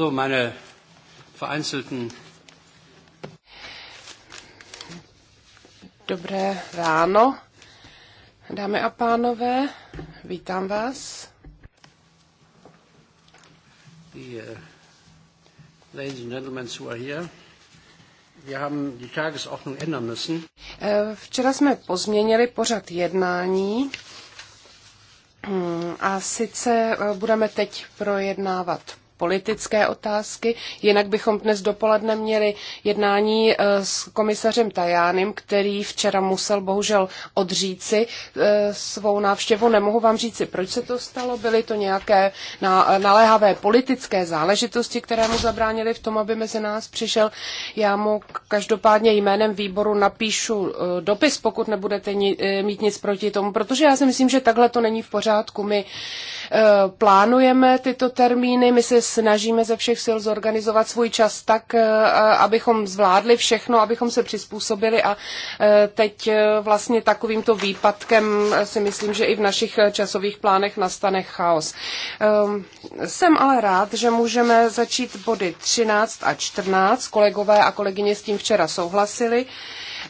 So, meine vereinzelten Dobré ráno, dámy a pánové, vítám vás. Die, uh, ladies and gentlemen who are here. Äh, včera jsme pozměnili pořad jednání hm, a sice äh, budeme teď projednávat politické otázky. Jinak bychom dnes dopoledne měli jednání eh, s komisařem Tajánem, který včera musel bohužel odříci eh, svou návštěvu. Nemohu vám říci, proč se to stalo. Byly to nějaké eh, naléhavé politické záležitosti, které mu zabránily v tom, aby mezi nás přišel. Já mu každopádně jménem výboru napíšu dopis, pokud nebudete mít nic proti tomu, protože já si myslím, že takhle to není v pořádku. My plánujeme tyto termíny, my se snažíme ze všech sil zorganizovat svůj čas tak, eh, abychom zvládli všechno, abychom se přizpůsobili a eh, teď eh, vlastně takovýmto výpadkem si myslím, že i v našich časových plánech nastane chaos. Ehm, jsem ale rád, že můžeme začít body 13 a 14. Kolegové a kolegyně s tím včera souhlasili.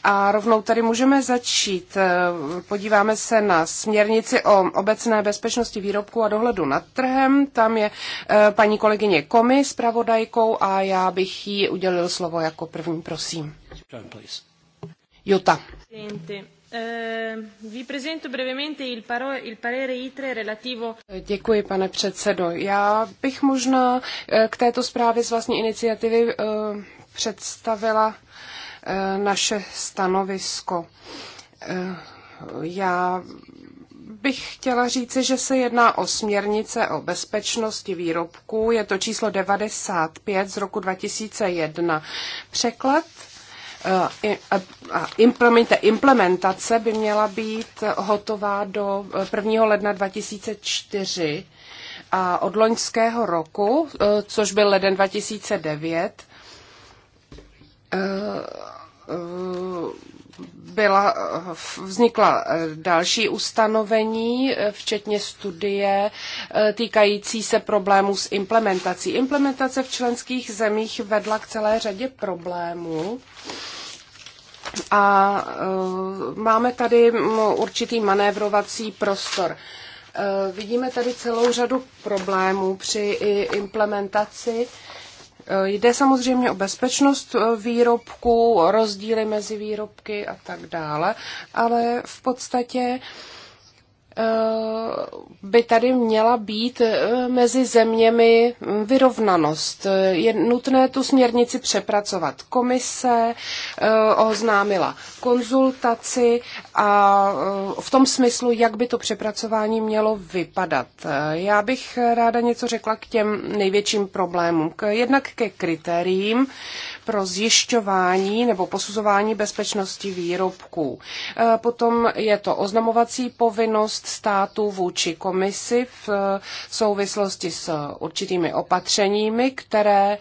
A rovnou tady můžeme začít. Eh, podíváme se na směrnici o obecné bezpečnosti výrobku a dohledu nad trhem. Tam je eh, paní kolegyně Komi s pravodajkou a já bych jí udělil slovo jako první, prosím. Jutta. Eh, Děkuji, pane předsedo. Já bych možná k této zprávě z vlastní iniciativy představila Eh, naše stanovisko. Eh, já bych chtěla říci, že se jedná o směrnice o bezpečnosti výrobků. Je to číslo 95 z roku 2001. Překlad eh, promiňte, implementace by měla být hotová do 1. ledna 2004 a od loňského roku, což byl leden 2009, Eh, eh, byla, eh, vznikla další ustanovení, včetně studie týkající se problémů s implementací. Implementace v členských zemích vedla k celé řadě problémů. A máme tady mm, určitý manévrovací prostor. Vidíme tady celou řadu problémů při implementaci Jde samozřejmě o bezpečnost eh, výrobků, rozdíly mezi výrobky a tak dále, ale v podstatě by tady měla být eh, mezi zeměmi hm, vyrovnanost. Je nutné tu směrnici přepracovat. Komise eh, oznámila konzultaci a eh, v tom smyslu, jak by to přepracování mělo vypadat. Já bych ráda něco řekla k těm největším problémům. Jednak ke kritériím, pro zjišťování nebo posuzování bezpečnosti výrobků. E, potom je to oznamovací povinnost států vůči komisi v e, souvislosti s určitými opatřeními, které e,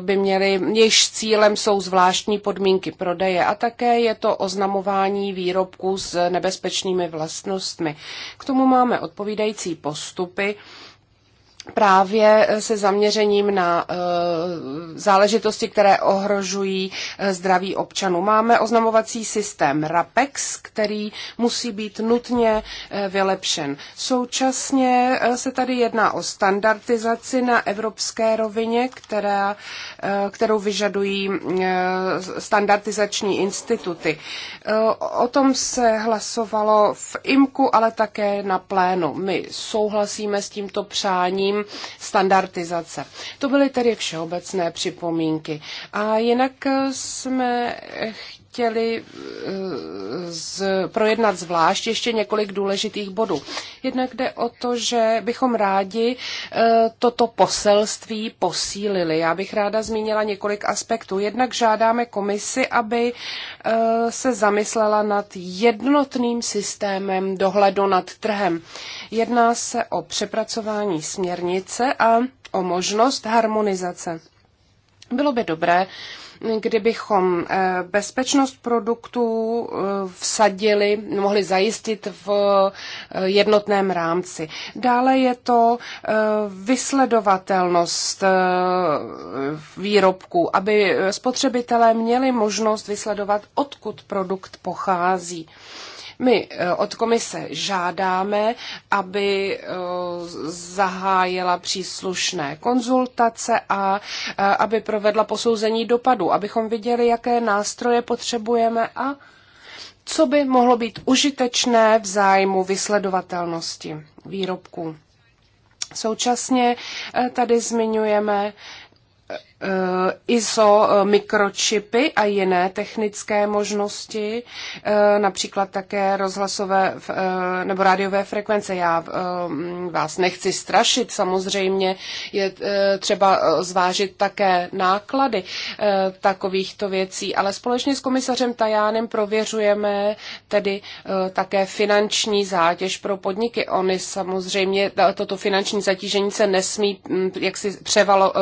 by měly, jejichž cílem jsou zvláštní podmínky prodeje a také je to oznamování výrobků s nebezpečnými vlastnostmi. K tomu máme odpovídající postupy, právě eh, se zaměřením na eh, záležitosti, které ohrožují eh, zdraví občanů. Máme oznamovací systém RAPEX, který musí být nutně vylepšen. Současně se tady jedná o standardizaci na evropské rovině, která, kterou vyžadují standardizační instituty. O tom se hlasovalo v IMKU, ale také na plénu. My souhlasíme s tímto přáním standardizace. To byly tedy všeobecné připomínky. A jinak eh, jsme chtěli eh, z, projednat zvlášť ještě několik důležitých bodů. Jednak jde o to, že bychom rádi eh, toto poselství posílili. Já bych ráda zmínila několik aspektů. Jednak žádáme komisi, aby eh, se zamyslela nad jednotným systémem dohledu nad trhem. Jedná se o přepracování směrnice a o možnost harmonizace. Bylo by dobré, kdybychom eh, bezpečnost produktů eh, vsadili, mohli zajistit v eh, jednotném rámci. Dále je to vysledovatelnost výrobků, aby spotřebitelé měli možnost vysledovat, odkud produkt pochází. My eh, od komise žádáme, aby eh, zahájila příslušné konzultace a eh, aby provedla posouzení dopadu, abychom viděli, jaké nástroje potřebujeme a co by mohlo být užitečné v zájmu vysledovatelnosti výrobků. Současně tady zmiňujeme Eh, ISO eh, mikročipy a jiné technické možnosti, eh, například také rozhlasové nebo rádiové frekvence. Já mm, vás nechci strašit, samozřejmě je třeba zvážit také náklady takovýchto věcí, ale společně s komisařem Tajánem prověřujeme tedy také finanční zátěž pro podniky. Ony samozřejmě, toto finanční zatížení se nesmí mm, jaksi převalo,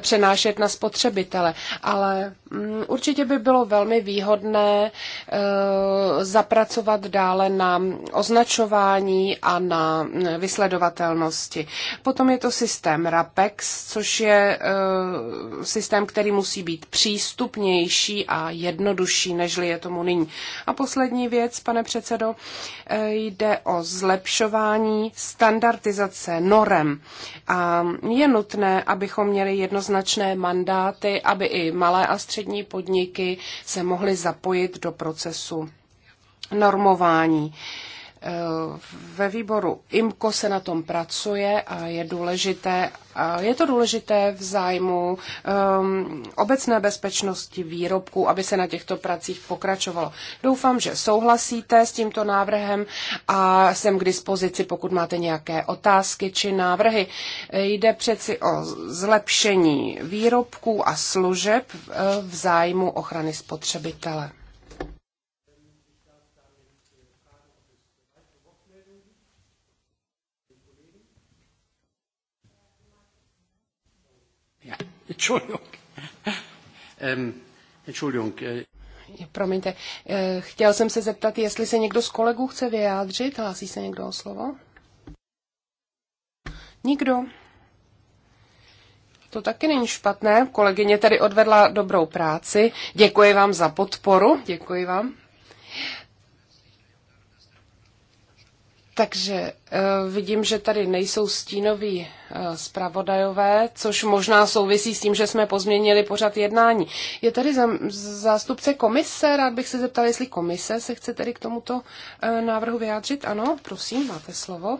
přenášet na spotřebitele, ale Mm, určitě by bylo velmi výhodné eh, zapracovat dále na označování a na mm, vysledovatelnosti. Potom je to systém RAPEX, což je eh, systém, který musí být přístupnější a jednodušší, nežli je tomu nyní. A poslední věc, pane předsedo, eh, jde o zlepšování standardizace norem. A je nutné, abychom měli jednoznačné mandáty, aby i malé a střední střední podniky se mohly zapojit do procesu normování. Ve výboru IMKO se na tom pracuje a je důležité, a je to důležité v zájmu um, obecné bezpečnosti výrobků, aby se na těchto pracích pokračovalo. Doufám, že souhlasíte s tímto návrhem a jsem k dispozici, pokud máte nějaké otázky či návrhy. Jde přeci o zlepšení výrobků a služeb eh, v zájmu ochrany spotřebitele. Entschuldigung. Ähm, Entschuldigung. Äh, promiňte, eh, chtěl jsem se zeptat, jestli se někdo z kolegů chce vyjádřit. Hlásí se někdo o slovo? Nikdo. To taky není špatné. Kolegyně tady odvedla dobrou práci. Děkuji vám za podporu. Děkuji vám. Takže eh, vidím, že tady nejsou stínoví eh, zpravodajové, což možná souvisí s tím, že jsme pozměnili pořad jednání. Je tady zástupce komise, rád bych se zeptal, jestli komise se chce tedy k tomuto eh, návrhu vyjádřit. Ano, prosím, máte slovo.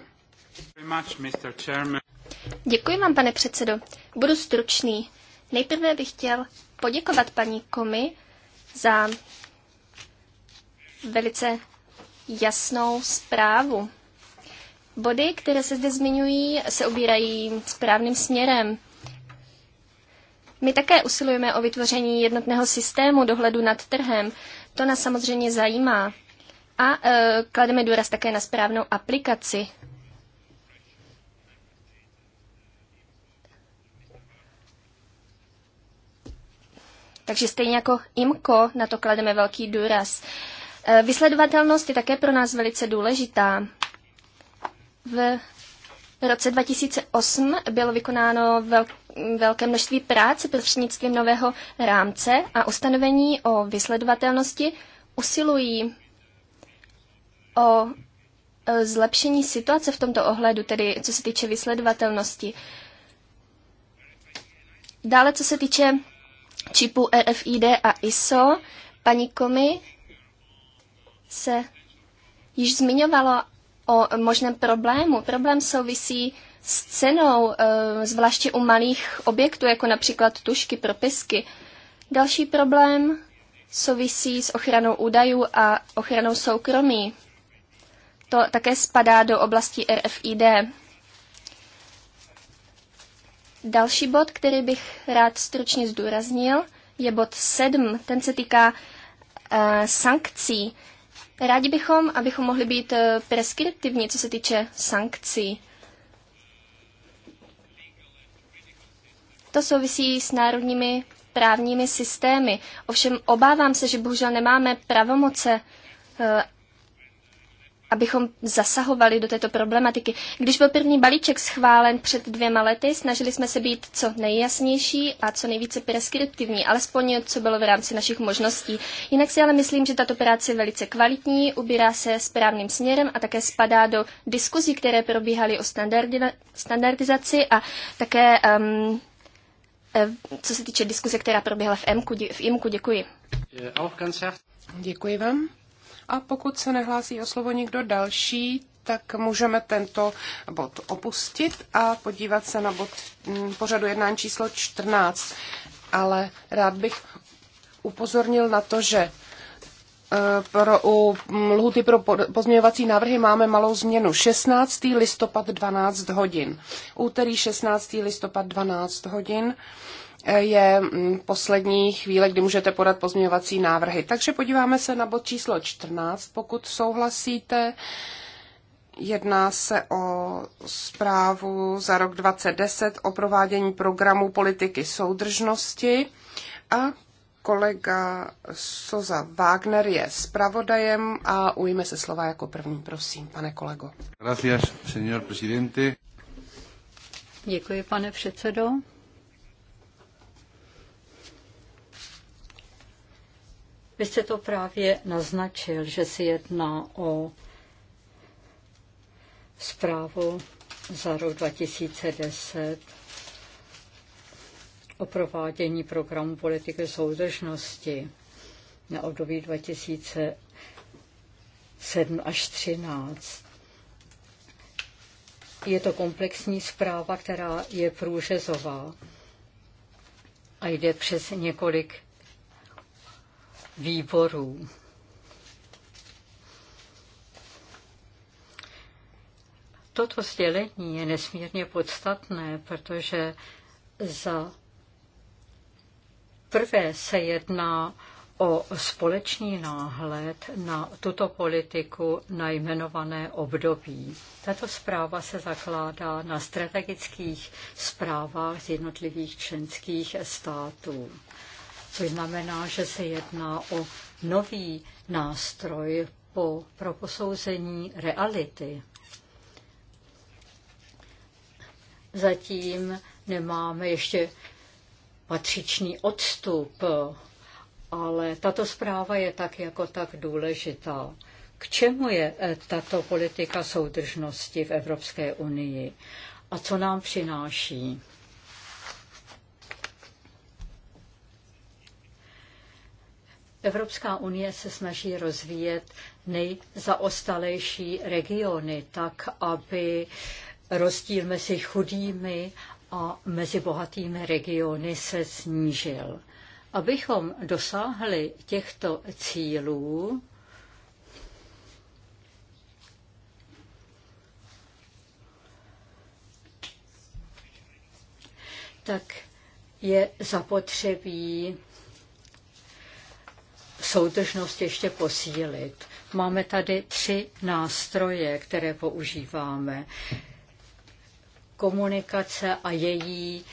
Děkuji vám, pane předsedo. Budu stručný. Nejprve bych chtěl poděkovat paní Komi za velice jasnou zprávu. Body, které se zde zmiňují, se ubírají správným směrem. My také usilujeme o vytvoření jednotného systému dohledu nad trhem. To nás samozřejmě zajímá. A e, klademe důraz také na správnou aplikaci. Takže stejně jako IMCO na to klademe velký důraz. E, vysledovatelnost je také pro nás velice důležitá. V roce 2008 bylo vykonáno velké množství práce prostřednictvím nového rámce a ustanovení o vysledovatelnosti usilují o e, zlepšení situace v tomto ohledu, tedy co se týče vysledovatelnosti. Dále, co se týče čipů RFID a ISO, paní Komi se již zmiňovalo o možném problému. Problém souvisí s cenou, eh, zvláště u malých objektů, jako například tušky, propisky. Další problém souvisí s ochranou údajů a ochranou soukromí. To také spadá do oblasti RFID. Další bod, který bych rád stručně zdůraznil, je bod 7. Ten se týká eh, sankcí. Rádi bychom, abychom mohli být eh, preskriptivní, co se týče sankcí. To souvisí s národními právními systémy. Ovšem obávám se, že bohužel nemáme pravomoce eh, abychom zasahovali do této problematiky. Když byl první balíček schválen před dvěma lety, snažili jsme se být co nejjasnější a co nejvíce preskriptivní, alespoň co bylo v rámci našich možností. Jinak si ale myslím, že tato práce je velice kvalitní, ubírá se správným směrem a také spadá do diskuzí, které probíhaly o standardizaci a také um, co se týče diskuze, která proběhla v, MKu, v IMKu. Děkuji. Děkuji vám. A pokud se nehlásí o slovo někdo další, tak můžeme tento bod opustit a podívat se na bod mm, pořadu jednání číslo 14. Ale rád bych upozornil na to, že e, pro, u mm, lhuty pro pozměňovací návrhy máme malou změnu. 16. listopad 12 hodin. Úterý 16. listopad 12 hodin je mm, poslední chvíle, kdy můžete podat pozměňovací návrhy. Takže podíváme se na bod číslo 14, pokud souhlasíte. Jedná se o zprávu za rok 2010 o provádění programu politiky soudržnosti a kolega Soza Wagner je zpravodajem a ujme se slova jako první, prosím, pane kolego. Gracias, señor presidente. Děkuji, pane předsedo. Vy jste to právě naznačil, že se jedná o zprávu za rok 2010 o provádění programu politiky soudržnosti na období 2007 až 2013. Je to komplexní zpráva, která je průřezová a jde přes několik výborů. Toto sdělení je nesmírně podstatné, protože za prvé se jedná o společný náhled na tuto politiku na jmenované období. Tato zpráva se zakládá na strategických zprávách z jednotlivých členských států což znamená, že se jedná o nový nástroj po, pro posouzení reality. Zatím nemáme ještě patřičný odstup, ale tato zpráva je tak jako tak důležitá. K čemu je eh, tato politika soudržnosti v Evropské unii a co nám přináší? Evropská unie se snaží rozvíjet nejzaostalejší regiony tak, aby rozdíl mezi chudými a mezi bohatými regiony se snížil. Abychom dosáhli těchto cílů, tak je zapotřebí soudržnost ještě posílit. Máme tady tři nástroje, které používáme. Komunikace a její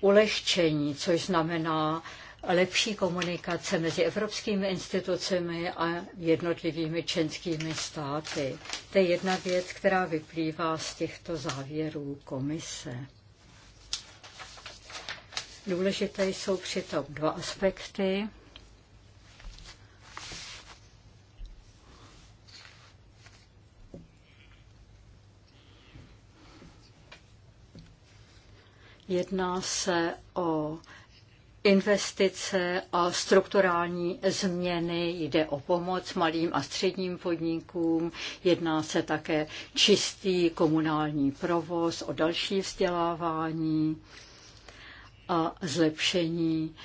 ulehčení, což znamená lepší komunikace mezi evropskými institucemi a jednotlivými členskými státy. To je jedna věc, která vyplývá z těchto závěrů komise. Důležité jsou přitom dva aspekty. Jedná se o investice a strukturální změny, jde o pomoc malým a středním podnikům, jedná se také čistý komunální provoz, o další vzdělávání a zlepšení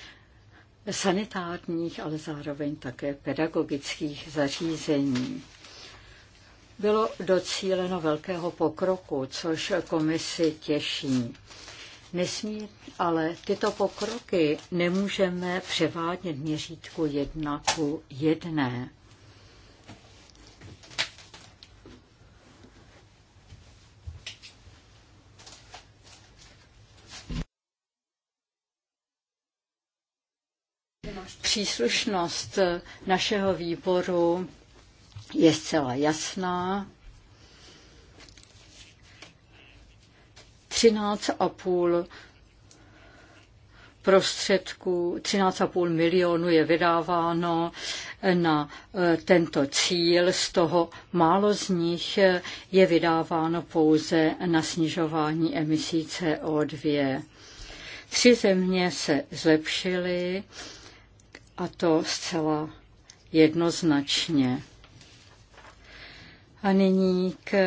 sanitárních, ale zároveň také pedagogických zařízení bylo docíleno velkého pokroku, což komisi těší. Nesmí, ale tyto pokroky nemůžeme převádět měřítku jedna ku jedné. Příslušnost našeho výboru je zcela jasná. 13,5 prostředků, 13,5 milionů je vydáváno na eh, tento cíl, z toho málo z nich eh, je vydáváno pouze na snižování emisí CO2. Tři země se zlepšily a to zcela jednoznačně. A nyní k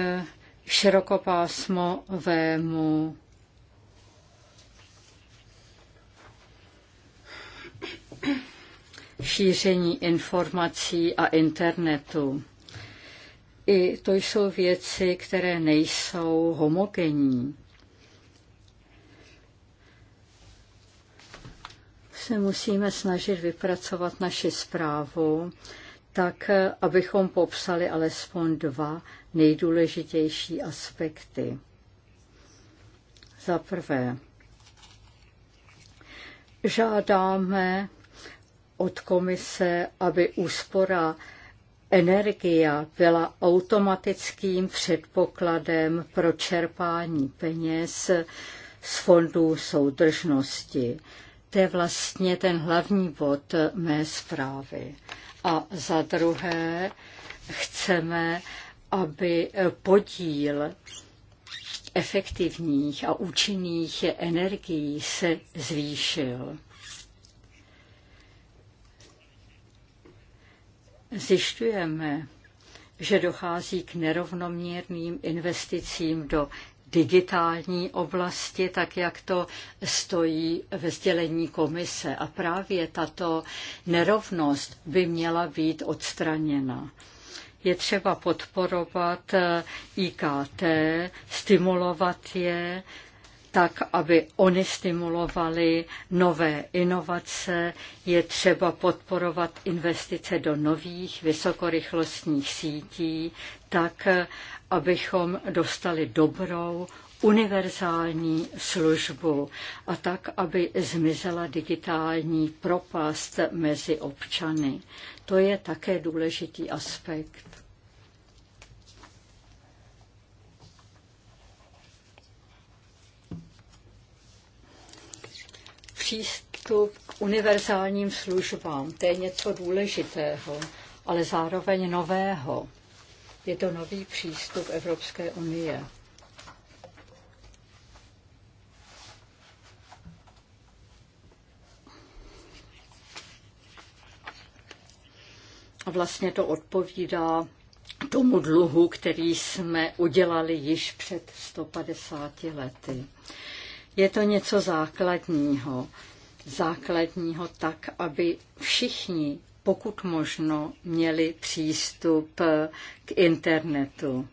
širokopásmovému šíření informací a internetu. I to jsou věci, které nejsou homogenní. se musíme snažit vypracovat naši zprávu tak, abychom popsali alespoň dva nejdůležitější aspekty. Za prvé, žádáme od komise, aby úspora energia byla automatickým předpokladem pro čerpání peněz z fondů soudržnosti. To je vlastně ten hlavní bod mé zprávy. A za druhé chceme, aby eh, podíl efektivních a účinných energií se zvýšil. Zjišťujeme, že dochází k nerovnoměrným investicím do digitální oblasti, tak jak to stojí ve sdělení komise. A právě tato nerovnost by měla být odstraněna je třeba podporovat eh, IKT, stimulovat je, tak, aby oni stimulovali nové inovace, je třeba podporovat investice do nových vysokorychlostních sítí, tak, abychom dostali dobrou, univerzální službu a tak, aby zmizela digitální propast mezi občany. To je také důležitý aspekt. Přístup k univerzálním službám, to je něco důležitého, ale zároveň nového. Je to nový přístup Evropské unie. vlastně to odpovídá tomu dluhu, který jsme udělali již před 150 lety. Je to něco základního. Základního tak, aby všichni, pokud možno, měli přístup k internetu.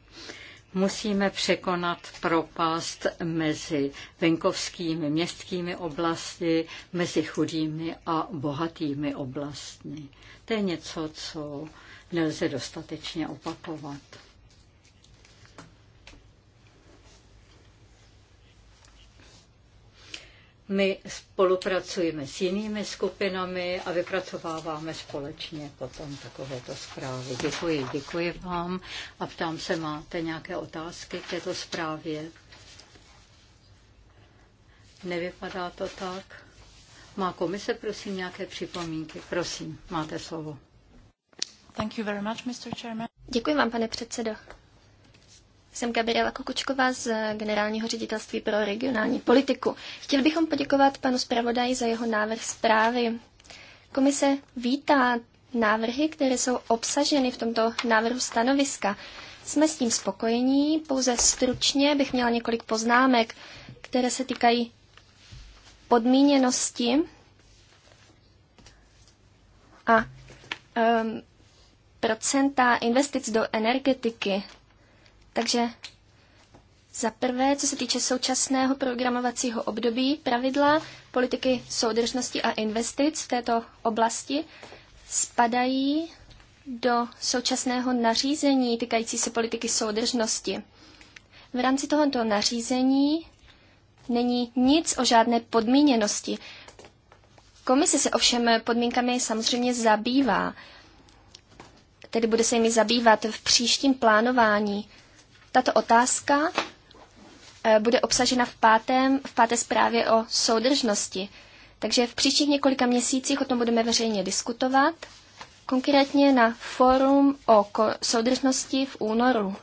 Musíme překonat propast mezi venkovskými městskými oblasti, mezi chudými a bohatými oblastmi. To je něco, co nelze dostatečně opakovat. My spolupracujeme s jinými skupinami a vypracováváme společně potom takovéto zprávy. Děkuji, děkuji vám a ptám se, máte nějaké otázky k této zprávě? Nevypadá to tak. Má komise, prosím, nějaké připomínky? Prosím, máte slovo. Thank you very much, Mr. Chairman. Děkuji vám, pane předsedo. Jsem Gabriela Kokučková z Generálního ředitelství pro regionální politiku. Chtěli bychom poděkovat panu zpravodaji za jeho návrh zprávy. Komise vítá návrhy, které jsou obsaženy v tomto návrhu stanoviska. Jsme s tím spokojení, pouze stručně bych měla několik poznámek, které se týkají podmíněnosti a um, procenta investic do energetiky. Takže za prvé, co se týče současného programovacího období, pravidla politiky soudržnosti a investic v této oblasti spadají do současného nařízení týkající se politiky soudržnosti. V rámci tohoto nařízení není nic o žádné podmíněnosti. Komise se ovšem podmínkami samozřejmě zabývá, tedy bude se jimi zabývat v příštím plánování. Tato otázka eh, bude obsažena v, pátém, v páté zprávě o soudržnosti. Takže v příštích několika měsících o tom budeme veřejně diskutovat, konkrétně na fórum o soudržnosti v únoru.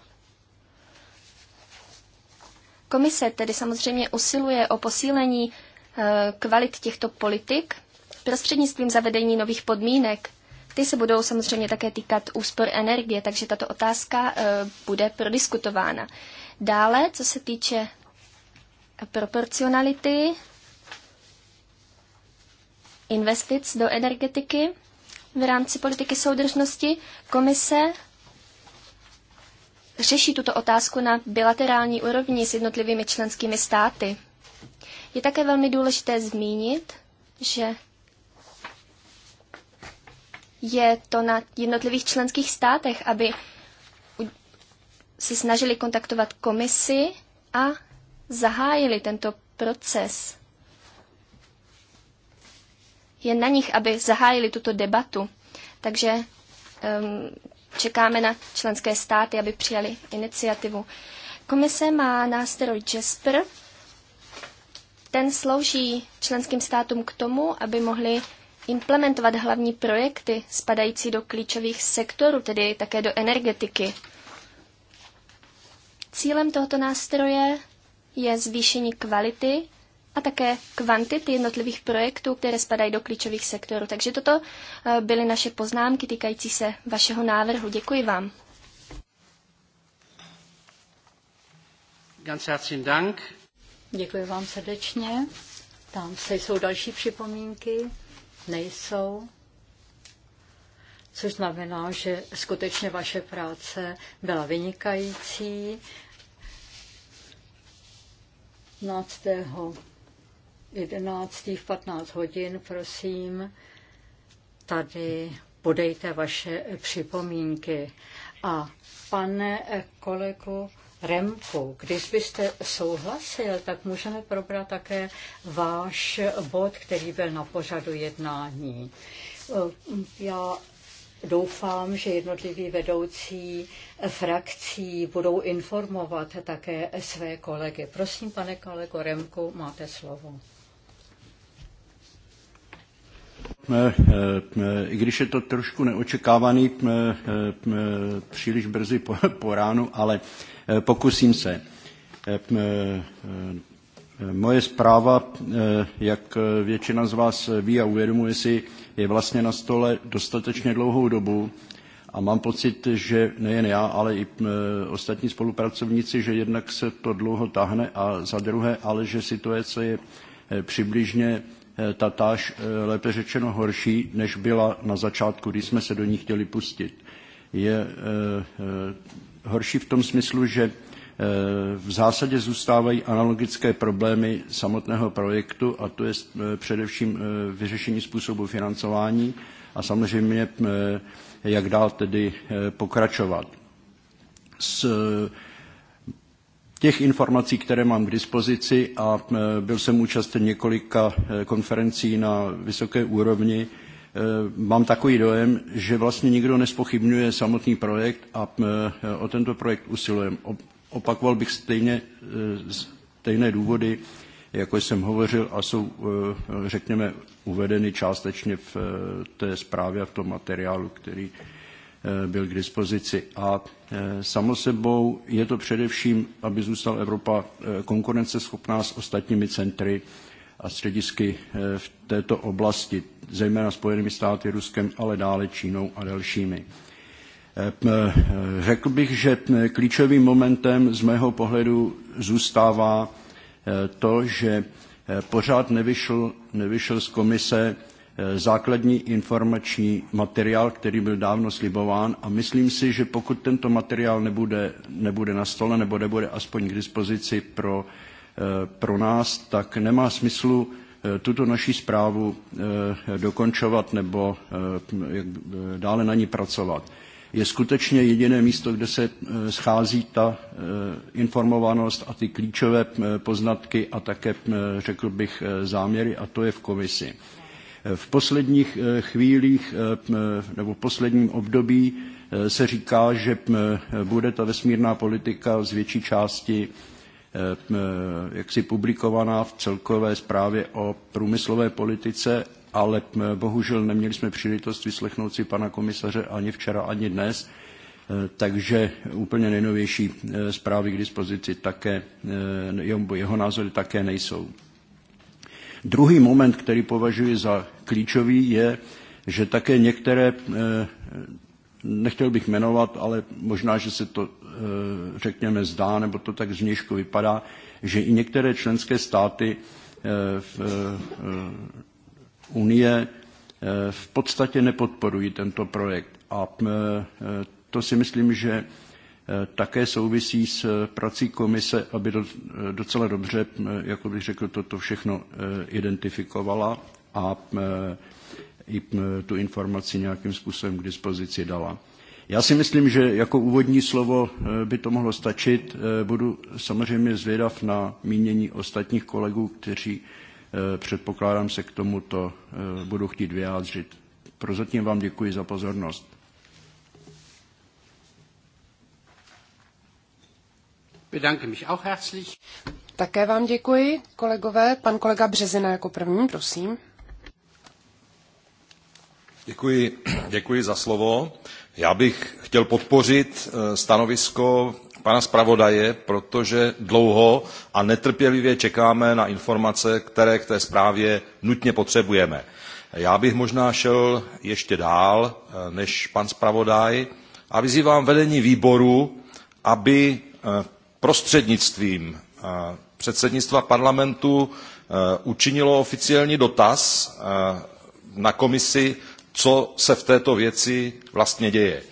Komise tedy samozřejmě usiluje o posílení eh, kvalit těchto politik prostřednictvím zavedení nových podmínek ty se budou samozřejmě také týkat úspor energie, takže tato otázka eh, bude prodiskutována. Dále, co se týče proporcionality investic do energetiky v rámci politiky soudržnosti, komise řeší tuto otázku na bilaterální úrovni s jednotlivými členskými státy. Je také velmi důležité zmínit, že je to na jednotlivých členských státech, aby se snažili kontaktovat komisi a zahájili tento proces. Je na nich, aby zahájili tuto debatu. Takže um, čekáme na členské státy, aby přijali iniciativu. Komise má nástroj Jasper. Ten slouží členským státům k tomu, aby mohli implementovat hlavní projekty spadající do klíčových sektorů, tedy také do energetiky. Cílem tohoto nástroje je zvýšení kvality a také kvantity jednotlivých projektů, které spadají do klíčových sektorů. Takže toto eh, byly naše poznámky týkající se vašeho návrhu. Děkuji vám. Děkuji vám srdečně. Tam se jsou další připomínky nejsou, což znamená, že skutečně vaše práce byla vynikající. 15. 11. v 15 hodin, prosím, tady podejte vaše připomínky. A pane kolego Remku, když byste souhlasil, tak můžeme probrat také váš bod, který byl na pořadu jednání. Eh, já doufám, že jednotliví vedoucí frakcí budou informovat také své kolegy. Prosím, pane kolego Remku, máte slovo. Eh, eh, I když je to trošku neočekávaný eh, příliš brzy po, po ránu, ale pokusím se. Moje zpráva, jak většina z vás ví a uvědomuje si, je vlastně na stole dostatečně dlouhou dobu a mám pocit, že nejen já, ale i ostatní spolupracovníci, že jednak se to dlouho tahne a za druhé, ale že situace je přibližně Eh, tatáž, eh, lépe řečeno horší, než byla na začátku, když jsme se do ní chtěli pustit. Je eh, horší v tom smyslu, že v zásadě zůstávají analogické problémy samotného projektu, a to je především vyřešení způsobu financování a samozřejmě, jak dál tedy pokračovat. S těch informací, které mám k dispozici a e, byl jsem účasten několika e, konferencí na vysoké úrovni, e, mám takový dojem, že vlastně nikdo nespochybňuje samotný projekt a o tento projekt usilujeme. Opakoval bych stejně, stejné důvody, jako jsem hovořil a jsou, řekněme, uvedeny částečně v té zprávě a v tom materiálu, který Eh, byl k dispozici. A eh, samo sebou je to především, aby zůstala Evropa eh, konkurenceschopná s ostatními centry a středisky v této oblasti, zejména Spojenými státy, Ruskem, ale dále Čínou a dalšími. Řekl bych, že klíčovým momentem z mého pohledu zůstává to, že pořád nevyšel, nevyšel z komise Eh, základní informační materiál, který byl dávno slibován a myslím si, že pokud tento materiál nebude, nebude na stole nebo nebude aspoň k dispozici pro, eh, pro nás, tak nemá smyslu eh, tuto naši zprávu dokončovat nebo dále na ní pracovat. Je skutečně jediné místo, kde se schází ta informovanost a ty klíčové poznatky a také, řekl bych, záměry, a to je v komisi. V posledních eh, chvílích eh, eh, nebo v posledním období se říká, že bude ta vesmírná politika z větší části jaksi publikovaná v celkové zprávě o průmyslové politice, ale bohužel neměli jsme příležitost vyslechnout si pana komisaře ani včera, ani dnes, takže úplně nejnovější zprávy k dispozici také, jeho názory také nejsou. Druhý moment, který považuji za klíčový, je, že také některé, eh, nechtěl bych jmenovat, ale možná, že se to eh, řekněme zdá, nebo to tak zvnějšku vypadá, že i některé členské státy eh, v Unie v podstatě nepodporují tento projekt. A to si myslím, že Eh, také souvisí s eh, prací komise, aby eh, docela dobře, jak bych řekl, toto všechno identifikovala a i tu informaci nějakým způsobem k dispozici dala. Já si myslím, že jako úvodní slovo by to mohlo stačit. Budu samozřejmě zvědav na mínění ostatních kolegů, kteří předpokládám se k tomuto budou chtít vyjádřit. Prozatím vám děkuji za pozornost. bedanke mich auch herzlich. Také vám děkuji, kolegové. Pan kolega Březina jako první, prosím. Děkuji, děkuji za slovo. Já bych chtěl podpořit eh, stanovisko pana zpravodaje, protože dlouho a netrpělivě čekáme na informace, které k té zprávě nutně potřebujeme. Já bych možná šel ještě dál eh, než pan zpravodaj a vyzývám vedení výboru, aby eh, prostřednictvím eh, předsednictva parlamentu eh, učinilo oficiální dotaz eh, na komisi co se v této věci vlastně děje.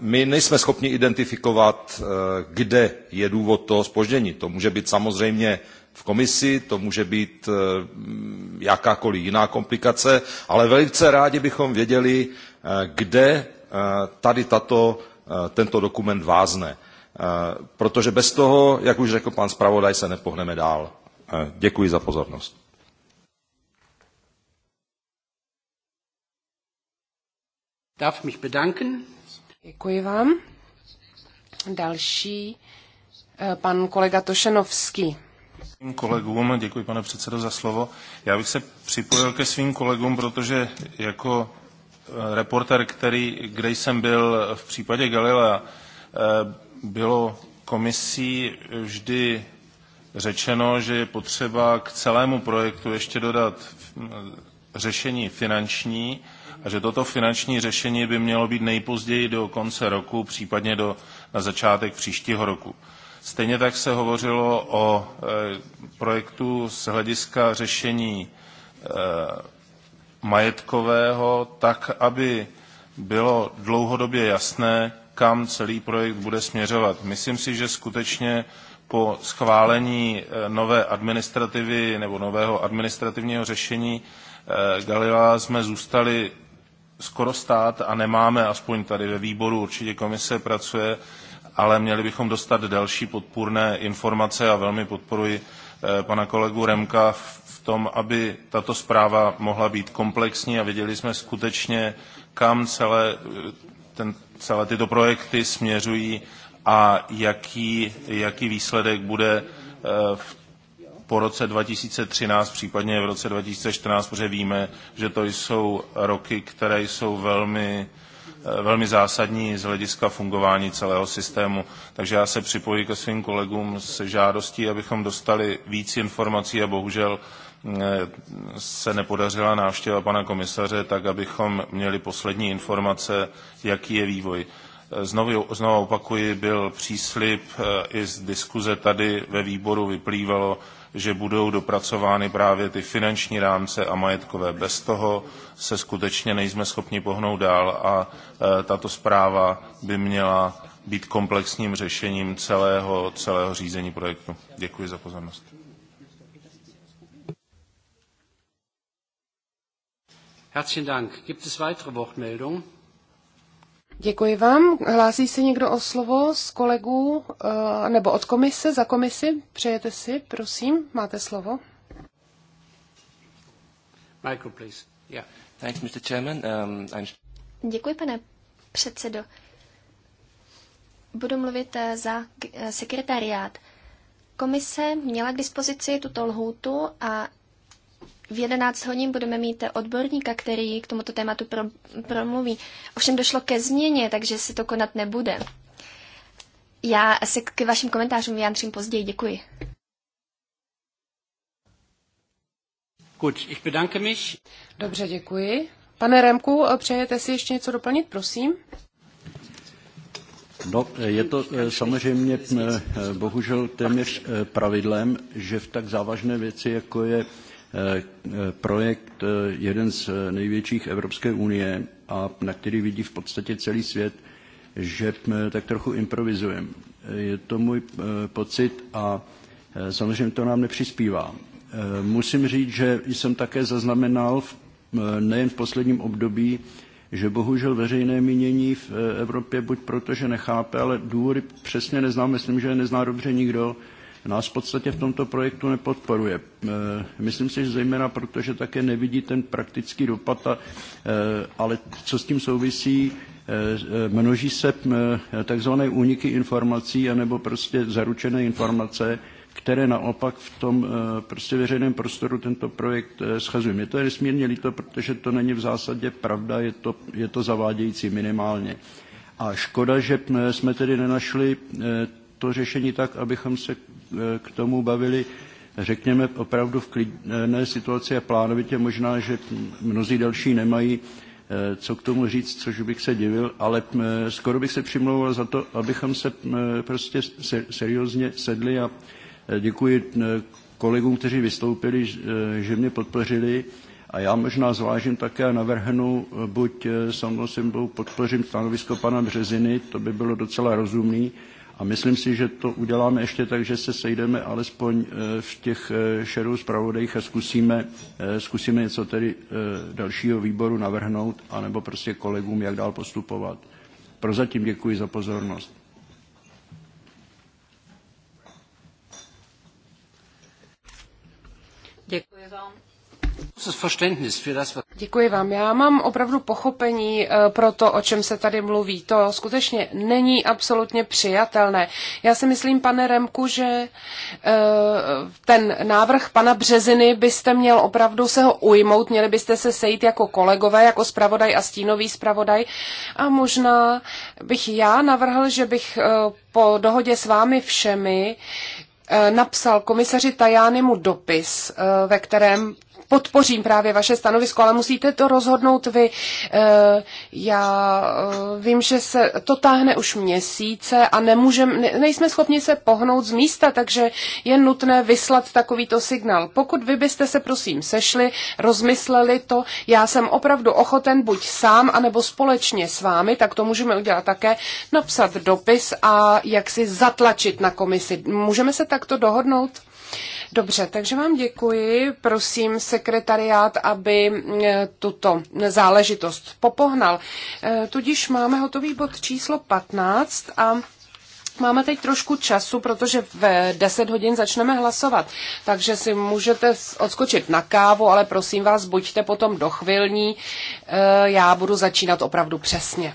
My nejsme schopni identifikovat, kde je důvod toho zpoždění. To může být samozřejmě v komisi, to může být jakákoliv jiná komplikace, ale velice rádi bychom věděli, kde tady tato, tento dokument vázne. Eh, protože bez toho, jak už řekl pan zpravodaj, se nepohneme dál. Eh, děkuji za pozornost. Darf mich bedanken. Děkuji vám. Další eh, pan kolega Tošenovský. Kolegům, děkuji pane předsedo za slovo. Já bych se připojil ke svým kolegům, protože jako reporter, který, kde jsem byl v případě Galilea, bylo komisí vždy řečeno, že je potřeba k celému projektu ještě dodat mm, řešení finanční a že toto finanční řešení by mělo být nejpozději do konce roku, případně do, na začátek příštího roku. Stejně tak se hovořilo o eh, projektu z hlediska řešení eh, majetkového, tak aby bylo dlouhodobě jasné, kam celý projekt bude směřovat. Myslím si, že skutečně po schválení eh, nové administrativy nebo nového administrativního řešení eh, Galilea jsme zůstali skoro stát a nemáme, aspoň tady ve výboru určitě komise pracuje, ale měli bychom dostat další podpůrné informace a velmi podporuji eh, pana kolegu Remka v tom, aby tato zpráva mohla být komplexní a viděli jsme skutečně, kam celé ten celé tyto projekty směřují a jaký, jaký výsledek bude eh, v, po roce 2013, případně v roce 2014, protože víme, že to jsou roky, které jsou velmi, eh, velmi zásadní z hlediska fungování celého systému. Takže já se připojím ke svým kolegům s žádostí, abychom dostali víc informací a bohužel Eh, se nepodařila návštěva pana komisaře, tak abychom měli poslední informace, jaký je vývoj. Eh, znovu, znovu opakuji, byl příslip eh, i z diskuze tady ve výboru vyplývalo, že budou dopracovány právě ty finanční rámce a majetkové. Bez toho se skutečně nejsme schopni pohnout dál a tato zpráva by měla být komplexním řešením celého, celého řízení projektu. Děkuji za pozornost. Herzlichen Dank. Gibt es weitere Wortmeldungen? Děkuji vám. Hlásí se někdo o slovo z kolegů eh, nebo od komise, za komisi? Přejete si, prosím, máte slovo. Michael, please. Yeah. Thanks, Mr. Chairman. Um, I'm... Děkuji, pane předsedo. Budu mluvit eh, za eh, sekretariát. Komise měla k dispozici tuto lhůtu a v 11 hodin budeme mít odborníka, který k tomuto tématu pro, promluví. Ovšem došlo ke změně, takže se to konat nebude. Já se k vašim komentářům vyjádřím později. Děkuji. Gut, ich bedanke mich. Dobře, děkuji. Pane Remku, přejete si ještě něco doplnit, prosím? No, je to eh, samozřejmě eh, bohužel téměř eh, pravidlem, že v tak závažné věci, jako je Eh, projekt eh, jeden z eh, největších Evropské unie a na který vidí v podstatě celý svět, že tak trochu improvizujeme. Je to můj pocit a samozřejmě to nám nepřispívá. Musím říct, že jsem také zaznamenal nejen v posledním období, že bohužel veřejné mínění v Evropě, buď proto, že nechápe, ale důvody přesně neznám, myslím, že je nezná dobře nikdo, nás v podstatě v tomto projektu nepodporuje. Eh, myslím si, že zejména proto, že také nevidí ten praktický dopad, a, eh, ale co s tím souvisí, eh, množí se takzvané úniky informací anebo prostě zaručené informace, které naopak v tom prostě veřejném prostoru tento projekt schazují. Mě to je nesmírně líto, protože to není v zásadě pravda, je to, je to zavádějící minimálně. A škoda, že jsme tedy nenašli to řešení tak, abychom se e, k tomu bavili, řekněme, opravdu v klidné situaci a plánovitě možná, že mnozí další nemají e, co k tomu říct, což bych se divil, ale e, skoro bych se přimlouval za to, abychom se prostě seriózně sedli a děkuji kolegům, kteří vystoupili, že mě podpořili a já možná zvážím také a navrhnu, buď samozřejmě podpořím stanovisko pana Březiny, to by bylo docela rozumný, a myslím si, že to uděláme ještě tak, že se sejdeme alespoň eh, v těch eh, šerů zpravodajích a zkusíme, eh, zkusíme něco tedy dalšího výboru navrhnout, anebo prostě kolegům, jak dál postupovat. Prozatím děkuji za pozornost. Děkuji vám. Děkuji vám. Já mám opravdu pochopení eh, pro to, o čem se tady mluví. To skutečně není absolutně přijatelné. Já si myslím, pane Remku, že eh, ten návrh pana Březiny byste měl opravdu se ho ujmout, měli byste se sejít jako kolegové, jako spravodaj a stínový spravodaj. A možná bych já navrhl, že bych eh, po dohodě s vámi všemi napsal komisaři Tajánimu dopis, ve kterém podpořím právě vaše stanovisko, ale musíte to rozhodnout vy. E, já e, vím, že se to táhne už měsíce a nemůžem, nejsme schopni se pohnout z místa, takže je nutné vyslat takovýto signál. Pokud vy byste se prosím sešli, rozmysleli to, já jsem opravdu ochoten buď sám, anebo společně s vámi, tak to můžeme udělat také, napsat dopis a jak si zatlačit na komisi. Můžeme se takto dohodnout? Dobře, takže vám děkuji. Prosím sekretariát, aby eh, tuto záležitost popohnal. Eh, tudíž máme hotový bod číslo 15 a Máme teď trošku času, protože v 10 hodin začneme hlasovat, takže si můžete odskočit na kávu, ale prosím vás, buďte potom dochvilní. Eh, já budu začínat opravdu přesně.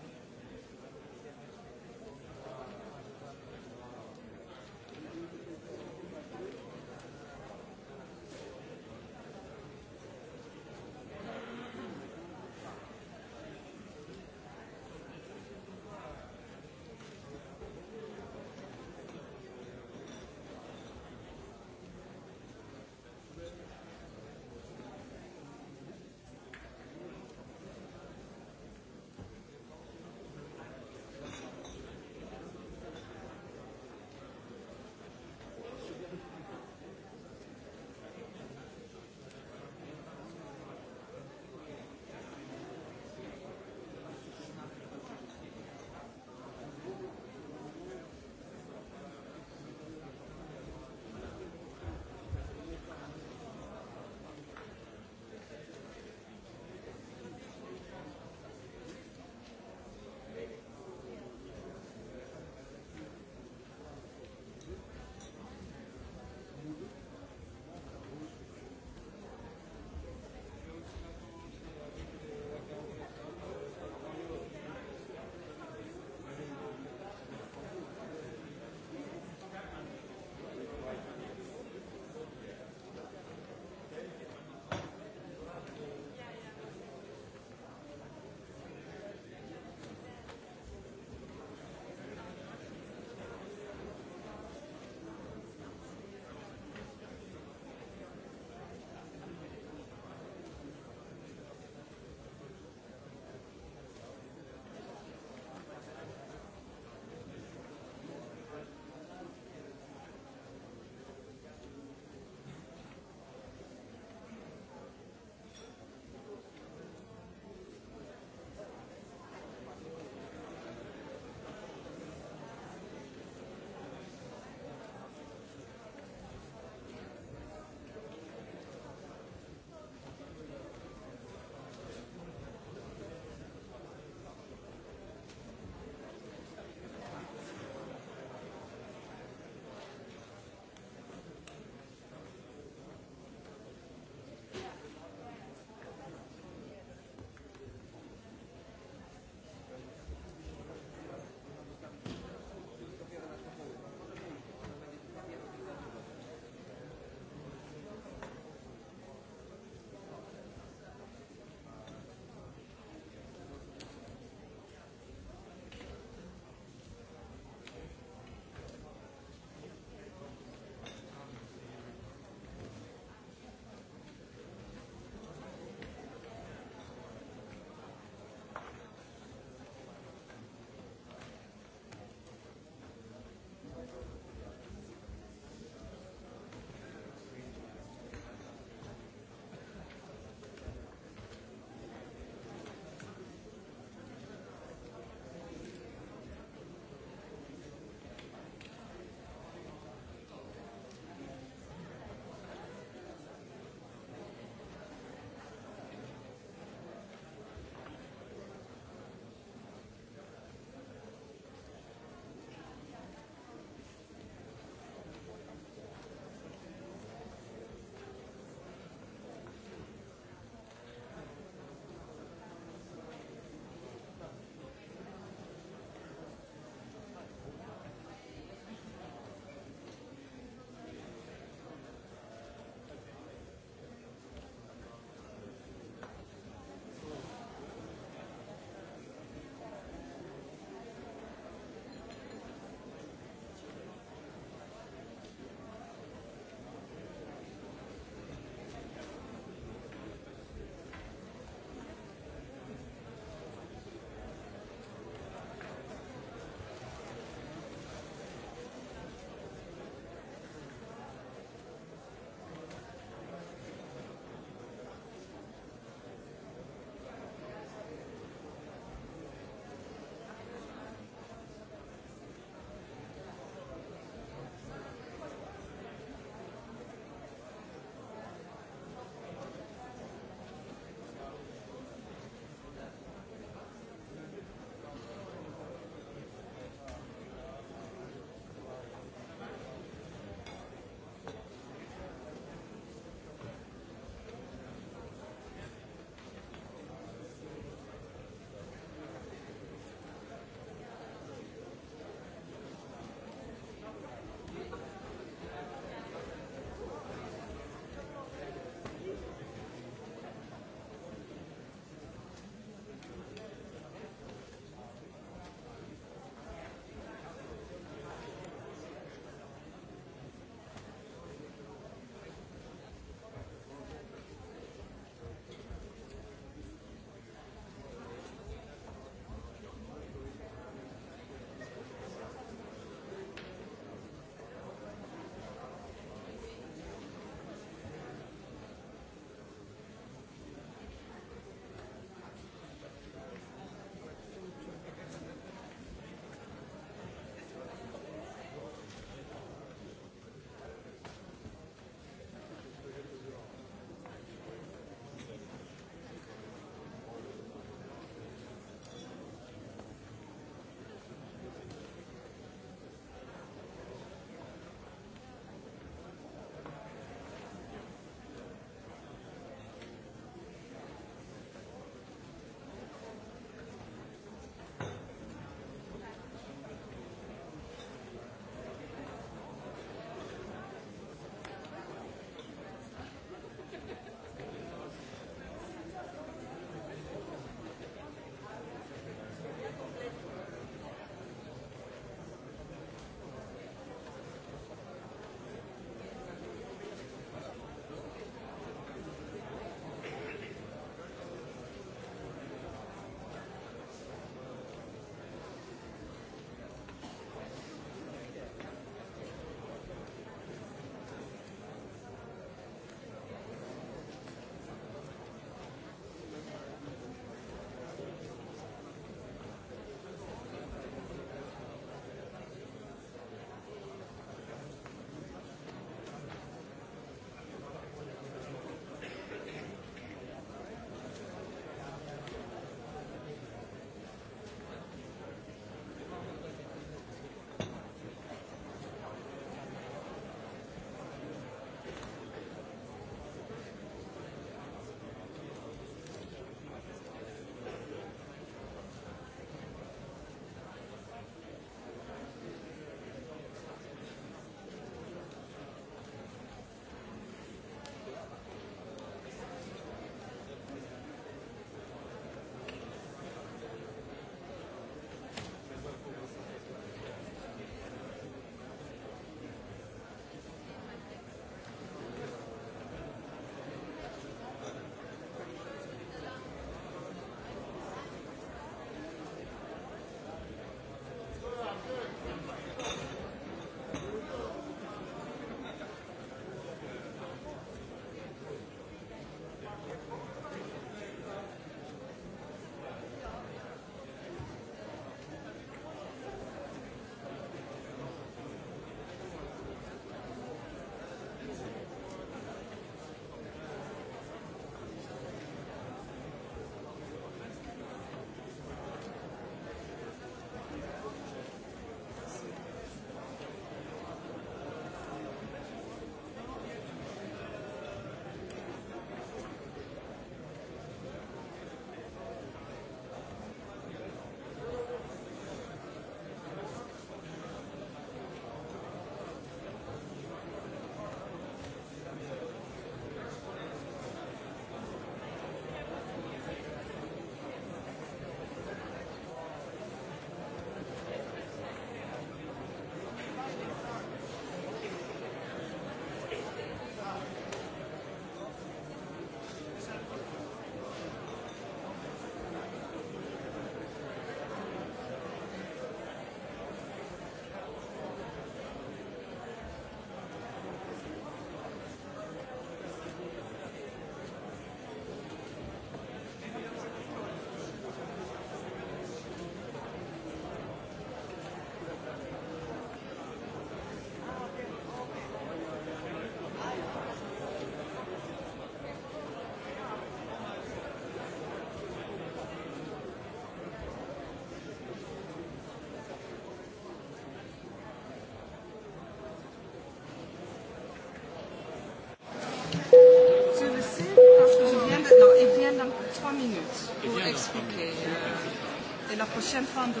trois minutes pour eh expliquer. Euh, et la prochaine fois, de,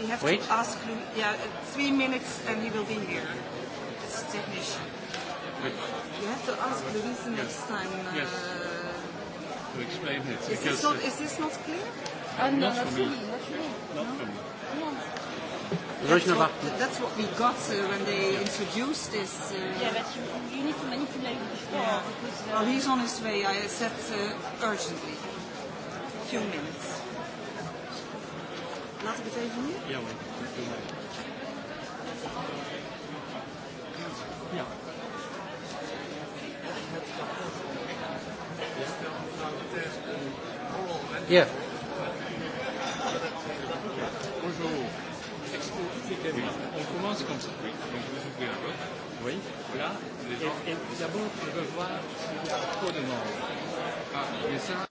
we have Wait. to ask Louis. Yeah, three minutes and he will be here. It's technician. Wait. You have to ask Louis the next yes. time. Uh, yes. To explain it. Is this not, is this not clear? Ah, not, not for me. me. Not no? for me. no? That's what, that's what we got uh, when they yeah. introduced this. Uh, yeah, but you, you need to manipulate before. Yeah. Because, uh, oh, well, he's on his way. I said uh, urgently few minutes. Laten we het even nu? Ja hoor. Ja. Yeah. On commence comme ça. Donc vous ouvrez la vote. Oui. Voilà. Et, et d'abord, on veut voir s'il y a trop de monde. Ah, mais ça,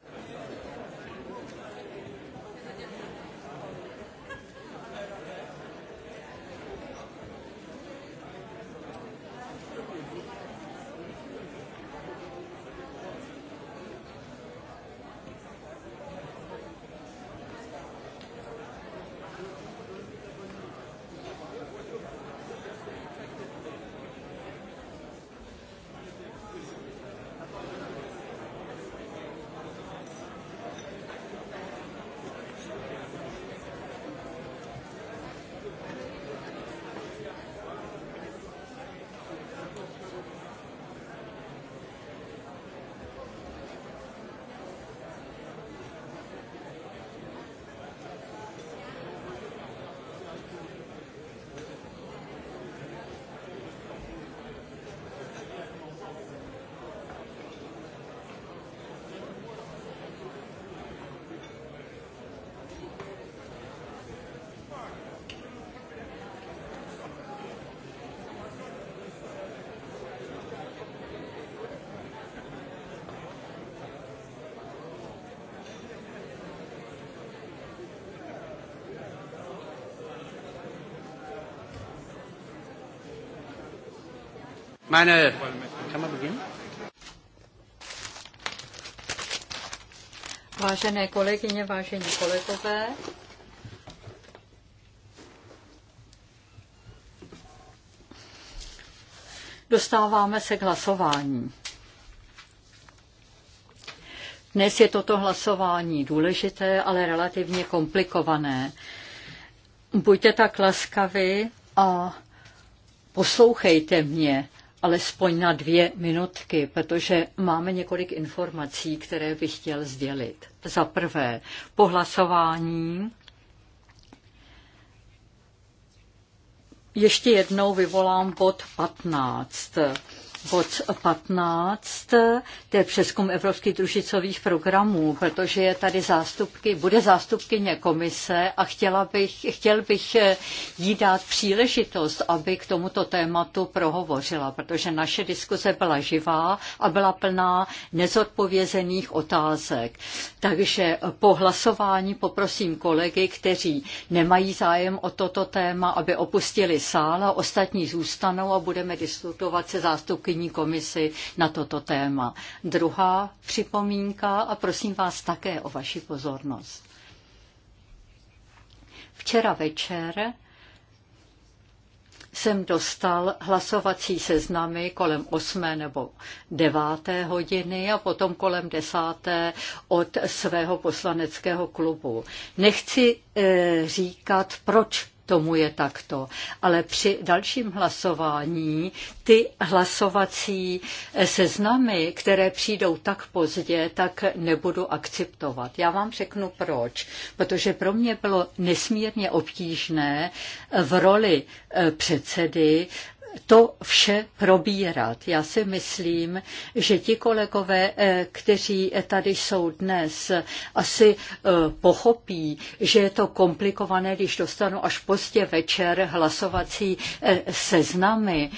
Meine, kann man beginnen? Vážené kolegyně, vážení kolegové, dostáváme se k hlasování. Dnes je toto hlasování důležité, ale relativně komplikované. Buďte tak laskavi a poslouchejte mě, alespoň na dvě minutky, protože máme několik informací, které bych chtěl sdělit. Za prvé, po hlasování ještě jednou vyvolám bod 15 bod 15, to je přeskum evropských družicových programů, protože je tady zástupky, bude zástupkyně komise a chtěla bych, chtěl bych eh, jí dát příležitost, aby k tomuto tématu prohovořila, protože naše diskuze byla živá a byla plná nezodpovězených otázek. Takže po hlasování poprosím kolegy, kteří nemají zájem o toto téma, aby opustili sál a ostatní zůstanou a budeme diskutovat se zástupky studijní komisi na toto téma. Druhá připomínka a prosím vás také o vaši pozornost. Včera večer jsem dostal hlasovací seznamy kolem 8. nebo 9. hodiny a potom kolem 10. od svého poslaneckého klubu. Nechci e, říkat, proč tomu je takto. Ale při dalším hlasování ty hlasovací eh, seznamy, které přijdou tak pozdě, tak nebudu akceptovat. Já vám řeknu proč. Protože pro mě bylo nesmírně obtížné v roli eh, předsedy to vše probírat. Já si myslím, že ti kolegové, eh, kteří tady jsou dnes, asi eh, pochopí, že je to komplikované, když dostanu až pozdě večer hlasovací eh, seznamy,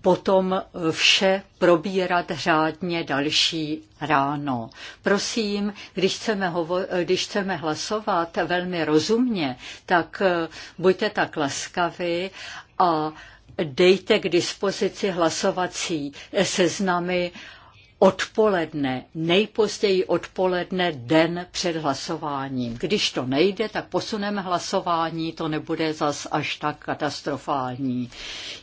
potom vše probírat řádně další ráno. Prosím, když chceme, hovo- když chceme hlasovat velmi rozumně, tak buďte tak laskavi a dejte k dispozici hlasovací seznamy odpoledne, nejpozději odpoledne den před hlasováním. Když to nejde, tak posuneme hlasování, to nebude zas až tak katastrofální.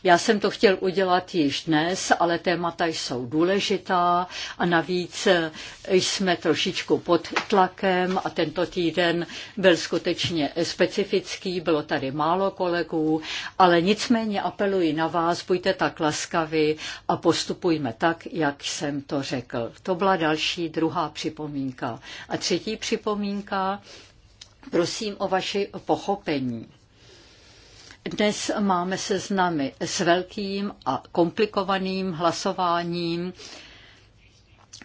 Já jsem to chtěl udělat již dnes, ale témata jsou důležitá a navíc eh, jsme trošičku pod tlakem a tento týden byl skutečně specifický, bylo tady málo kolegů, ale nicméně apeluji na vás, buďte tak laskavi a postupujme tak, jak jsem to řekl. To byla další druhá připomínka. A třetí připomínka, prosím o vaše pochopení. Dnes máme seznamy s velkým a komplikovaným hlasováním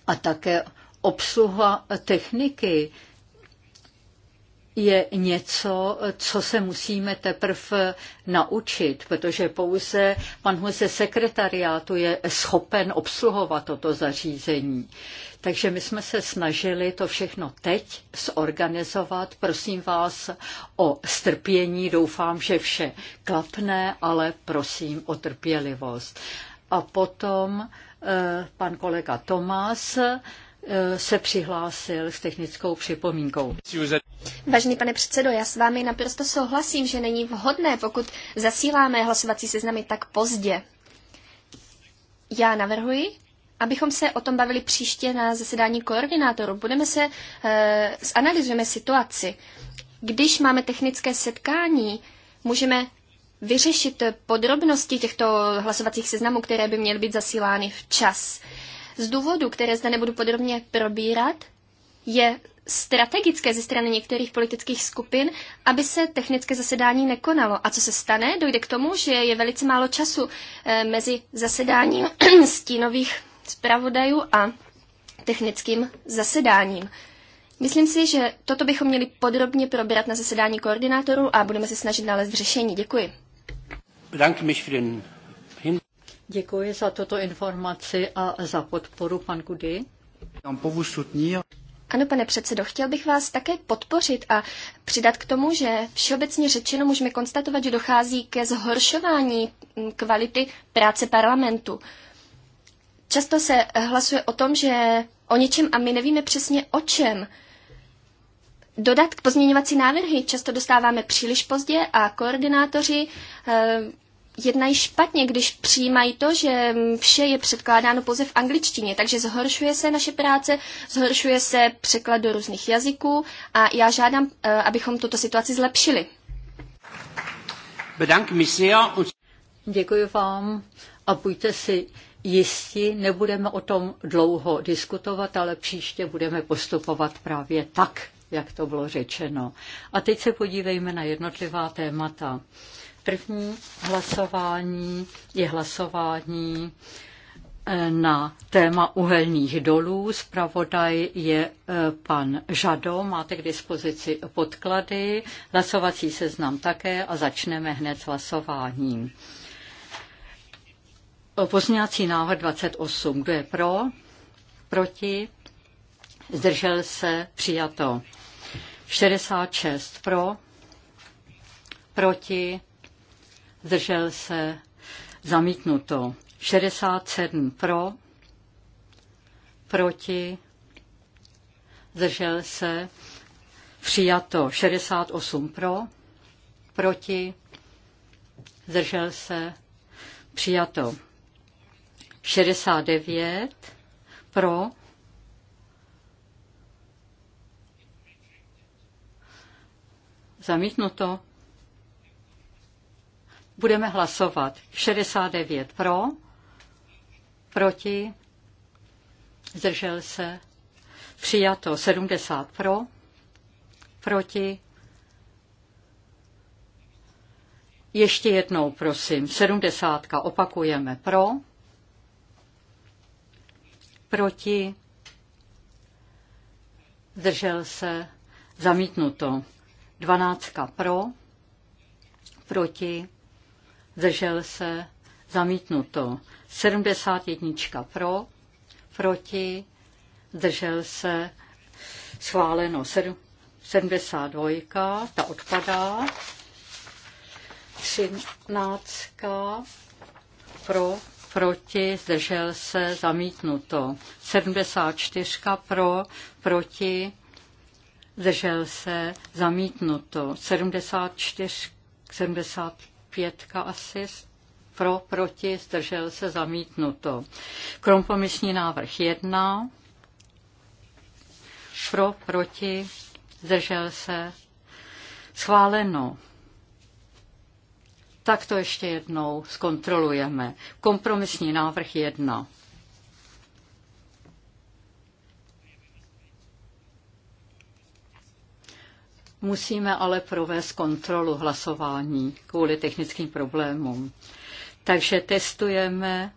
a také obsluha techniky je něco, co se musíme teprve naučit, protože pouze pan ze sekretariátu je schopen obsluhovat toto zařízení. Takže my jsme se snažili to všechno teď zorganizovat. Prosím vás o strpění, doufám, že vše klapne, ale prosím o trpělivost. A potom eh, pan kolega Tomás Eh, se přihlásil s technickou připomínkou. Vážený pane předsedo, já s vámi naprosto souhlasím, že není vhodné, pokud zasíláme hlasovací seznamy tak pozdě. Já navrhuji, abychom se o tom bavili příště na zasedání koordinátorů. Budeme se, e, eh, zanalizujeme situaci. Když máme technické setkání, můžeme vyřešit podrobnosti těchto hlasovacích seznamů, které by měly být zasílány včas. Z důvodu, které zde nebudu podrobně probírat, je strategické ze strany některých politických skupin, aby se technické zasedání nekonalo. A co se stane? Dojde k tomu, že je velice málo času eh, mezi zasedáním stínových zpravodajů a technickým zasedáním. Myslím si, že toto bychom měli podrobně probírat na zasedání koordinátorů a budeme se snažit nalézt řešení. Děkuji. Bedanke mich für den Děkuji za toto informaci a za podporu, pan Kudy. Ano, pane předsedo, chtěl bych vás také podpořit a přidat k tomu, že všeobecně řečeno můžeme konstatovat, že dochází ke zhoršování mm, kvality práce parlamentu. Často se hlasuje o tom, že o něčem a my nevíme přesně o čem. Dodat k pozměňovací návrhy často dostáváme příliš pozdě a koordinátoři eh, jednají špatně, když přijímají to, že vše je předkládáno pouze v angličtině, takže zhoršuje se naše práce, zhoršuje se překlad do různých jazyků a já žádám, eh, abychom tuto situaci zlepšili. Děkuji vám a buďte si jisti, nebudeme o tom dlouho diskutovat, ale příště budeme postupovat právě tak, jak to bylo řečeno. A teď se podívejme na jednotlivá témata. První hlasování je hlasování eh, na téma uhelných dolů. Spravodaj je eh, pan Žado, máte k dispozici podklady, hlasovací seznam také a začneme hned s hlasováním. Pozměňovací návrh 28. Kdo je pro? Proti? Zdržel se? Přijato. 66 pro? Proti? zdržel se, zamítnuto. 67 pro, proti, zdržel se, přijato. 68 pro, proti, zdržel se, přijato. 69 pro, zamítnuto. Budeme hlasovat 69 pro, proti, zdržel se, přijato 70 pro, proti, ještě jednou prosím, 70 opakujeme pro, proti, zdržel se, zamítnuto, 12 pro, proti, zdržel se, zamítnuto. 71 pro, proti, zdržel se, schváleno. 72, ta odpadá. 13 pro, proti, zdržel se, zamítnuto. 74 pro, proti, zdržel se, zamítnuto. 74, 75 pětka asi pro, proti, zdržel se zamítnuto. Kompromisní návrh 1, pro, proti, zdržel se schváleno. Tak to ještě jednou zkontrolujeme. Kompromisní návrh 1. Musíme ale provést kontrolu hlasování kvůli technickým problémům. Takže testujeme,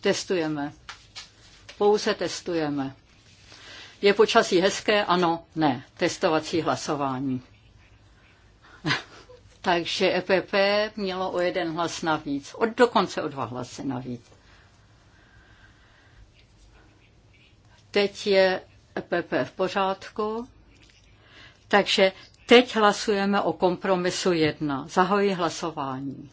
testujeme, pouze testujeme. Je počasí hezké? Ano, ne. Testovací hlasování. Takže EPP mělo o jeden hlas navíc, od dokonce o dva hlasy navíc. Teď je EPP v pořádku. Takže teď hlasujeme o kompromisu 1. Zahoji hlasování.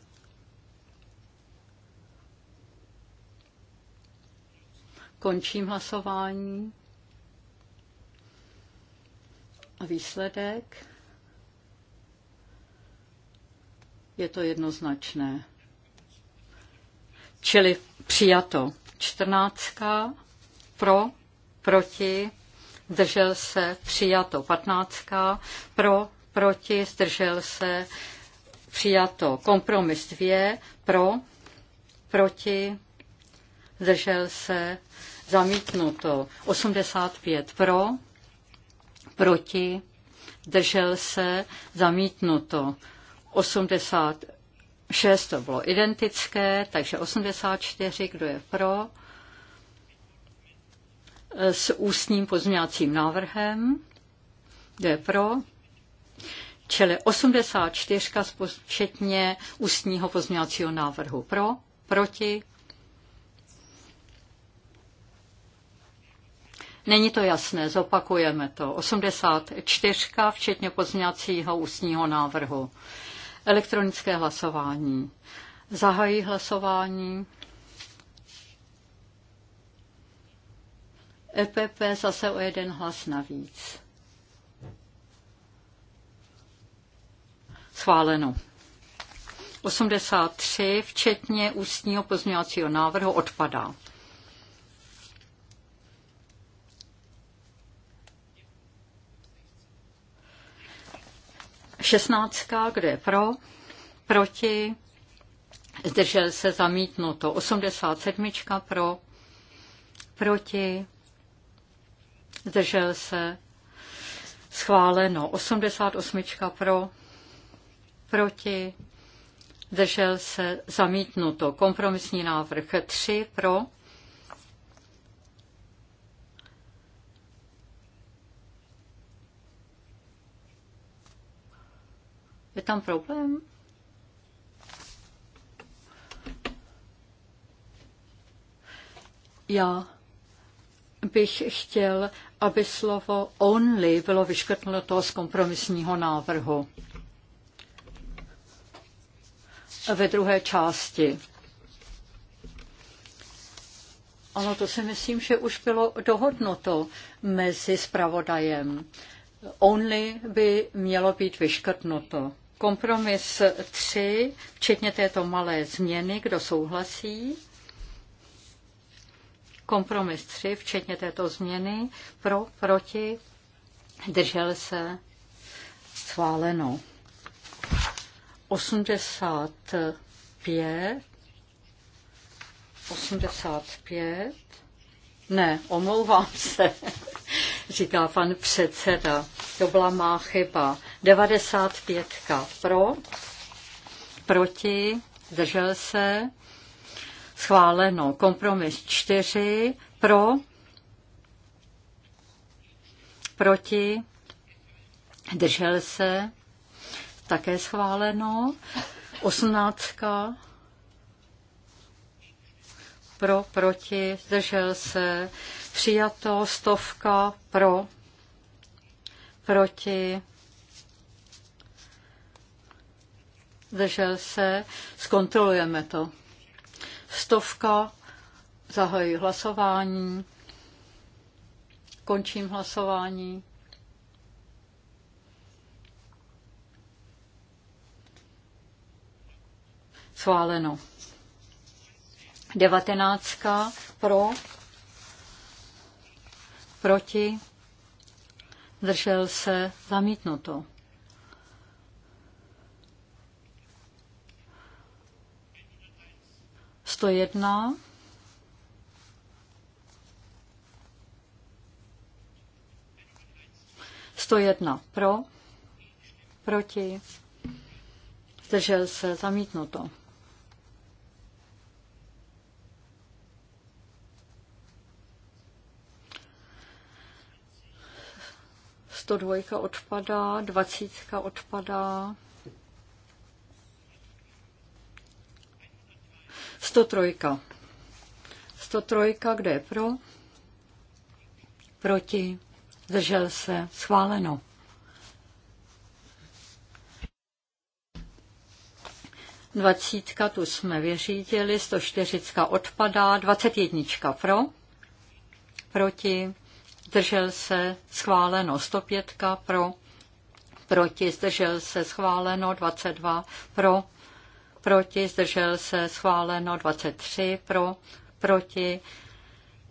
Končím hlasování. A výsledek? Je to jednoznačné. Čili přijato. Čtrnáctka pro, proti, zdržel se, přijato 15, pro, proti, zdržel se, přijato kompromis 2, pro, proti, zdržel se, zamítnuto 85 pro, proti, zdržel se, zamítnuto 86, to bylo identické, takže 84, kdo je pro, s ústním pozměňovacím návrhem. Kdo je pro? Čili 84 včetně ústního pozměňovacího návrhu pro, proti. Není to jasné, zopakujeme to. 84 včetně pozměňovacího ústního návrhu. Elektronické hlasování. Zahají hlasování. EPP zase o jeden hlas navíc. Schváleno. 83, včetně ústního pozměňovacího návrhu, odpadá. Šestnáctka, kdo je pro, proti, zdržel se zamítnuto. 87 pro, proti, zdržel se, schváleno 88 pro, proti, zdržel se, zamítnuto kompromisní návrh 3 pro, Je tam problém? Já bych chtěl, aby slovo only bylo vyškrtnuto z kompromisního návrhu. Ve druhé části. Ano, to si myslím, že už bylo dohodnuto mezi zpravodajem. Only by mělo být vyškrtnuto. Kompromis 3, včetně této malé změny, kdo souhlasí? Kompromis 3, včetně této změny, pro, proti, držel se schváleno. 85, 85, ne, omlouvám se, říká pan předseda, to byla má chyba. 95 pro, proti, držel se, schváleno. Kompromis 4 pro, proti, držel se, také schváleno. Osmnáctka pro, proti, zdržel se, přijato, stovka, pro, proti, zdržel se, zkontrolujeme to. Stovka. Zahajuji hlasování. Končím hlasování. Sváleno. Devatenáctka pro, proti, držel se zamítnuto. 101. Sto jedna pro, proti, zdržel se, zamítnuto. Sto dvojka odpadá, dvacítka odpadá. 103. 103, kde je pro? Proti? Zdržel se? Schváleno. Dvacítka, tu jsme vyřídili, 140 odpadá, 21 pro, proti, zdržel se, schváleno 105 pro, proti, zdržel se, schváleno 22 pro, proti, zdržel se, schváleno 23 pro, proti,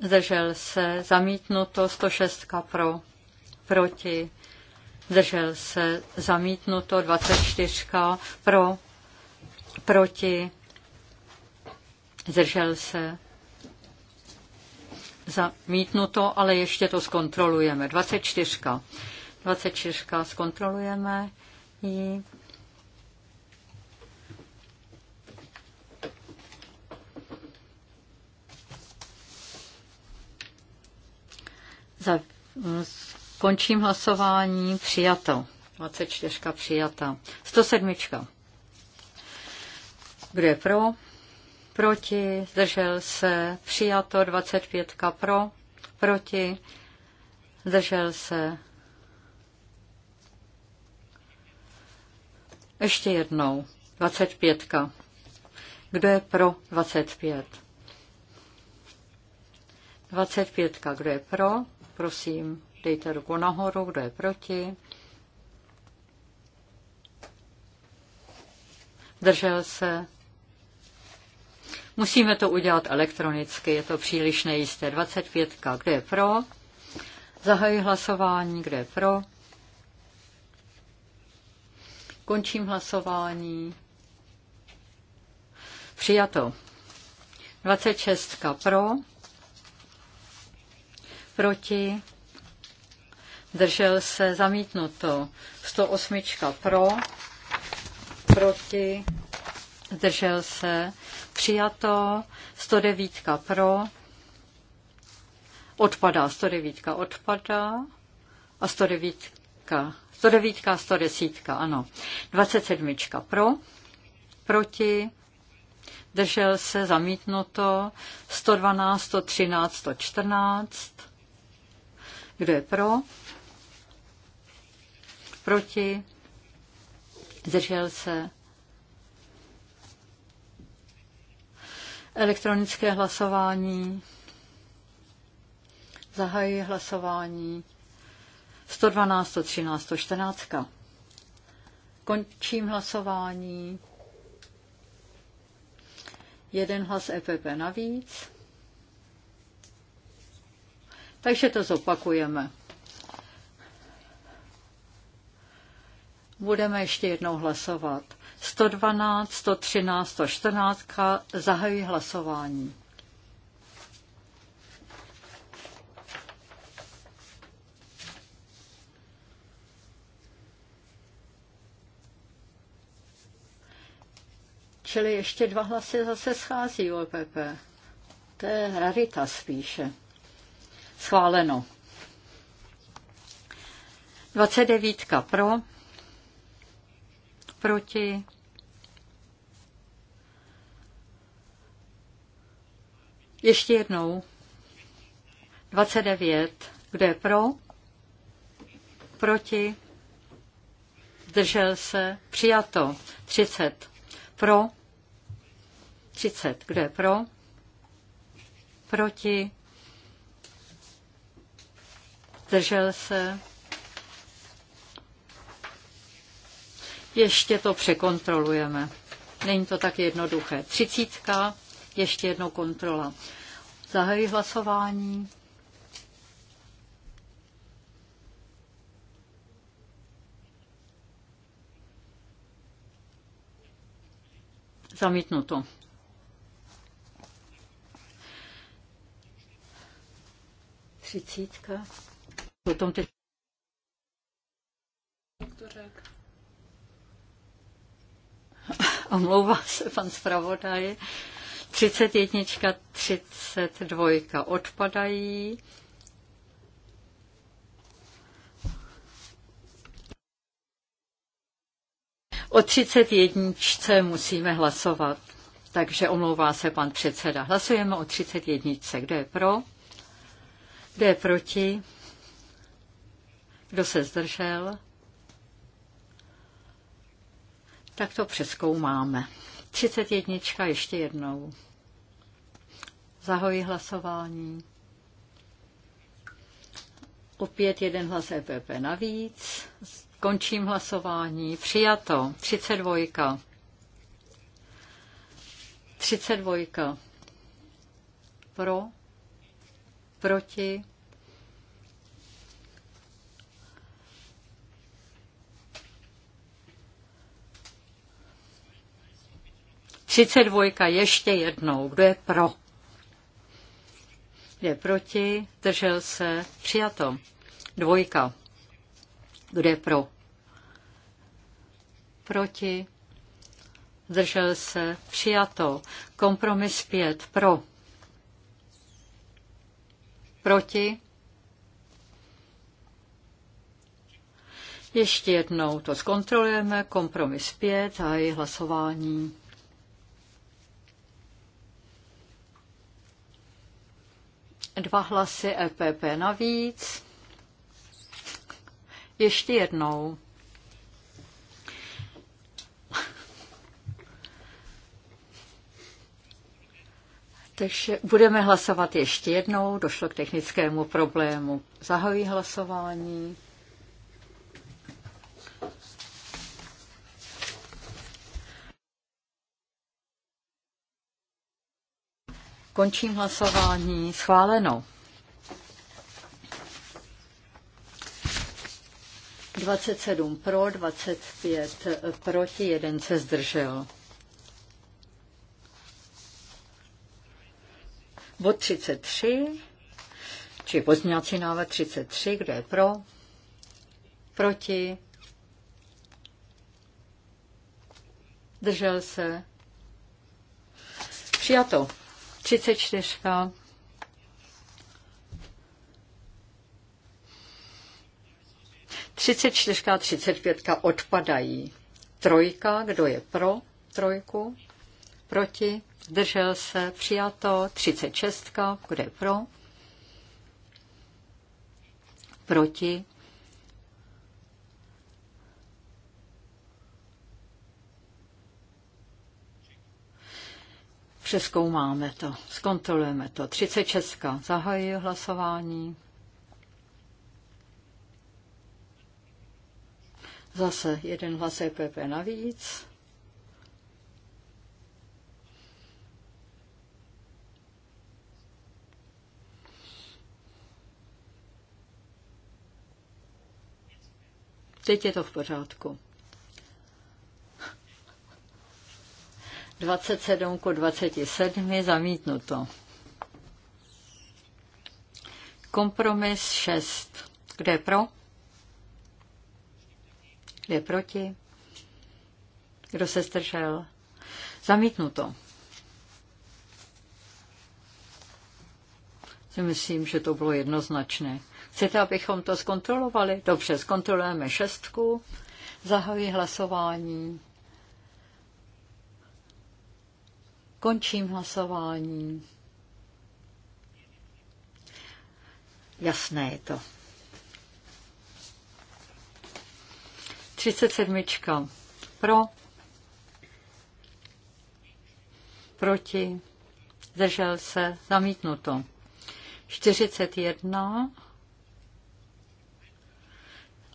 zdržel se, zamítnuto 106 pro, proti, zdržel se, zamítnuto 24 pro, proti, zdržel se, zamítnuto, ale ještě to zkontrolujeme. 24. 24 zkontrolujeme ji. Za, končím hlasování. Přijato. 24 přijata. 107. Kdo je pro? Proti. Zdržel se. Přijato. 25 pro. Proti. Zdržel se. Ještě jednou. 25. Kdo je pro 25? 25. Kdo je pro? prosím, dejte ruku nahoru, kdo je proti. Držel se. Musíme to udělat elektronicky, je to příliš nejisté. 25. Kdo je pro? Zahajuji hlasování, kdo je pro? Končím hlasování. Přijato. 26 pro, proti, držel se zamítnuto. 108 pro, proti, držel se, přijato, 109 pro, odpadá, 109 odpadá a 109, 109 110, ano. 27 pro, proti, držel se, zamítnuto, 112, 113, 114, kdo je pro? Proti? Zdržel se? Elektronické hlasování. Zahají hlasování. 112, 113, 114. Končím hlasování. Jeden hlas EPP navíc. Takže to zopakujeme. Budeme ještě jednou hlasovat. 112, 113, 114 Zahajuji hlasování. Čili ještě dva hlasy zase schází OPP. To je rarita spíše. Schváleno. 29 pro, proti, ještě jednou, 29, kdo je pro, proti, držel se, přijato, 30, pro, 30, kdo je pro, proti, zdržel se. Ještě to překontrolujeme. Není to tak jednoduché. Třicítka, ještě jednou kontrola. Zahajuji hlasování. Zamítnuto. Třicítka potom teď... Omlouvá se pan zpravodaj. 31, 32 odpadají. O 31 musíme hlasovat. Takže omlouvá se pan předseda. Hlasujeme o 31. Kdo je pro? Kdo je proti? Kdo se zdržel? Tak to přeskoumáme. 31. ještě jednou. Zahoji hlasování. Opět jeden hlas EPP navíc. Končím hlasování. Přijato. 32. 32. Pro. Proti. 32 ještě jednou. Kdo je pro? Kdo je proti? Držel se? Přijato. Dvojka. Kdo je pro? Proti? Držel se? Přijato. Kompromis 5. Pro. Proti? Ještě jednou to zkontrolujeme. Kompromis 5 a je hlasování. Dva hlasy EPP navíc. Ještě jednou. Takže budeme hlasovat ještě jednou. Došlo k technickému problému. Zahajuji hlasování. Končím hlasování. Schváleno. 27 pro, 25 proti, jeden se zdržel. Bod 33, či pozměňovací návrh 33, kdo je pro, proti, držel se. Přijato. 34. Třicet čtyřka a třicet pětka odpadají. Trojka, kdo je pro trojku? Proti? Zdržel se? Přijato? Třicet šestka, kdo je pro? Proti? Přeskoumáme to, zkontrolujeme to. 36. Zahajuji hlasování. Zase jeden hlas EPP navíc. Teď je to v pořádku. 27 ku 27 zamítnuto. Kompromis 6. Kde je pro? Kde je proti? Kdo se zdržel? Zamítnuto. Si myslím, že to bylo jednoznačné. Chcete, abychom to zkontrolovali? Dobře, zkontrolujeme šestku. Zahajuji hlasování. Končím hlasování. Jasné je to. 37. Pro. Proti. Zdržel se. Zamítnuto. 41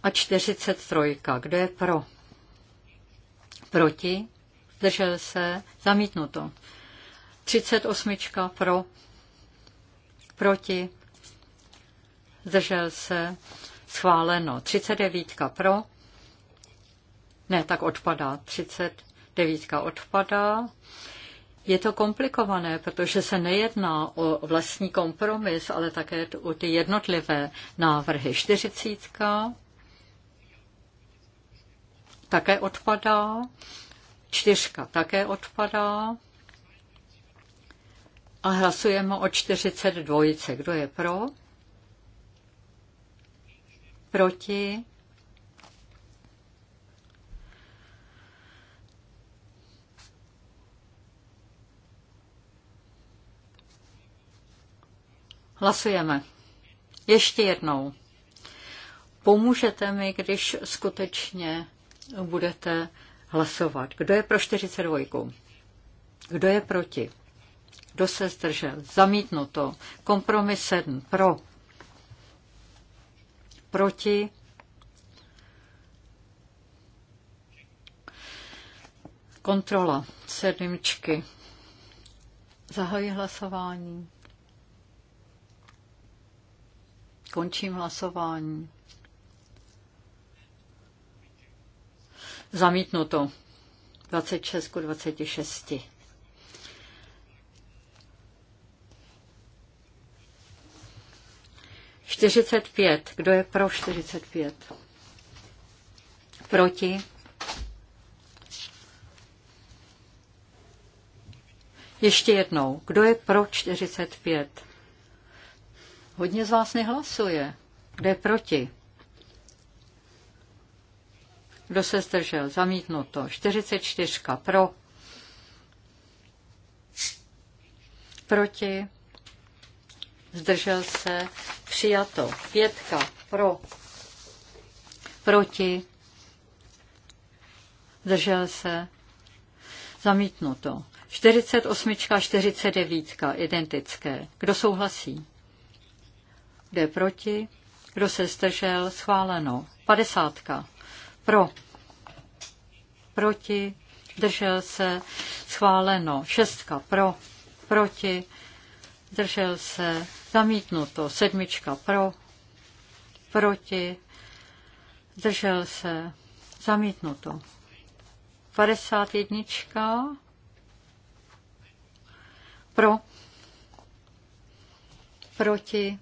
a 43. Kdo je pro? Proti? zdržel se, zamítnuto. 38 pro, proti, zdržel se, schváleno. 39 pro, ne, tak odpadá. 39 odpadá. Je to komplikované, protože se nejedná o vlastní kompromis, ale také o ty jednotlivé návrhy. 40 také odpadá. Čtyřka také odpadá. A hlasujeme o 42. Kdo je pro? Proti? Hlasujeme. Ještě jednou. Pomůžete mi, když skutečně budete hlasovat. Kdo je pro 42? Kdo je proti? Kdo se zdržel? Zamítnuto. Kompromis 7. Pro. Proti. Kontrola sedmičky. Zahajuji hlasování. Končím hlasování. Zamítnuto. 26 ku 26. Čtyřicet pět. Kdo je pro čtyřicet pět? Proti? Ještě jednou. Kdo je pro 45? Hodně z vás nehlasuje. Kdo je proti? Kdo se zdržel? Zamítnuto. 44 pro. Proti. Zdržel se. Přijato. Pětka pro. Proti. Zdržel se. Zamítnuto. 48 49 identické. Kdo souhlasí? Kdo je proti? Kdo se zdržel? Schváleno. 50. Pro proti, držel se, schváleno. Šestka pro, proti, držel se, zamítnuto. Sedmička pro, proti, držel se, zamítnuto. 51. Pro, proti,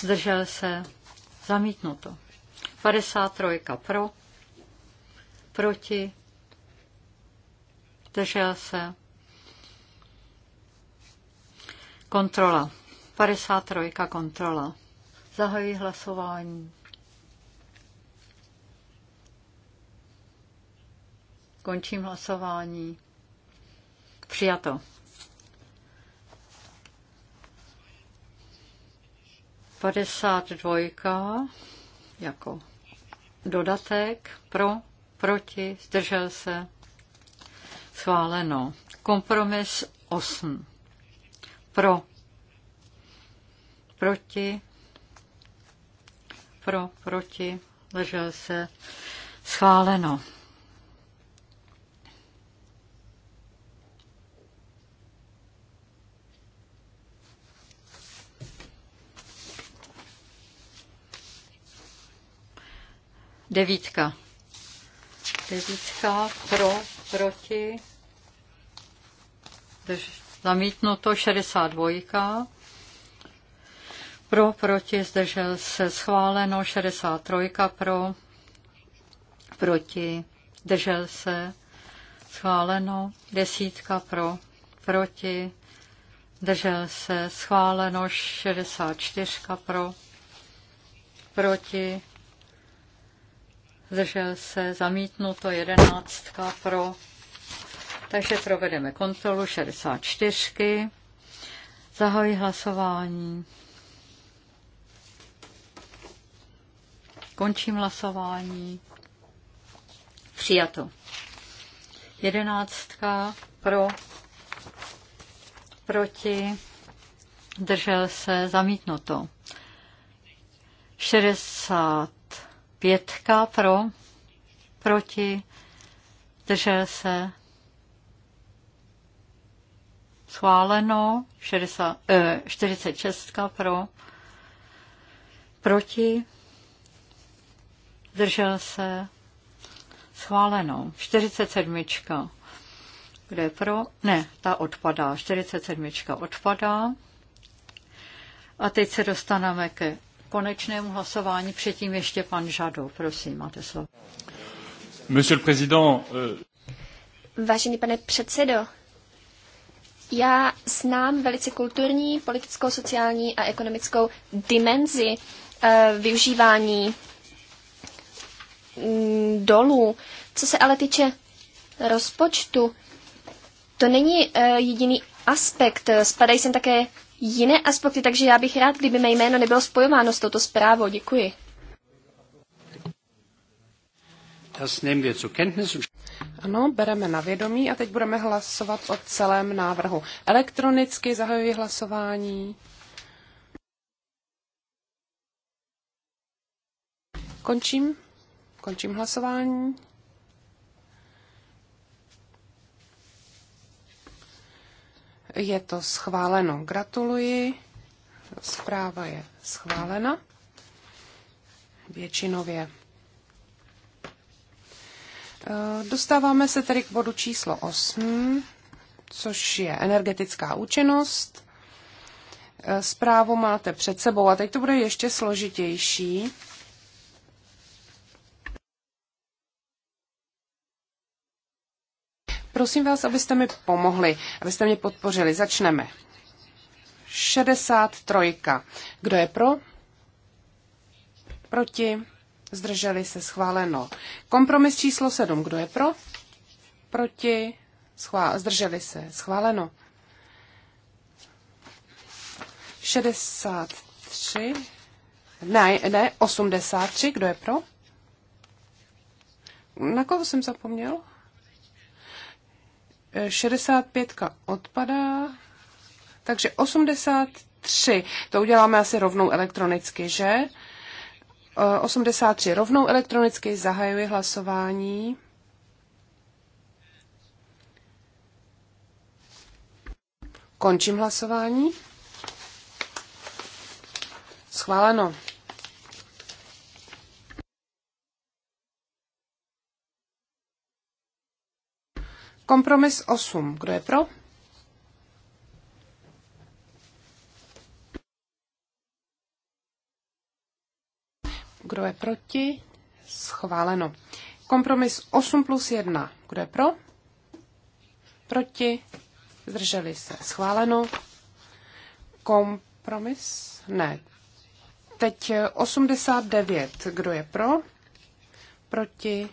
zdržel se, zamítnuto. 53 pro, proti, držel se. Kontrola. 53. kontrola. Zahajuji hlasování. Končím hlasování. Přijato. Padesát dvojka jako dodatek pro, proti, zdržel se, schváleno. Kompromis 8, pro, proti, pro, proti, zdržel se, schváleno. Devítka devítka pro, proti, zamítnuto 62, pro, proti, zdržel se schváleno 63, pro, proti, zdržel se schváleno desítka pro, proti, zdržel se schváleno 64 pro, proti, zdržel se, zamítnuto, jedenáctka pro. Takže provedeme kontrolu 64. Zahoji hlasování. Končím hlasování. Přijato. Jedenáctka pro, proti, držel se, zamítnuto. 60 Pětka pro, proti, držel se. Schváleno 46 eh, pro, proti, držel se. Schváleno 47. Kde je pro? Ne, ta odpadá. 47. odpadá. A teď se dostaneme ke konečnému hlasování. Předtím ještě pan Žado, prosím, máte slovo. Monsieur le président, euh, Vážený pane předsedo, já znám velice kulturní, politickou, sociální a ekonomickou dimenzi eh, využívání mm, dolů. Co se ale týče rozpočtu, to není eh, jediný aspekt. Spadají sem také jiné aspekty, takže já bych rád, kdyby mé jméno nebylo spojováno s touto zprávou. Děkuji. Ano, bereme na vědomí a teď budeme hlasovat o celém návrhu. Elektronicky zahajuji hlasování. Končím. Končím hlasování. Je to schváleno. Gratuluji. Zpráva je schválena většinově. E, dostáváme se tedy k bodu číslo 8, což je energetická účinnost. E, zprávu máte před sebou a teď to bude ještě složitější Prosím vás, abyste mi pomohli, abyste mě podpořili. Začneme. 63. Kdo je pro? Proti? Zdrželi se schváleno. Kompromis číslo 7. Kdo je pro? Proti? zdrželi se schváleno. 63. Ne, ne, 83. Kdo je pro? Na koho jsem zapomněl? 65 odpadá, takže 83. To uděláme asi rovnou elektronicky, že? 83 eh, rovnou elektronicky zahajuji hlasování. Končím hlasování. Schváleno. Kompromis 8. Kdo je pro? Kdo je proti? Schváleno. Kompromis 8 plus 1. Kdo je pro? Proti? Zdrželi se. Schváleno. Kompromis? Ne. Teď 89. Kdo je pro? Proti?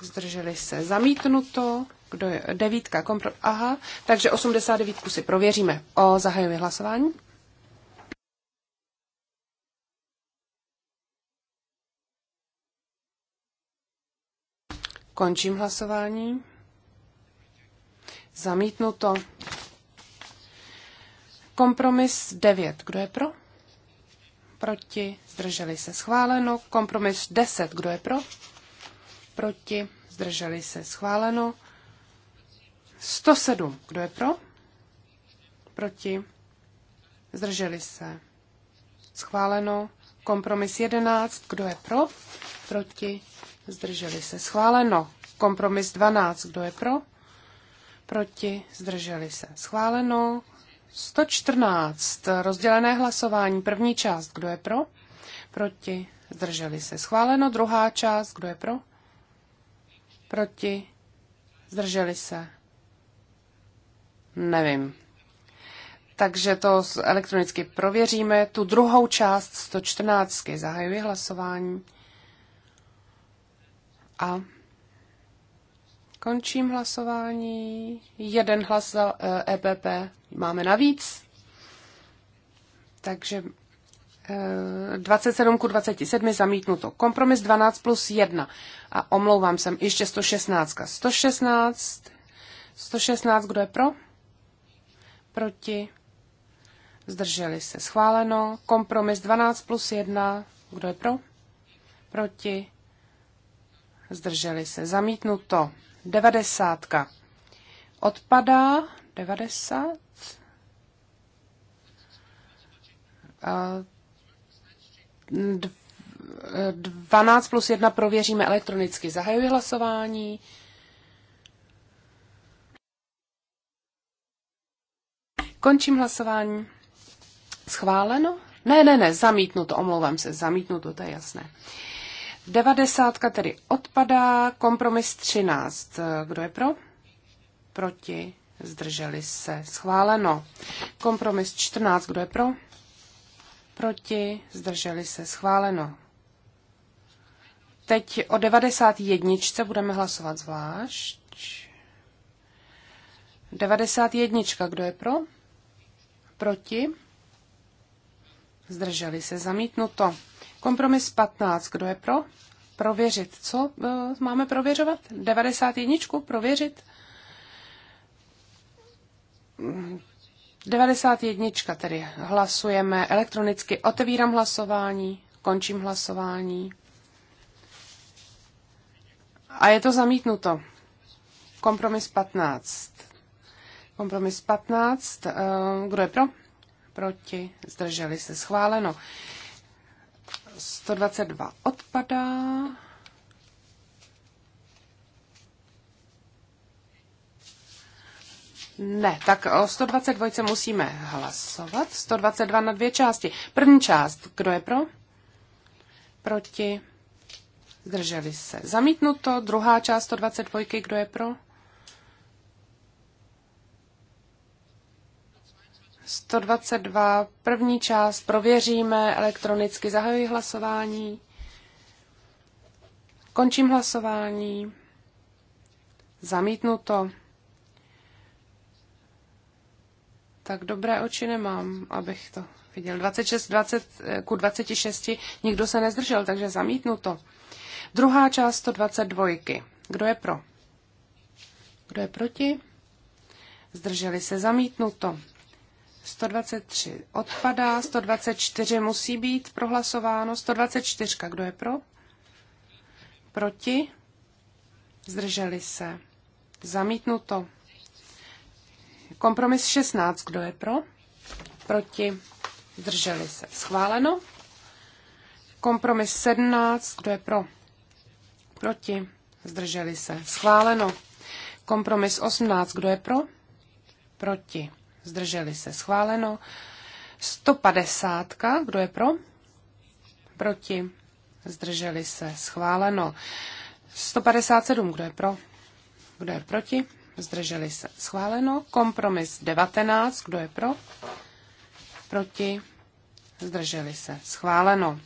zdrželi se, zamítnuto, kdo je, devítka, kompro, aha, takže 89 si prověříme. O, zahajuji hlasování. Končím hlasování. Zamítnuto. Kompromis 9. Kdo je pro? Proti. Zdrželi se schváleno. Kompromis 10. Kdo je pro? proti, zdrželi se, schváleno. 107, kdo je pro, proti, zdrželi se, schváleno. Kompromis 11, kdo je pro, proti, zdrželi se, schváleno. Kompromis 12, kdo je pro, proti, zdrželi se, schváleno. 114, rozdělené hlasování, první část, kdo je pro, proti, zdrželi se, schváleno. Druhá část, kdo je pro, Proti? Zdrželi se? Nevím. Takže to elektronicky prověříme. Tu druhou část 114. Zahajuji hlasování. A končím hlasování. Jeden hlas za EPP eh, e máme navíc. Takže 27 ku 27 zamítnuto. Kompromis 12 plus 1. A omlouvám se, ještě 116. 116. 116, kdo je pro? Proti. Zdrželi se. Schváleno. Kompromis 12 plus 1. Kdo je pro? Proti. Zdrželi se. Zamítnuto. 90. Odpadá. 90. 12 plus 1 prověříme elektronicky. Zahajuji hlasování. Končím hlasování. Schváleno? Ne, ne, ne, zamítnuto, omlouvám se, zamítnuto, to je jasné. 90 tedy odpadá, kompromis 13. Kdo je pro? Proti, zdrželi se, schváleno. Kompromis 14, kdo je pro? proti, zdrželi se, schváleno. Teď o 91 budeme hlasovat zvlášť. 91, kdo je pro? Proti? Zdrželi se, zamítnuto. Kompromis 15, kdo je pro? Prověřit. Co eh, máme prověřovat? 91, prověřit. 91 tedy hlasujeme elektronicky. Otevírám hlasování, končím hlasování. A je to zamítnuto. Kompromis 15. Kompromis 15. Eh, kdo je pro? Proti. Zdrželi se. Schváleno. 122 odpadá. Ne, tak o 122 musíme hlasovat. 122 na dvě části. První část, kdo je pro? Proti. Zdrželi se. Zamítnuto. Druhá část 122, kdo je pro? 122, první část, prověříme elektronicky, zahajuji hlasování. Končím hlasování. Zamítnu to. tak dobré oči nemám, abych to viděl. 26, 20, eh, ku 26 nikdo se nezdržel, takže zamítnu to. Druhá část 122. Kdo je pro? Kdo je proti? Zdrželi se zamítnuto. 123 odpadá, 124 musí být prohlasováno, 124, kdo je pro? Proti? Zdrželi se. Zamítnuto. Kompromis 16. Kdo je pro? Proti? Zdrželi se. Schváleno. Kompromis 17. Kdo je pro? Proti? Zdrželi se. Schváleno. Kompromis 18. Kdo je pro? Proti? Zdrželi se. Schváleno. 150. Kdo je pro? Proti? Zdrželi se. Schváleno. 157. Kdo je pro? Kdo je proti? zdrželi se. Schváleno. Kompromis 19, kdo je pro? Proti, zdrželi se. Schváleno.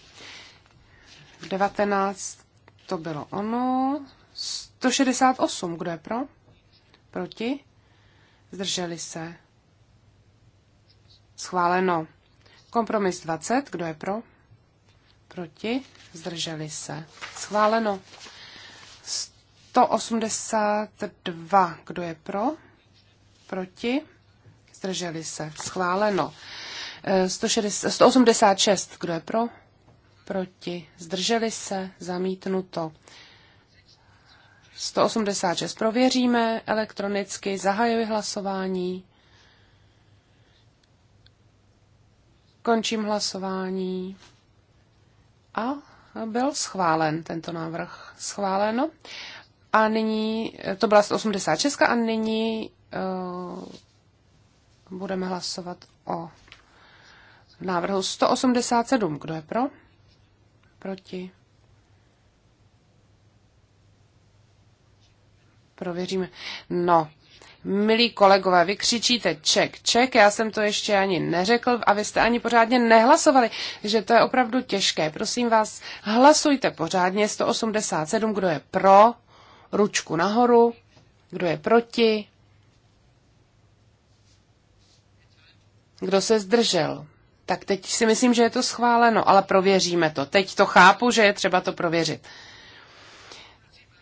19, to bylo ono. 168, kdo je pro? Proti, zdrželi se. Schváleno. Kompromis 20, kdo je pro? Proti, zdrželi se. Schváleno. 182. Kdo je pro? Proti? Zdrželi se. Schváleno. 186. Eh, Kdo je pro? Proti? Zdrželi se. Zamítnuto. 186. Prověříme elektronicky. Zahajuji hlasování. Končím hlasování. A byl schválen tento návrh. Schváleno a nyní, to byla 86 a nyní uh, budeme hlasovat o návrhu 187. Kdo je pro? Proti? Prověříme. No, milí kolegové, vy křičíte ček, ček, já jsem to ještě ani neřekl a vy jste ani pořádně nehlasovali, že to je opravdu těžké. Prosím vás, hlasujte pořádně 187, kdo je pro, ručku nahoru. Kdo je proti? Kdo se zdržel? Tak teď si myslím, že je to schváleno, ale prověříme to. Teď to chápu, že je třeba to prověřit.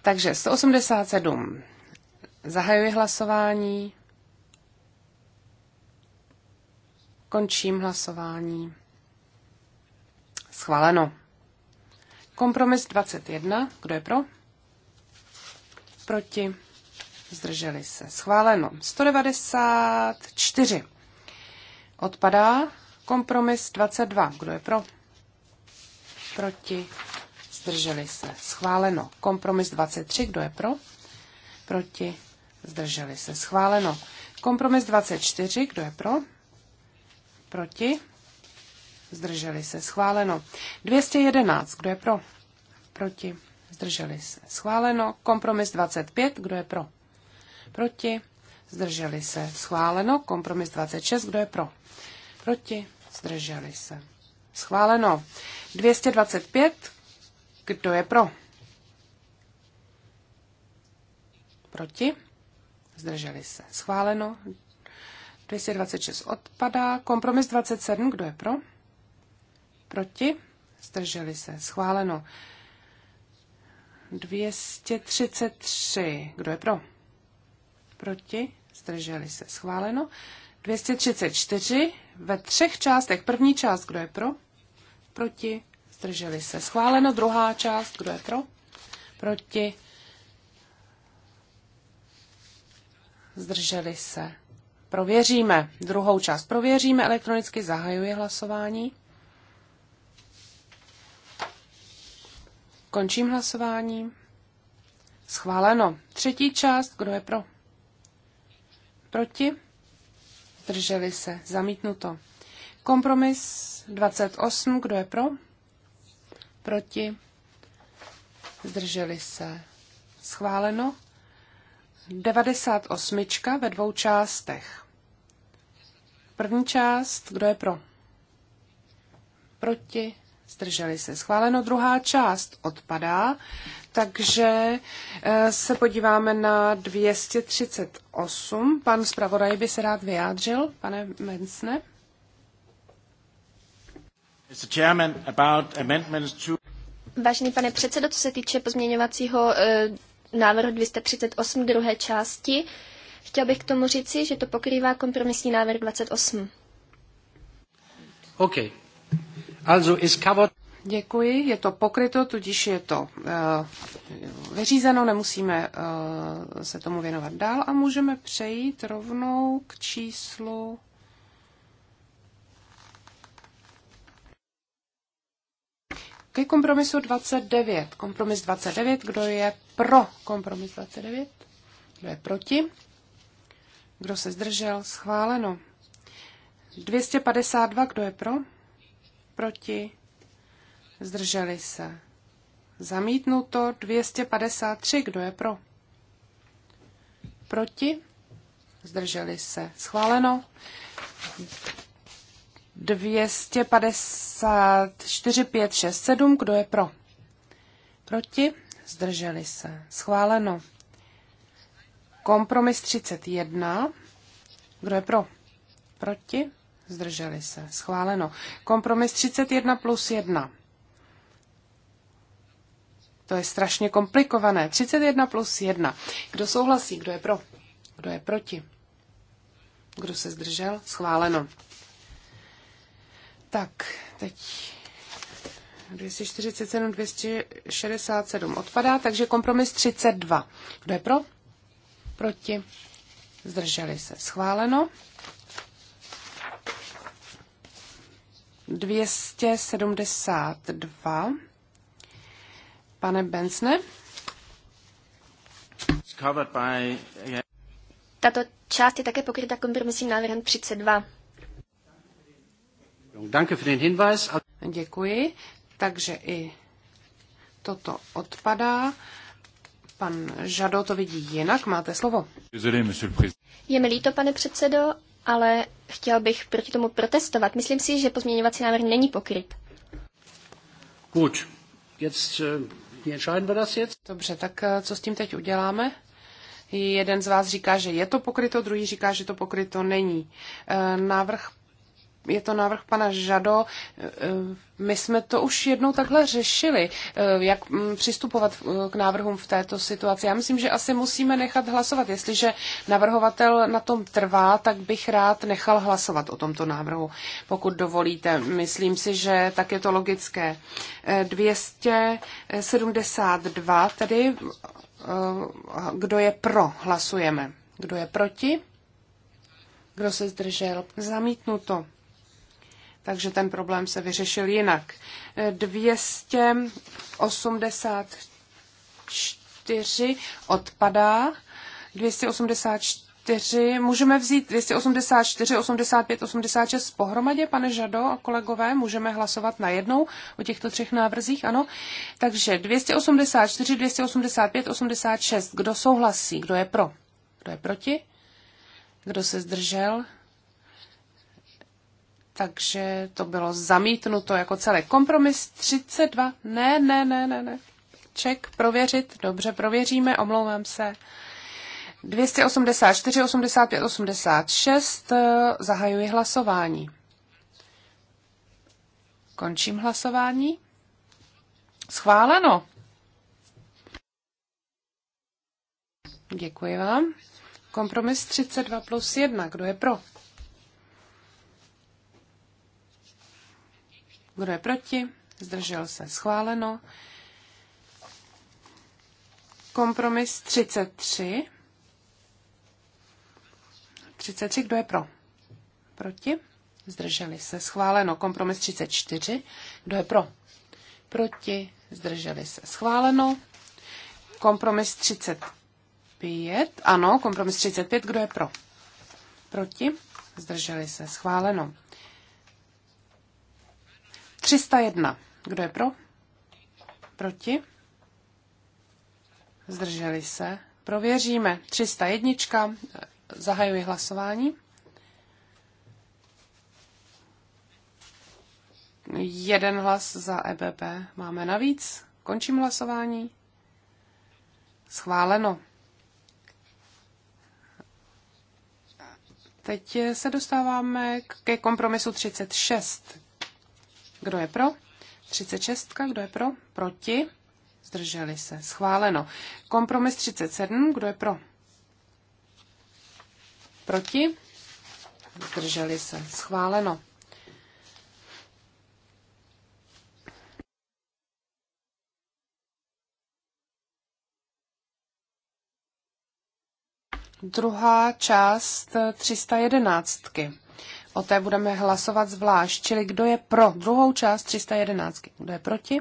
Takže 187. Zahajuji hlasování. Končím hlasování. Schváleno. Kompromis 21. Kdo je pro? proti, zdrželi se. Schváleno. 194. Odpadá kompromis 22. Kdo je pro? Proti, zdrželi se. Schváleno. Kompromis 23. Kdo je pro? Proti, zdrželi se. Schváleno. Kompromis 24. Kdo je pro? Proti, zdrželi se. Schváleno. 211. Kdo je pro? Proti zdrželi se. Schváleno. Kompromis 25, kdo je pro? Proti, zdrželi se. Schváleno. Kompromis 26, kdo je pro? Proti, zdrželi se. Schváleno. 225, kdo je pro? Proti, zdrželi se. Schváleno. 226 odpadá. Kompromis 27, kdo je pro? Proti, zdrželi se. Schváleno. 233. Kdo je pro? Proti? Zdrželi se. Schváleno. 234 ve třech částech. První část, kdo je pro? Proti? Zdrželi se. Schváleno. Druhá část, kdo je pro? Proti? Zdrželi se. Prověříme. Druhou část prověříme. Elektronicky zahajuje hlasování. Končím hlasování. Schváleno. Třetí část. Kdo je pro? Proti? Zdrželi se. Zamítnuto. Kompromis 28. Kdo je pro? Proti? Zdrželi se. Schváleno. 98. ve dvou částech. První část. Kdo je pro? Proti? zdrželi se. Schváleno druhá část odpadá, takže eh, se podíváme na 238. Pan zpravodaj by se rád vyjádřil, pane Mencne. Vážený pane předsedo, co se týče pozměňovacího eh, návrhu 238 druhé části, chtěl bych k tomu říci, že to pokrývá kompromisní návrh 28. Okay. Also ist covered. Děkuji, je to pokryto, tudíž je to uh, vyřízeno, nemusíme uh, se tomu věnovat dál a můžeme přejít rovnou k číslu. Ke kompromisu 29. Kompromis 29, kdo je pro kompromis 29? Kdo je proti? Kdo se zdržel? Schváleno. 252, kdo je pro? proti, zdrželi se. Zamítnuto 253, kdo je pro? Proti, zdrželi se. Schváleno 254, 5, 6, 7, kdo je pro? Proti, zdrželi se. Schváleno. Kompromis 31, kdo je pro? Proti, Zdrželi se. Schváleno. Kompromis 31 plus 1. To je strašně komplikované. 31 plus 1. Kdo souhlasí? Kdo je pro? Kdo je proti? Kdo se zdržel? Schváleno. Tak, teď 247, 267 odpadá, takže kompromis 32. Kdo je pro? Proti? Zdrželi se. Schváleno. 272. Pane Bensne. Tato část je také pokryta kompromisním návrhem 32. Děkuji. Takže i toto odpadá. Pan Žado to vidí jinak. Máte slovo. Je mi líto, pane předsedo, ale chtěl bych proti tomu protestovat. Myslím si, že pozměňovací návrh není pokryt. Gut, jetzt äh, entscheiden wir das jetzt. Dobře, tak eh, co s tím teď uděláme? Jeden z vás říká, že je to pokryto, druhý říká, že to pokryto není. Eh, návrh je to návrh pana Žado. E, e, my jsme to už jednou takhle řešili, e, jak mm, přistupovat k návrhům v této situaci. Já myslím, že asi musíme nechat hlasovat. Jestliže navrhovatel na tom trvá, tak bych rád nechal hlasovat o tomto návrhu, pokud dovolíte. Myslím si, že tak je to logické. 272, tedy kdo je pro, hlasujeme. Kdo je proti? Kdo se zdržel? Zamítnuto takže ten problém se vyřešil jinak. 284 odpadá, 284, můžeme vzít 284, 85, 86 pohromadě, pane Žado a kolegové, můžeme hlasovat na najednou o těchto třech návrzích, ano. Takže 284, 285, 86, kdo souhlasí, kdo je pro, kdo je proti, kdo se zdržel, takže to bylo zamítnuto jako celé. Kompromis 32. Ne, ne, ne, ne, ne. Ček, prověřit. Dobře, prověříme, omlouvám se. 284, 85, 86. Zahajuji hlasování. Končím hlasování. Schváleno. Děkuji vám. Kompromis 32 plus 1. Kdo je pro? Kdo je proti? Zdržel se. Schváleno. Kompromis 33. 33. Kdo je pro? Proti? Zdrželi se. Schváleno. Kompromis 34. Kdo je pro? Proti? Zdrželi se. Schváleno. Kompromis 35. Ano, kompromis 35. Kdo je pro? Proti? Zdrželi se. Schváleno. 301. Kdo je pro? Proti? Zdrželi se. Prověříme. 301. Zahajuji hlasování. Jeden hlas za EBP máme navíc. Končím hlasování. Schváleno. Teď se dostáváme ke kompromisu 36. Kdo je pro? 36. Kdo je pro? Proti? Zdrželi se. Schváleno. Kompromis 37. Kdo je pro? Proti? Zdrželi se. Schváleno. Druhá část 311. O té budeme hlasovat zvlášť. Čili kdo je pro druhou část 311? Kdo je proti?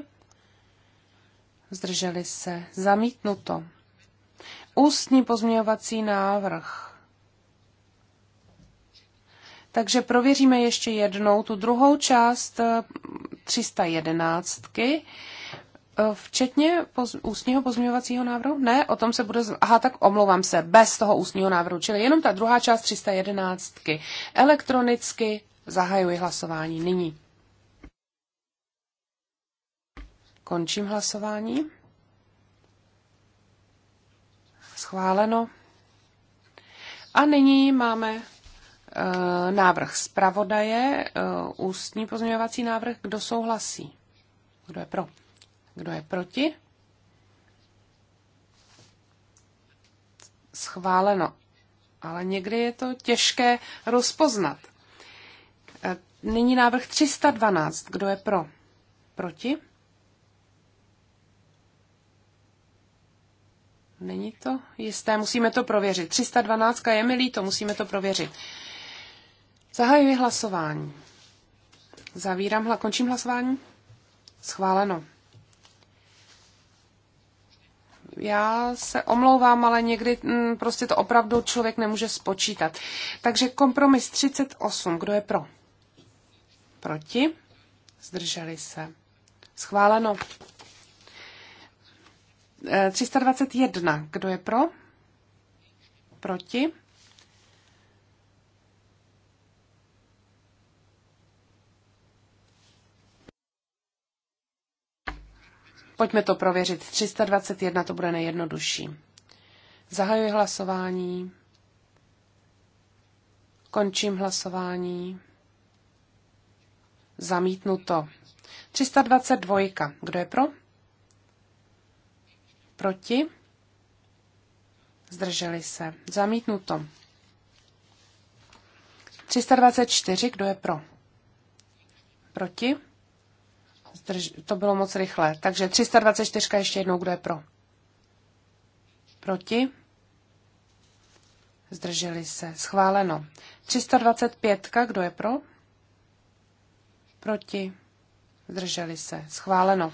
Zdrželi se. Zamítnuto. Ústní pozměňovací návrh. Takže prověříme ještě jednou tu druhou část 311. Eh, Včetně poz, ústního pozměňovacího návrhu? Ne, o tom se bude... Aha, tak omlouvám se, bez toho ústního návrhu, čili jenom ta druhá část 311. Elektronicky zahajuji hlasování nyní. Končím hlasování. Schváleno. A nyní máme e, návrh zpravodaje, e, ústní pozměňovací návrh. Kdo souhlasí? Kdo je pro? Kdo je proti? Schváleno. Ale někdy je to těžké rozpoznat. E, nyní návrh 312. Kdo je pro? Proti? Není to jisté, musíme to prověřit. 312 je milý, to musíme to prověřit. Zahajuji hlasování. Zavírám, končím hlasování. Schváleno já se omlouvám, ale někdy m, mm, prostě to opravdu člověk nemůže spočítat. Takže kompromis 38. Kdo je pro? Proti? Zdrželi se. Schváleno. 321. E, kdo je pro? Proti? Pojďme to prověřit. 321 to bude nejjednodušší. Zahajuji hlasování. Končím hlasování. Zamítnu to. 322. Kdo je pro? Proti? Zdrželi se. Zamítnu to. 324. Kdo je pro? Proti? Zdrž, to bylo moc rychle. Takže 324 ještě jednou, kdo je pro? Proti? Zdrželi se. Schváleno. 325, kdo je pro? Proti? Zdrželi se. Schváleno.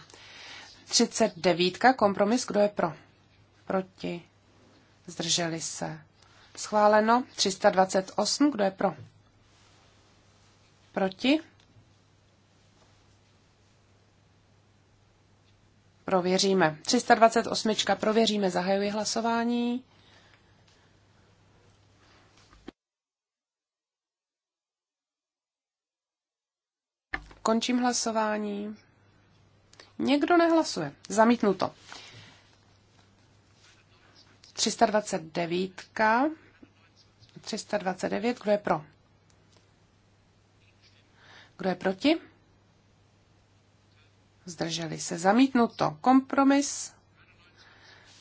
39, kompromis, kdo je pro? Proti? Zdrželi se. Schváleno. 328, kdo je pro? Proti? Prověříme. 328. Prověříme. Zahajuji hlasování. Končím hlasování. Někdo nehlasuje. Zamítnuto. 329. 329. Kdo je pro? Kdo je proti? zdrželi se zamítnuto. Kompromis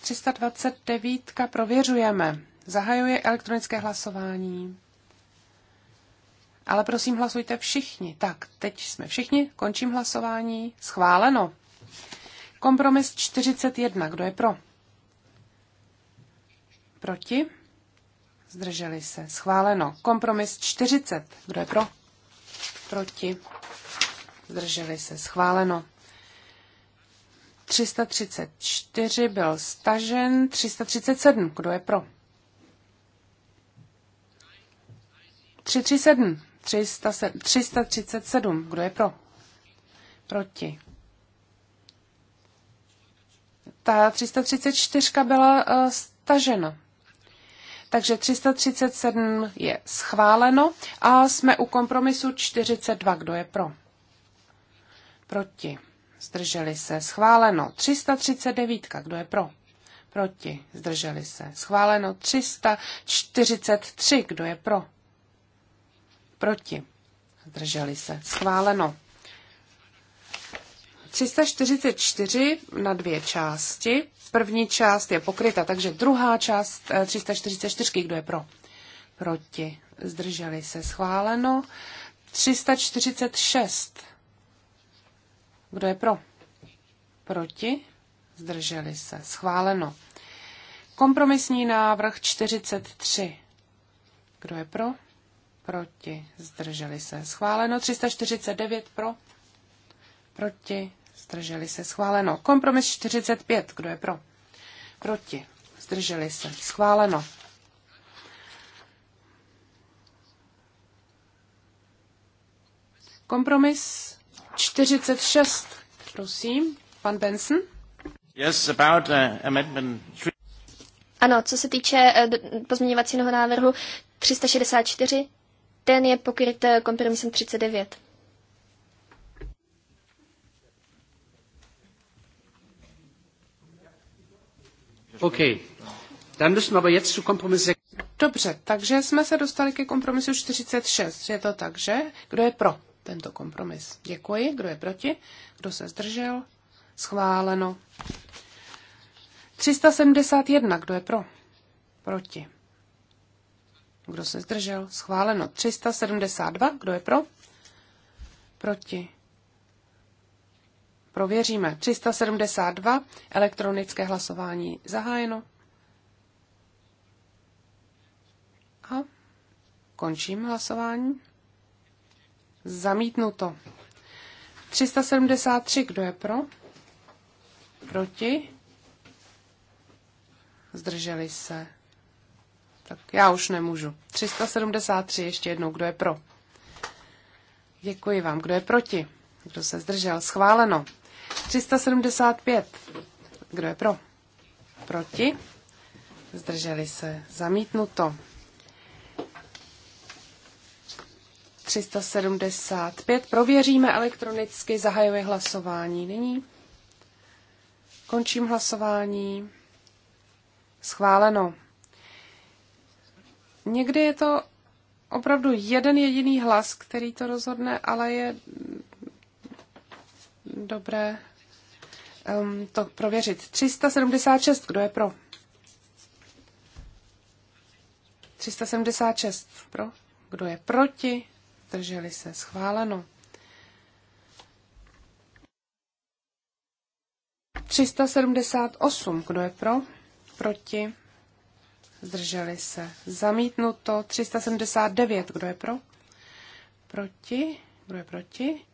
329 prověřujeme. Zahajuje elektronické hlasování. Ale prosím, hlasujte všichni. Tak, teď jsme všichni, končím hlasování. Schváleno. Kompromis 41. Kdo je pro? Proti? Zdrželi se. Schváleno. Kompromis 40. Kdo je pro? Proti? Zdrželi se. Schváleno. 334 byl stažen, 337, kdo je pro? 337, 337, kdo je pro? Proti. Ta 334 byla uh, stažena. Takže 337 je schváleno a jsme u kompromisu 42. Kdo je pro? Proti zdrželi se, schváleno 339, kdo je pro, proti, zdrželi se, schváleno 343, kdo je pro, proti, zdrželi se, schváleno 344 na dvě části. První část je pokryta, takže druhá část 344, eh, kdo je pro? Proti. Zdrželi se schváleno. 346 kdo je pro? Proti? Zdrželi se. Schváleno. Kompromisní návrh 43. Kdo je pro? Proti. Zdrželi se. Schváleno. 349 pro. Proti. Zdrželi se. Schváleno. Kompromis 45. Kdo je pro? Proti. Zdrželi se. Schváleno. Kompromis 46, prosím, pan Benson. Yes, about, uh, amendment ano, co se týče uh, pozměňovacího návrhu 364, ten je pokryt eh, kompromisem 39. Okay. Dann müssen aber jetzt zu Kompromiss Dobře, takže jsme se dostali ke kompromisu 46. Je to tak, že? Kdo je pro? tento kompromis. Děkuji. Kdo je proti? Kdo se zdržel? Schváleno. 371. Kdo je pro? Proti. Kdo se zdržel? Schváleno. 372. Kdo je pro? Proti. Prověříme. 372. Elektronické hlasování zahájeno. A končím hlasování. Zamítnuto. 373, kdo je pro? Proti? Zdrželi se. Tak já už nemůžu. 373, ještě jednou, kdo je pro? Děkuji vám. Kdo je proti? Kdo se zdržel? Schváleno. 375. Kdo je pro? Proti? Zdrželi se. Zamítnuto. 375. Prověříme elektronicky, zahajuje hlasování. Nyní končím hlasování. Schváleno. Někdy je to opravdu jeden jediný hlas, který to rozhodne, ale je dobré um, to prověřit. 376, kdo je pro? 376 pro. Kdo je proti? zdrželi se, schváleno. 378, kdo je pro, proti, zdrželi se, zamítnuto. 379, kdo je pro, proti, kdo je proti,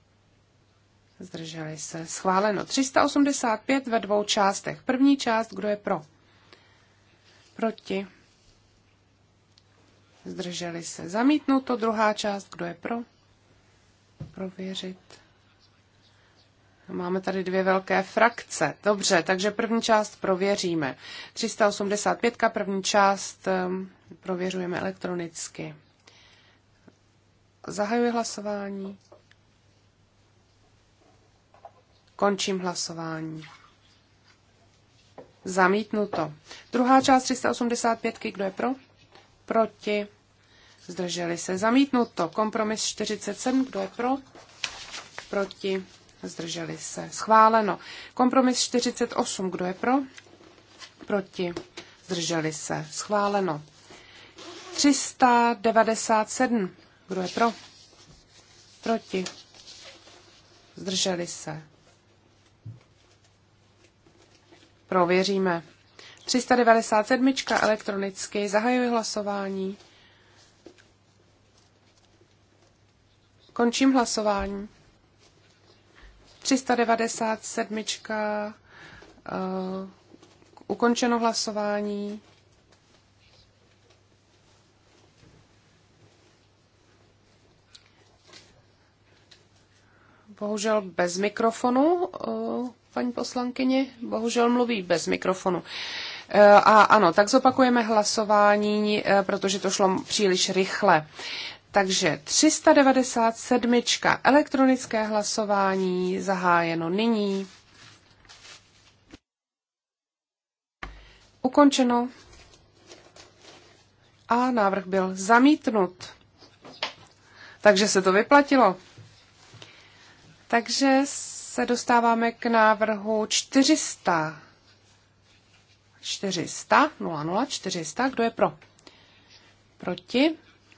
zdrželi se, schváleno. 385 ve dvou částech. První část, kdo je pro, proti, zdrželi se. Zamítnuto, druhá část, kdo je pro? Prověřit. Máme tady dvě velké frakce. Dobře, takže první část prověříme. 385, první část ehm, prověřujeme elektronicky. Zahajuji hlasování. Končím hlasování. Zamítnuto. Druhá část 385, kdo je pro? proti, zdrželi se zamítnuto. Kompromis 47, kdo je pro, proti, zdrželi se schváleno. Kompromis 48, kdo je pro, proti, zdrželi se schváleno. 397, kdo je pro, proti, zdrželi se. Prověříme. 397 elektronicky. Zahajuji hlasování. Končím hlasování. 397. Uh, eh, ukončeno hlasování. Bohužel bez mikrofonu. Uh, paní poslankyně bohužel mluví bez mikrofonu. Eh, a ano, tak zopakujeme hlasování, eh, protože to šlo příliš rychle. Takže 397. elektronické hlasování zahájeno nyní. Ukončeno. A návrh byl zamítnut. Takže se to vyplatilo. Takže se dostáváme k návrhu 400. 400, 00, 400, kdo je pro? Proti?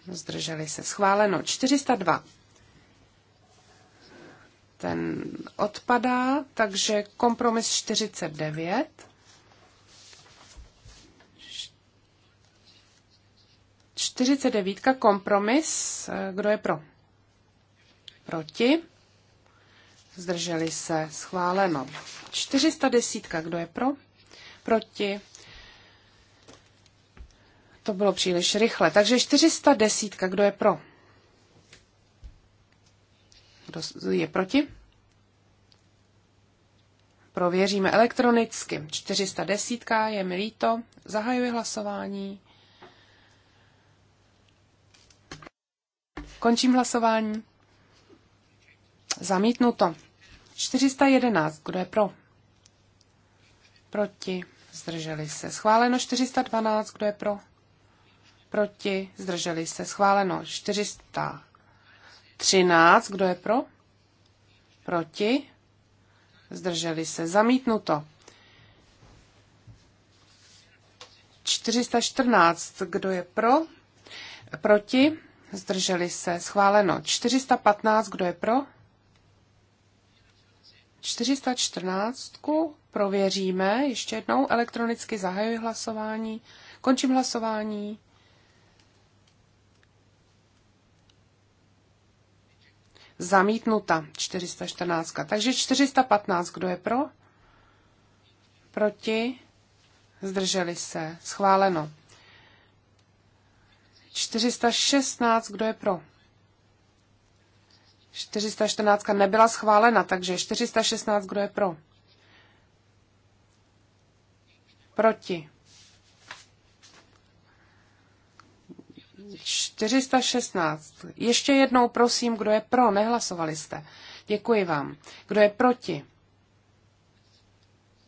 Zdrželi se. Schváleno. 402. Ten odpadá, takže kompromis 49. Čtyřicet devítka, kompromis. Kdo je pro? Proti? Zdrželi se. Schváleno. 410. Kdo je pro? proti. To bylo příliš rychle. Takže 410, kdo je pro? Kdo je proti? Prověříme elektronicky. 410 je mi líto. Zahajuji hlasování. Končím hlasování. Zamítnuto. 411. Kdo je pro? Proti zdrželi se. Schváleno 412, kdo je pro? Proti, zdrželi se. Schváleno 413, kdo je pro? Proti, zdrželi se. Zamítnuto. 414, kdo je pro? Proti, zdrželi se. Schváleno 415, kdo je pro? 414 prověříme ještě jednou. Elektronicky zahajuji hlasování. Končím hlasování. Zamítnuta 414. Takže 415. Kdo je pro? Proti? Zdrželi se. Schváleno. 416. Kdo je pro? 414 nebyla schválena, takže 416, kdo je pro? Proti. 416. Ještě jednou prosím, kdo je pro, nehlasovali jste. Děkuji vám. Kdo je proti?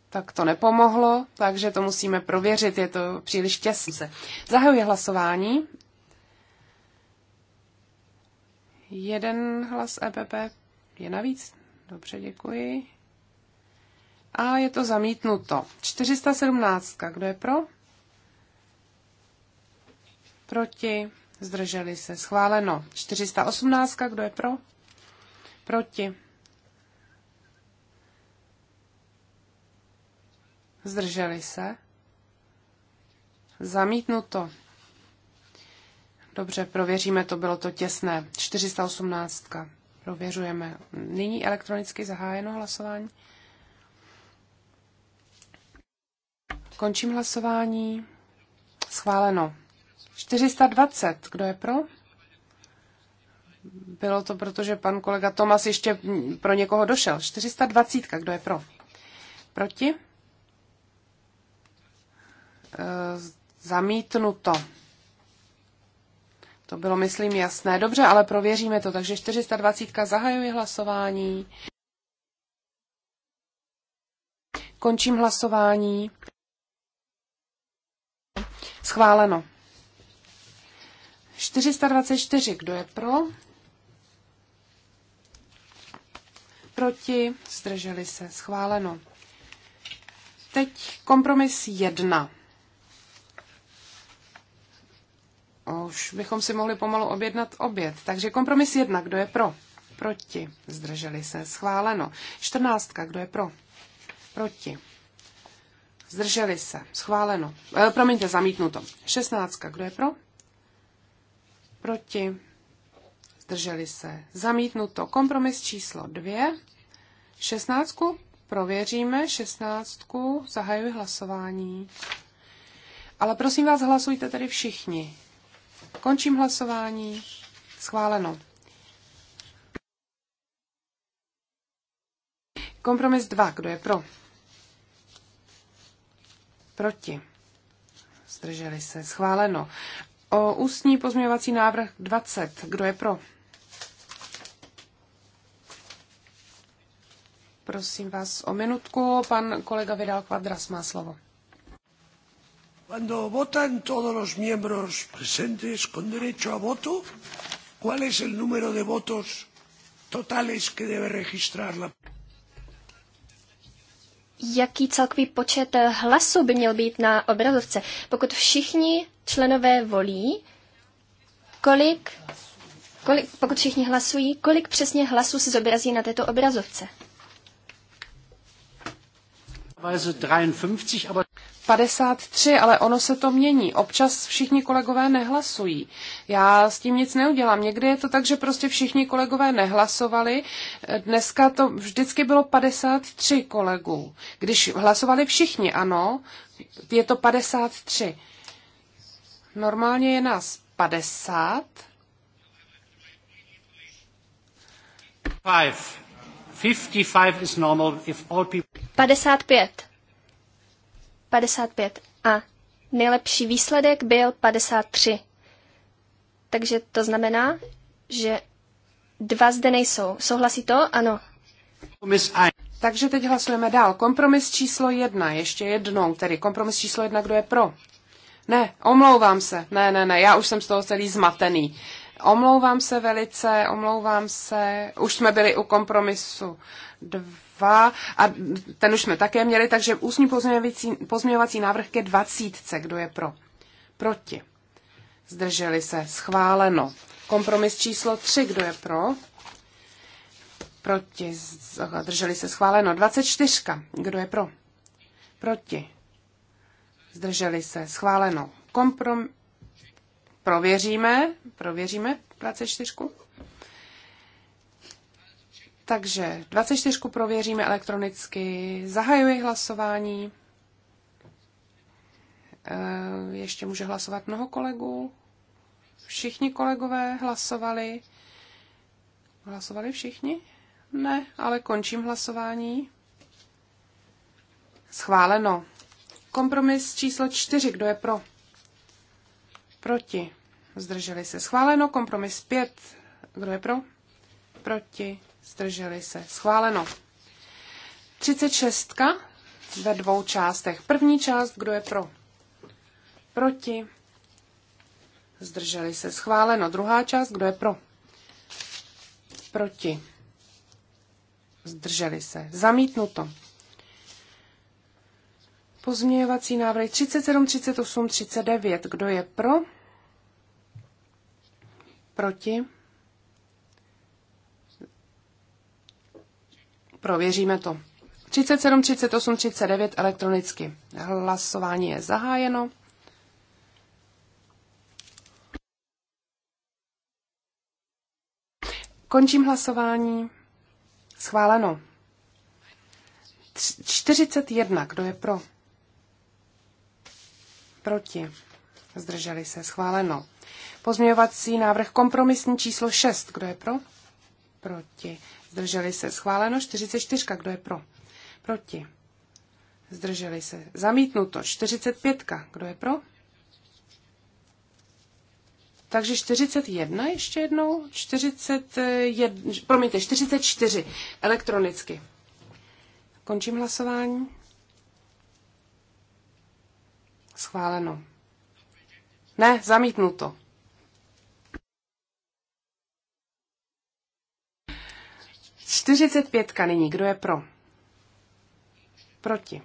Tak to nepomohlo, takže to musíme prověřit, je to příliš těsně. Zahajuji hlasování Jeden hlas EPP je navíc. Dobře, děkuji. A je to zamítnuto. 417. Kdo je pro? Proti. Zdrželi se. Schváleno. 418. Kdo je pro? Proti. Zdrželi se. Zamítnuto. Dobře, prověříme to, bylo to těsné. 418. Prověřujeme. Nyní elektronicky zahájeno hlasování. Končím hlasování. Schváleno. 420. Kdo je pro? Bylo to proto, že pan kolega Tomas ještě pro někoho došel. 420. Kdo je pro? Proti? E, zamítnuto. To bylo, myslím, jasné. Dobře, ale prověříme to. Takže 420 zahajuji hlasování. Končím hlasování. Schváleno. 424. Kdo je pro? Proti? Zdrželi se. Schváleno. Teď kompromis 1. Už bychom si mohli pomalu objednat oběd. Takže kompromis jedna, kdo je pro? Proti. Zdrželi se. Schváleno. Čtrnáctka, kdo je pro? Proti. Zdrželi se. Schváleno. E, promiňte, zamítnuto. Šestnáctka, kdo je pro? Proti. Zdrželi se. Zamítnuto. Kompromis číslo dvě. Šestnáctku prověříme. Šestnáctku. Zahajuji hlasování. Ale prosím vás, hlasujte tedy všichni. Končím hlasování. Schváleno. Kompromis 2. Kdo je pro? Proti. Zdrželi se. Schváleno. O ústní pozměňovací návrh 20. Kdo je pro? Prosím vás o minutku. Pan kolega Vidal Kvadras má slovo cuando votan todos los miembros presentes con derecho a voto cuál es el número de votos totales que debe registrar la Jaký celkový počet hlasů by měl být na obrazovce? Pokud všichni členové volí, kolik, kolik, pokud všichni hlasují, kolik přesně hlasů se zobrazí na této obrazovce? 53, ale ono se to mění. Občas všichni kolegové nehlasují. Já s tím nic neudělám. Někdy je to tak, že prostě všichni kolegové nehlasovali. Dneska to vždycky bylo 53 kolegů. Když hlasovali všichni, ano, je to 53. Normálně je nás 50. 55 is normal if all people... 55. 55 a nejlepší výsledek byl 53. Takže to znamená, že dva zde nejsou. Souhlasí to? Ano. Takže teď hlasujeme dál. Kompromis číslo jedna, ještě jednou, tedy kompromis číslo jedna, kdo je pro? Ne, omlouvám se. Ne, ne, ne, já už jsem z toho celý zmatený. Omlouvám se velice, omlouvám se. Už jsme byli u kompromisu 2, a ten už jsme také měli, takže ústní pozměňovací, pozměňovací návrh ke 20. Kdo je pro? Proti. Zdrželi se. Schváleno. Kompromis číslo 3. Kdo je pro? Proti. Zdrželi se. Schváleno. 24. Kdo je pro? Proti. Zdrželi se. Schváleno. Komprom... Prověříme. Prověříme 24. Takže 24 prověříme elektronicky, zahajuji hlasování. Eh, ještě může hlasovat mnoho kolegů. Všichni kolegové hlasovali. Hlasovali všichni? Ne, ale končím hlasování. Schváleno. Kompromis číslo 4. Kdo je pro? Proti. Zdrželi se. Schváleno. Kompromis 5. Kdo je pro? Proti zdrželi se, schváleno. 36 ve dvou částech. První část, kdo je pro? Proti. Zdrželi se. Schváleno. Druhá část, kdo je pro? Proti. Zdrželi se. Zamítnuto. Pozměňovací návrhy 37, 38, 39. Kdo je pro? Proti. Prověříme to. 37, 38, 39 elektronicky. Hlasování je zahájeno. Končím hlasování. Schváleno. 41. Kdo je pro? Proti. Zdrželi se. Schváleno. Pozměňovací návrh kompromisní číslo 6. Kdo je pro? Proti. Zdrželi se. Schváleno 44. Kdo je pro? Proti. Zdrželi se. Zamítnuto 45. Kdo je pro? Takže 41 ještě jednou. 41, promiňte, 44 elektronicky. Končím hlasování. Schváleno. Ne, zamítnuto. 45 nyní, kdo je pro? Proti.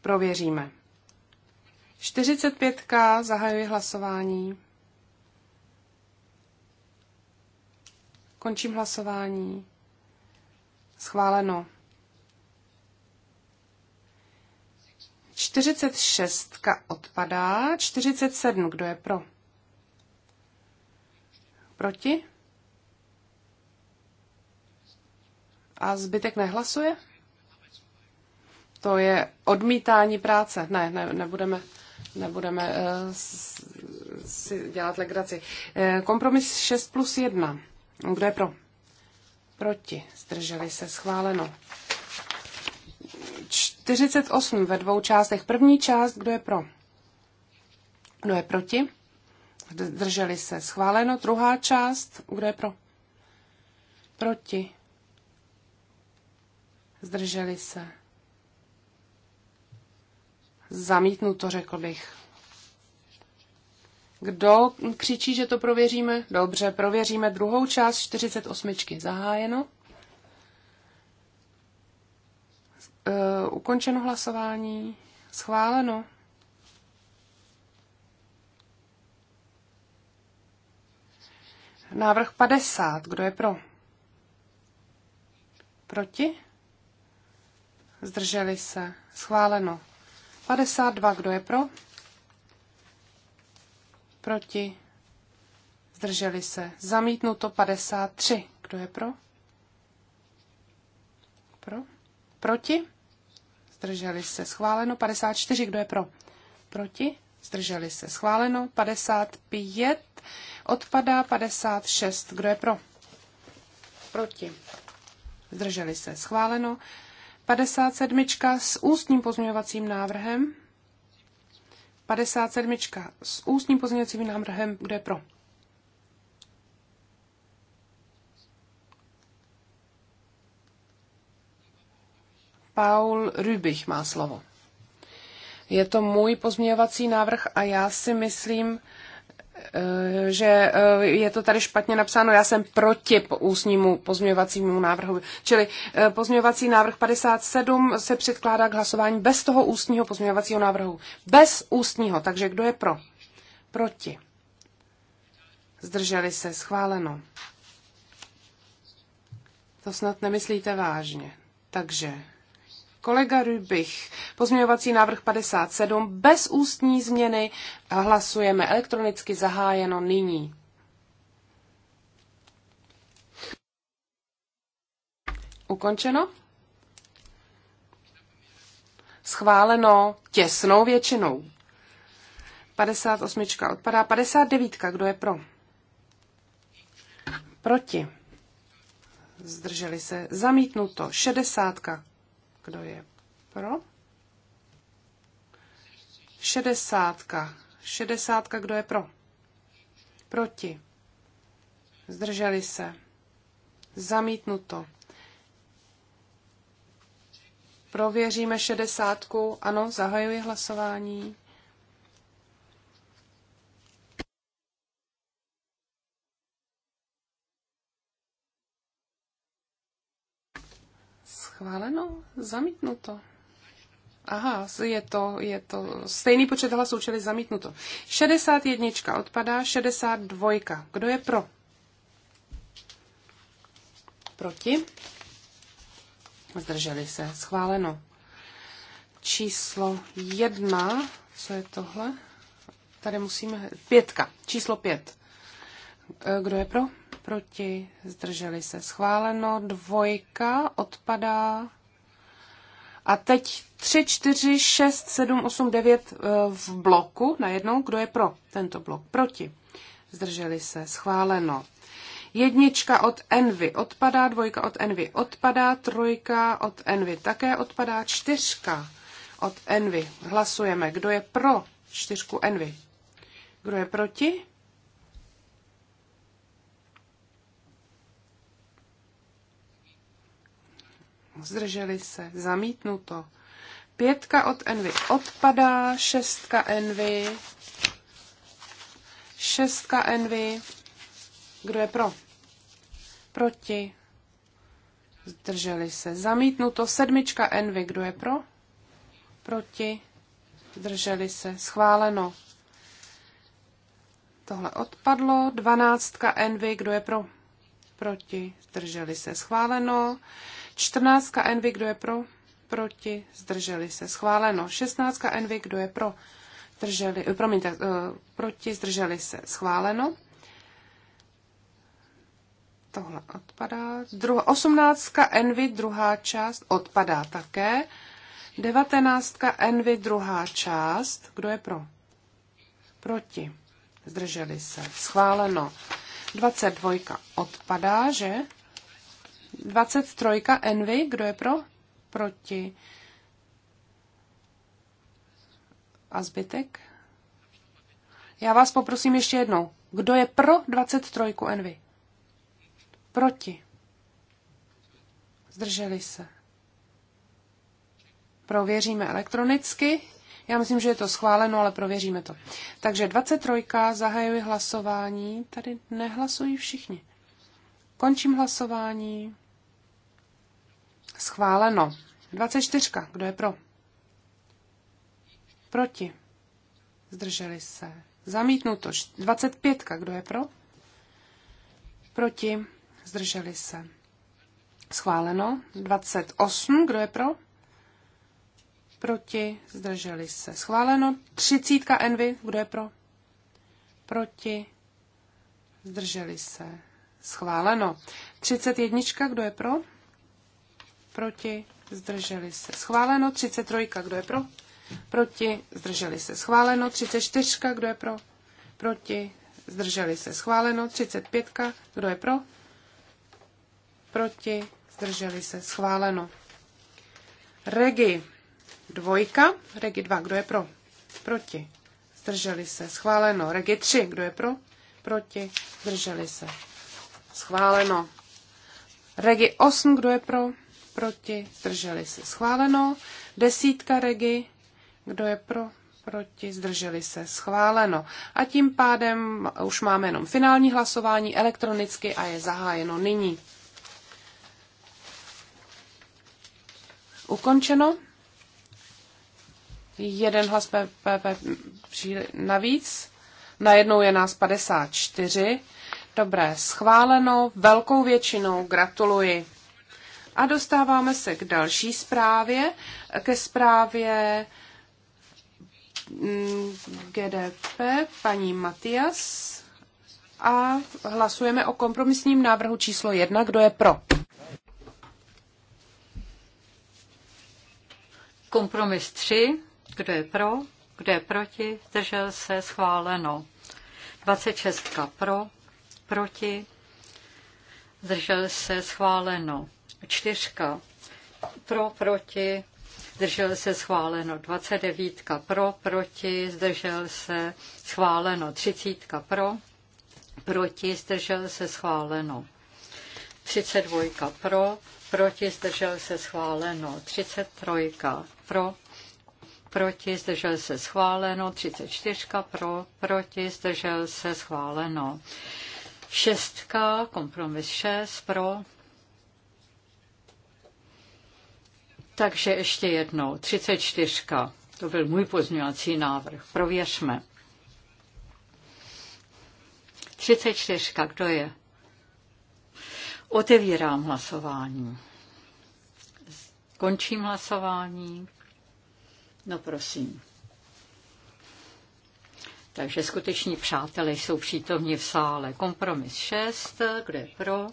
Prověříme. 45 zahajuji hlasování. Končím hlasování. Schváleno. 46 odpadá. 47, kdo je pro? Proti? A zbytek nehlasuje? To je odmítání práce. Ne, ne nebudeme, nebudeme uh, si dělat legraci. Uh, kompromis 6 plus 1. Kdo je pro? Proti. Zdrželi se. Schváleno. 48 ve dvou částech. První část, kdo je pro? Kdo je proti? Zdrželi se. Schváleno. Druhá část. Kdo je pro? Proti. Zdrželi se. Zamítnuto, řekl bych. Kdo křičí, že to prověříme? Dobře, prověříme druhou část 48. Zahájeno. E, ukončeno hlasování. Schváleno. Návrh 50. Kdo je pro? Proti? Zdrželi se. Schváleno. 52. Kdo je pro? Proti? Zdrželi se. Zamítnuto 53. Kdo je pro? Pro? Proti? Zdrželi se. Schváleno 54. Kdo je pro? Proti? Zdrželi se. Schváleno 55. Odpadá 56. Kdo je pro? Proti. Zdrželi se. Schváleno. 57. s ústním pozměňovacím návrhem. 57. s ústním pozměňovacím návrhem. Kdo je pro? Paul Rübich má slovo. Je to můj pozměňovací návrh a já si myslím, Eh, že eh, je to tady špatně napsáno, já jsem proti ústnímu pozměňovacímu návrhu. Čili eh, pozměňovací návrh 57 se předkládá k hlasování bez toho ústního pozměňovacího návrhu. Bez ústního, takže kdo je pro? Proti. Zdrželi se, schváleno. To snad nemyslíte vážně. Takže Kolega Rybich, pozměňovací návrh 57 bez ústní změny hlasujeme elektronicky zahájeno nyní. Ukončeno? Schváleno těsnou většinou. 58 odpadá. 59. Kdo je pro? Proti. Zdrželi se. Zamítnuto. 60. Kdo je pro? Šedesátka. Šedesátka, kdo je pro? Proti. Zdrželi se. Zamítnuto. Prověříme šedesátku. Ano, zahajuji hlasování. schváleno? Zamítnuto. Aha, je to, je to stejný počet hlasů, čili zamítnuto. 61 odpadá, 62. Kdo je pro? Proti? Zdrželi se. Schváleno. Číslo 1. Co je tohle? Tady musíme... Pětka. Číslo 5. Kdo je pro? proti, zdrželi se schváleno, dvojka odpadá. A teď 3, 4, 6, 7, 8, 9 v bloku najednou. Kdo je pro tento blok? Proti. Zdrželi se. Schváleno. Jednička od Envy odpadá, dvojka od Envy odpadá, trojka od Envy také odpadá, čtyřka od Envy. Hlasujeme. Kdo je pro čtyřku Envy? Kdo je proti? zdrželi se, zamítnuto. Pětka od Envy odpadá, šestka Envy, šestka Envy, kdo je pro? Proti, zdrželi se, zamítnuto. Sedmička Envy, kdo je pro? Proti, zdrželi se, schváleno. Tohle odpadlo. Dvanáctka Envy, kdo je pro? Proti, zdrželi se, schváleno. 14 envy, kdo je pro, proti, zdrželi se, schváleno. 16 envy, kdo je pro, Drželi, eh, promiňte, uh, proti, zdrželi se, schváleno. Tohle odpadá. Druha, 18 envy, druhá část, odpadá také. 19 envy, druhá část, kdo je pro, proti, zdrželi se, schváleno. 22 odpadá, že? 23. Envy, kdo je pro? Proti. A zbytek? Já vás poprosím ještě jednou. Kdo je pro 23. Envy? Proti. Zdrželi se. Prověříme elektronicky. Já myslím, že je to schváleno, ale prověříme to. Takže 23. zahajuji hlasování. Tady nehlasují všichni. Končím hlasování. Schváleno. 24. Kdo je pro? Proti. Zdrželi se. Zamítnuto. 25. Kdo je pro? Proti. Zdrželi se. Schváleno. 28. Kdo je pro? Proti. Zdrželi se. Schváleno. 30. Envy. Kdo je pro? Proti. Zdrželi se. Schváleno. 31. Kdo je pro? proti, zdrželi se. Schváleno 33, kdo je pro? Proti, zdrželi se. Schváleno 34, kdo je pro? Proti, zdrželi se. Schváleno 35, kdo je pro? Proti, zdrželi se. Schváleno. Regi dvojka, Regi 2, kdo je pro? Proti, zdrželi se. Schváleno. Regi 3, kdo je pro? Proti, zdrželi se. Schváleno. Regi 8, kdo je pro? proti, zdrželi se schváleno. Desítka regi, kdo je pro, proti, zdrželi se schváleno. A tím pádem už máme jenom finální hlasování elektronicky a je zahájeno nyní. Ukončeno. Jeden hlas PPP navíc. Najednou je nás 54. Dobré, schváleno velkou většinou. Gratuluji. A dostáváme se k další zprávě, ke zprávě mm, GDP paní Matias a hlasujeme o kompromisním návrhu číslo jedna. Kdo je pro? Kompromis 3. Kdo je pro? Kdo je proti? Zdržel se schváleno. 26 pro, proti, zdržel se schváleno. Čtyřka pro, proti, zdržel se schváleno 29 pro, proti, zdržel se schváleno 30 pro, proti, zdržel se schváleno 32 pro, proti, zdržel se schváleno 33 pro, proti, zdržel se schváleno 34 pro, proti, zdržel se schváleno šestka, kompromis 6 pro, Takže ještě jednou, 34. To byl můj pozměňovací návrh. Prověřme. 34. Kdo je? Otevírám hlasování. Končím hlasování. No prosím. Takže skuteční přátelé jsou přítomni v sále. Kompromis 6, kde je pro,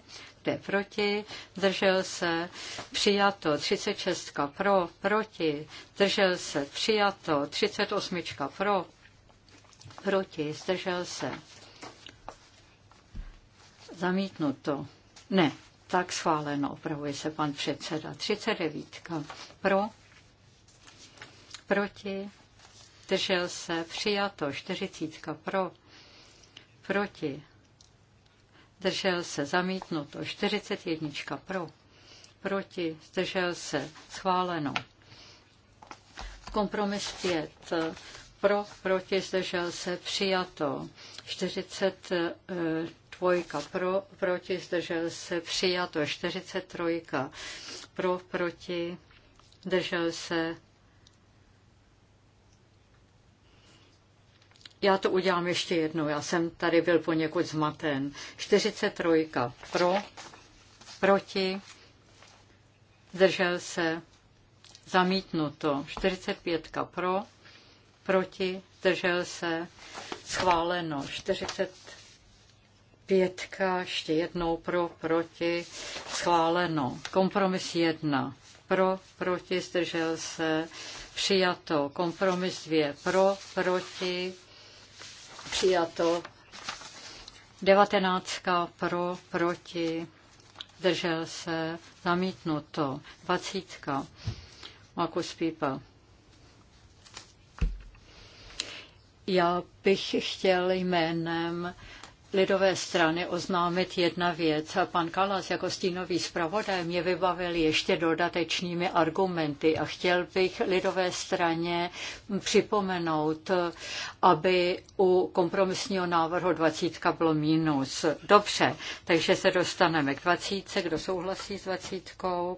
kdo proti, držel se, přijato 36 pro, proti, držel se, přijato 38 pro, proti, zdržel se, zamítnuto, ne, tak schváleno, opravuje se pan předseda, 39 pro, proti, držel se, přijato 40 pro, proti, zdržel se zamítnuto, 41 pro, proti, zdržel se schváleno. Kompromis 5 pro, proti, zdržel se přijato, 42 pro, proti, zdržel se přijato, 43 pro, proti, zdržel se Já to udělám ještě jednou, já jsem tady byl poněkud zmaten. 43 pro, proti, zdržel se, zamítnuto. 45 pro, proti, zdržel se, schváleno. 45 ještě jednou pro, proti, schváleno. Kompromis 1 pro, proti, zdržel se, přijato. Kompromis 2 pro, proti, Přijato. Devatenáctka pro, proti, držel se, zamítnuto. Dvacítka. Markus Pípa. Já bych chtěl jménem lidové strany oznámit jedna věc. Pan Kalas jako stínový zpravodaj mě vybavil ještě dodatečnými argumenty a chtěl bych lidové straně připomenout, aby u kompromisního návrhu 20 bylo mínus. Dobře, takže se dostaneme k 20. Kdo souhlasí s 20?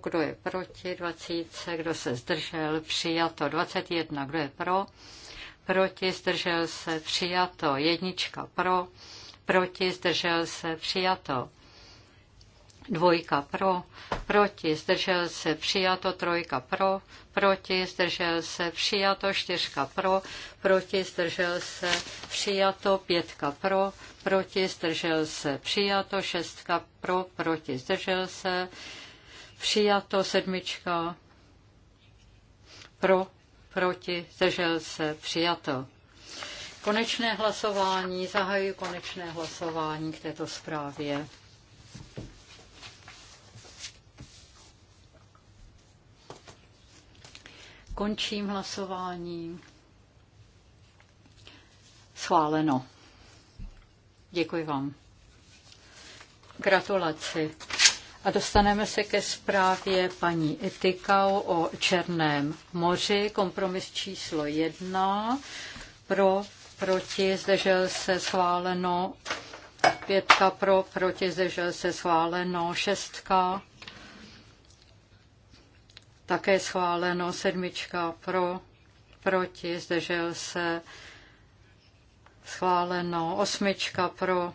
Kdo je proti 20? Kdo se zdržel? Přijato 21. Kdo je pro? Proti, zdržel se, přijato, jednička pro, proti, zdržel se, přijato. Dvojka pro, proti, zdržel se, přijato, trojka pro, proti, zdržel se, přijato, čtyřka pro, proti, zdržel se, přijato, pětka pro, proti, zdržel se, přijato, šestka pro, proti, zdržel se, přijato, sedmička pro, proti, zdržel se, přijato konečné hlasování, zahajuji konečné hlasování k této zprávě. Končím hlasování. Schváleno. Děkuji vám. Gratulaci. A dostaneme se ke zprávě paní Etikau o Černém moři. Kompromis číslo jedna pro proti, zdržel se schváleno. Pětka pro, proti, zdržel se schváleno. Šestka také schváleno. Sedmička pro, proti, zdržel se schváleno. Osmička pro,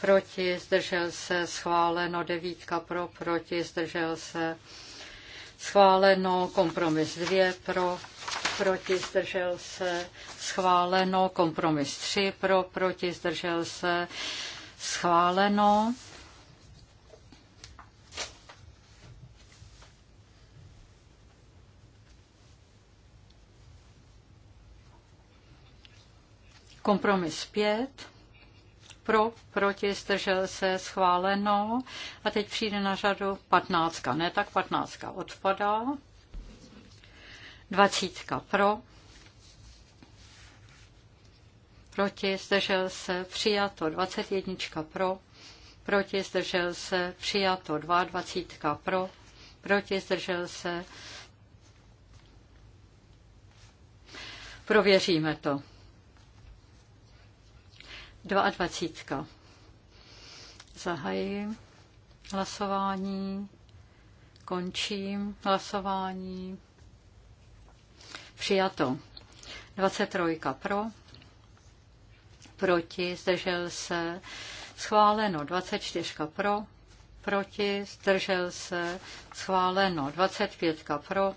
proti, zdržel se schváleno. Devítka pro, proti, zdržel se schváleno schváleno, kompromis 2 pro, proti, zdržel se, schváleno, kompromis 3 pro, proti, zdržel se, schváleno. Kompromis 5 pro, proti, zdržel se, schváleno. A teď přijde na řadu patnáctka, ne, tak patnáctka odpadá. Dvacítka pro, proti, zdržel se, přijato. Dvacet jednička pro, proti, zdržel se, přijato. Dva dvacítka pro, proti, zdržel se. Prověříme to. 22. Zahajuji hlasování. Končím hlasování. Přijato. 23 pro. Proti. Zdržel se. Schváleno. 24 pro. Proti. Zdržel se. Schváleno. 25 pro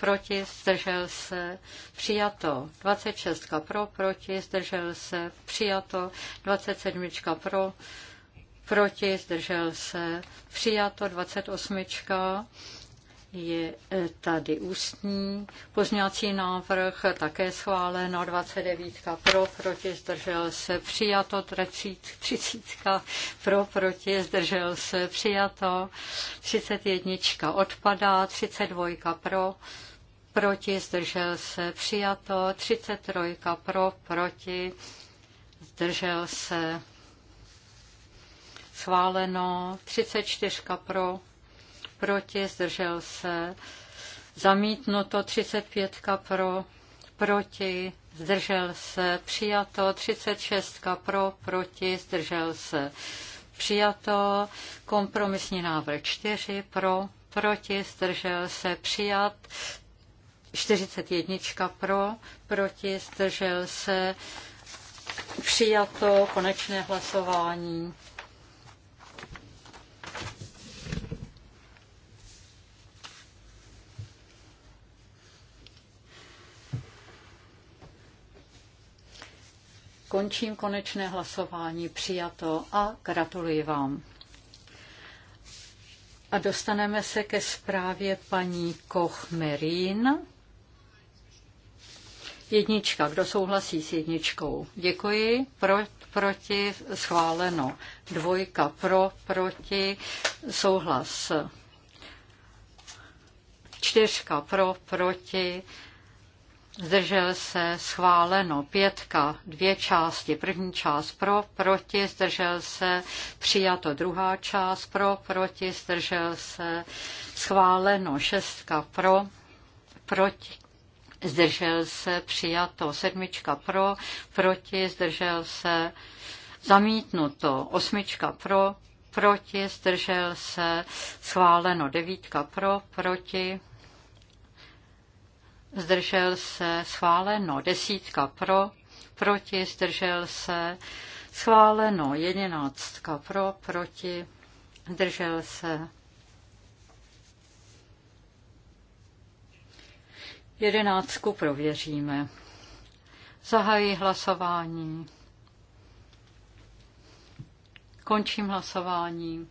proti, zdržel se, přijato. 26 pro, proti, zdržel se, přijato. 27 pro, proti, zdržel se, přijato. 28 je e, tady ústní pozměňovací návrh, také schváleno 29 pro, proti zdržel se přijato, 30 pro, proti zdržel se přijato, 31 odpadá, 32 pro, proti zdržel se přijato, 33 pro, proti zdržel se schváleno, 34 pro, proti, zdržel se, zamítnuto 35 pro, proti, zdržel se, přijato 36 pro, proti, zdržel se, přijato kompromisní návrh 4 pro, proti, zdržel se, přijat 41 pro, proti, zdržel se, přijato konečné hlasování. Končím konečné hlasování, přijato a gratuluji vám. A dostaneme se ke zprávě paní Koch-Merín. Jednička. Kdo souhlasí s jedničkou? Děkuji. Pro, proti schváleno. Dvojka pro, proti souhlas. Čtyřka pro, proti zdržel se, schváleno. Pětka, dvě části. První část pro, proti, zdržel se, přijato. Druhá část pro, proti, zdržel se, schváleno. Šestka pro, proti, zdržel se, přijato. Sedmička pro, proti, zdržel se, zamítnuto. Osmička pro, proti, zdržel se, schváleno. Devítka pro, proti, zdržel se, schváleno. Desítka pro, proti, zdržel se, schváleno. Jedenáctka pro, proti, zdržel se. Jedenáctku prověříme. Zahají hlasování. Končím hlasování.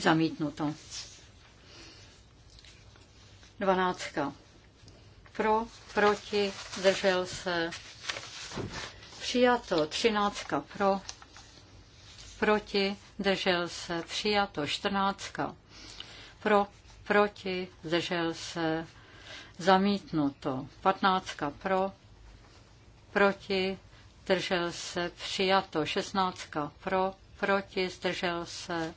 Zamítnuto. Dvanáctka. Pro, proti, držel se. Přijato 13 pro, proti, držel se. Přijato 14 pro, proti, držel se. Zamítnuto 15 pro, proti, držel se. Přijato 16 pro, proti, zdržel se.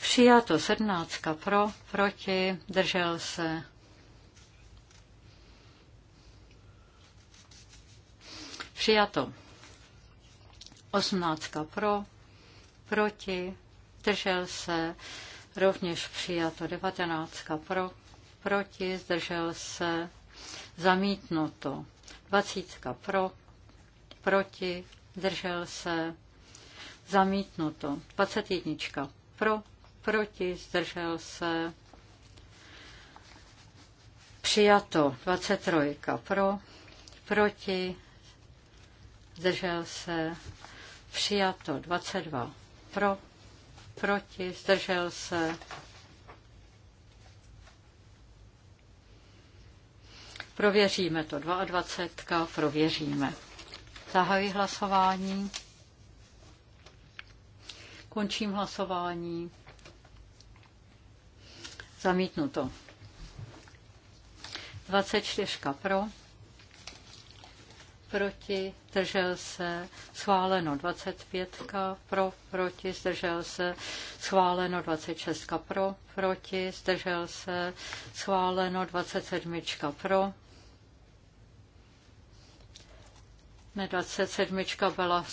Přijato 17 pro, proti, držel se. Přijato. 18 pro, proti, Držel se, rovněž přijato. 19 pro, proti, zdržel se, zamítnuto. 20 pro, proti, zdržel se, zamítnuto. 21 pro, proti, zdržel se, přijato. 23 pro, proti, zdržel se, přijato 22 pro, proti, zdržel se, prověříme to, 22, prověříme. Zahajuji hlasování, končím hlasování, Zamítnu to. 24 pro, proti, zdržel se, schváleno 25 pro, proti, zdržel se, schváleno 26 pro, proti, zdržel se, schváleno 27 pro, ne 27 byla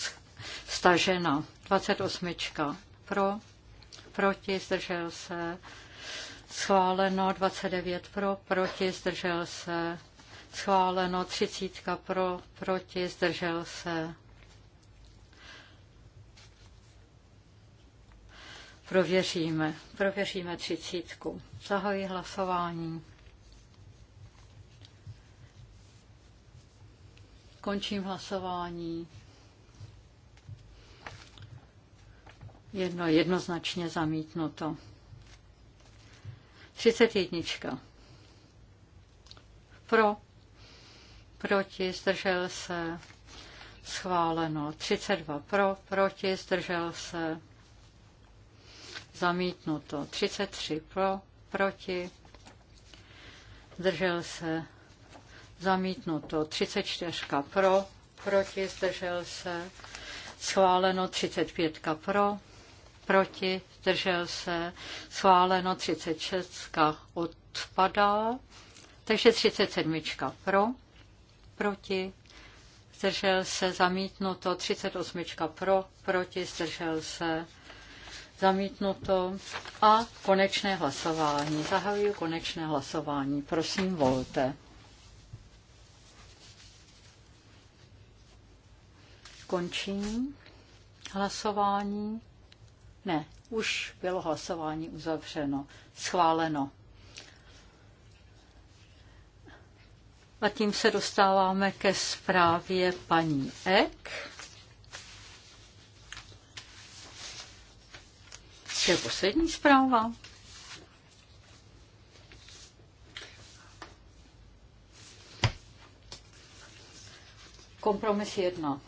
stažena, 28 pro, proti, zdržel se, schváleno 29 pro, proti, zdržel se, schváleno 30 pro, proti, zdržel se. Prověříme, prověříme třicítku. Zahojí hlasování. Končím hlasování. Jedno jednoznačně zamítnuto. 31. Pro proti, zdržel se, schváleno. 32 pro, proti, zdržel se, zamítnuto. 33 pro, proti, zdržel se, zamítnuto. 34 pro, proti, zdržel se, schváleno. 35 pro, proti, zdržel se, schváleno. 36 odpadá, takže 37 pro, proti, zdržel se, zamítnuto, 38 pro, proti, zdržel se, zamítnuto a konečné hlasování. Zahajuji konečné hlasování. Prosím, volte. Končím hlasování. Ne, už bylo hlasování uzavřeno, schváleno. A tím se dostáváme ke zprávě paní Ek. To je poslední zpráva. Kompromis jedna.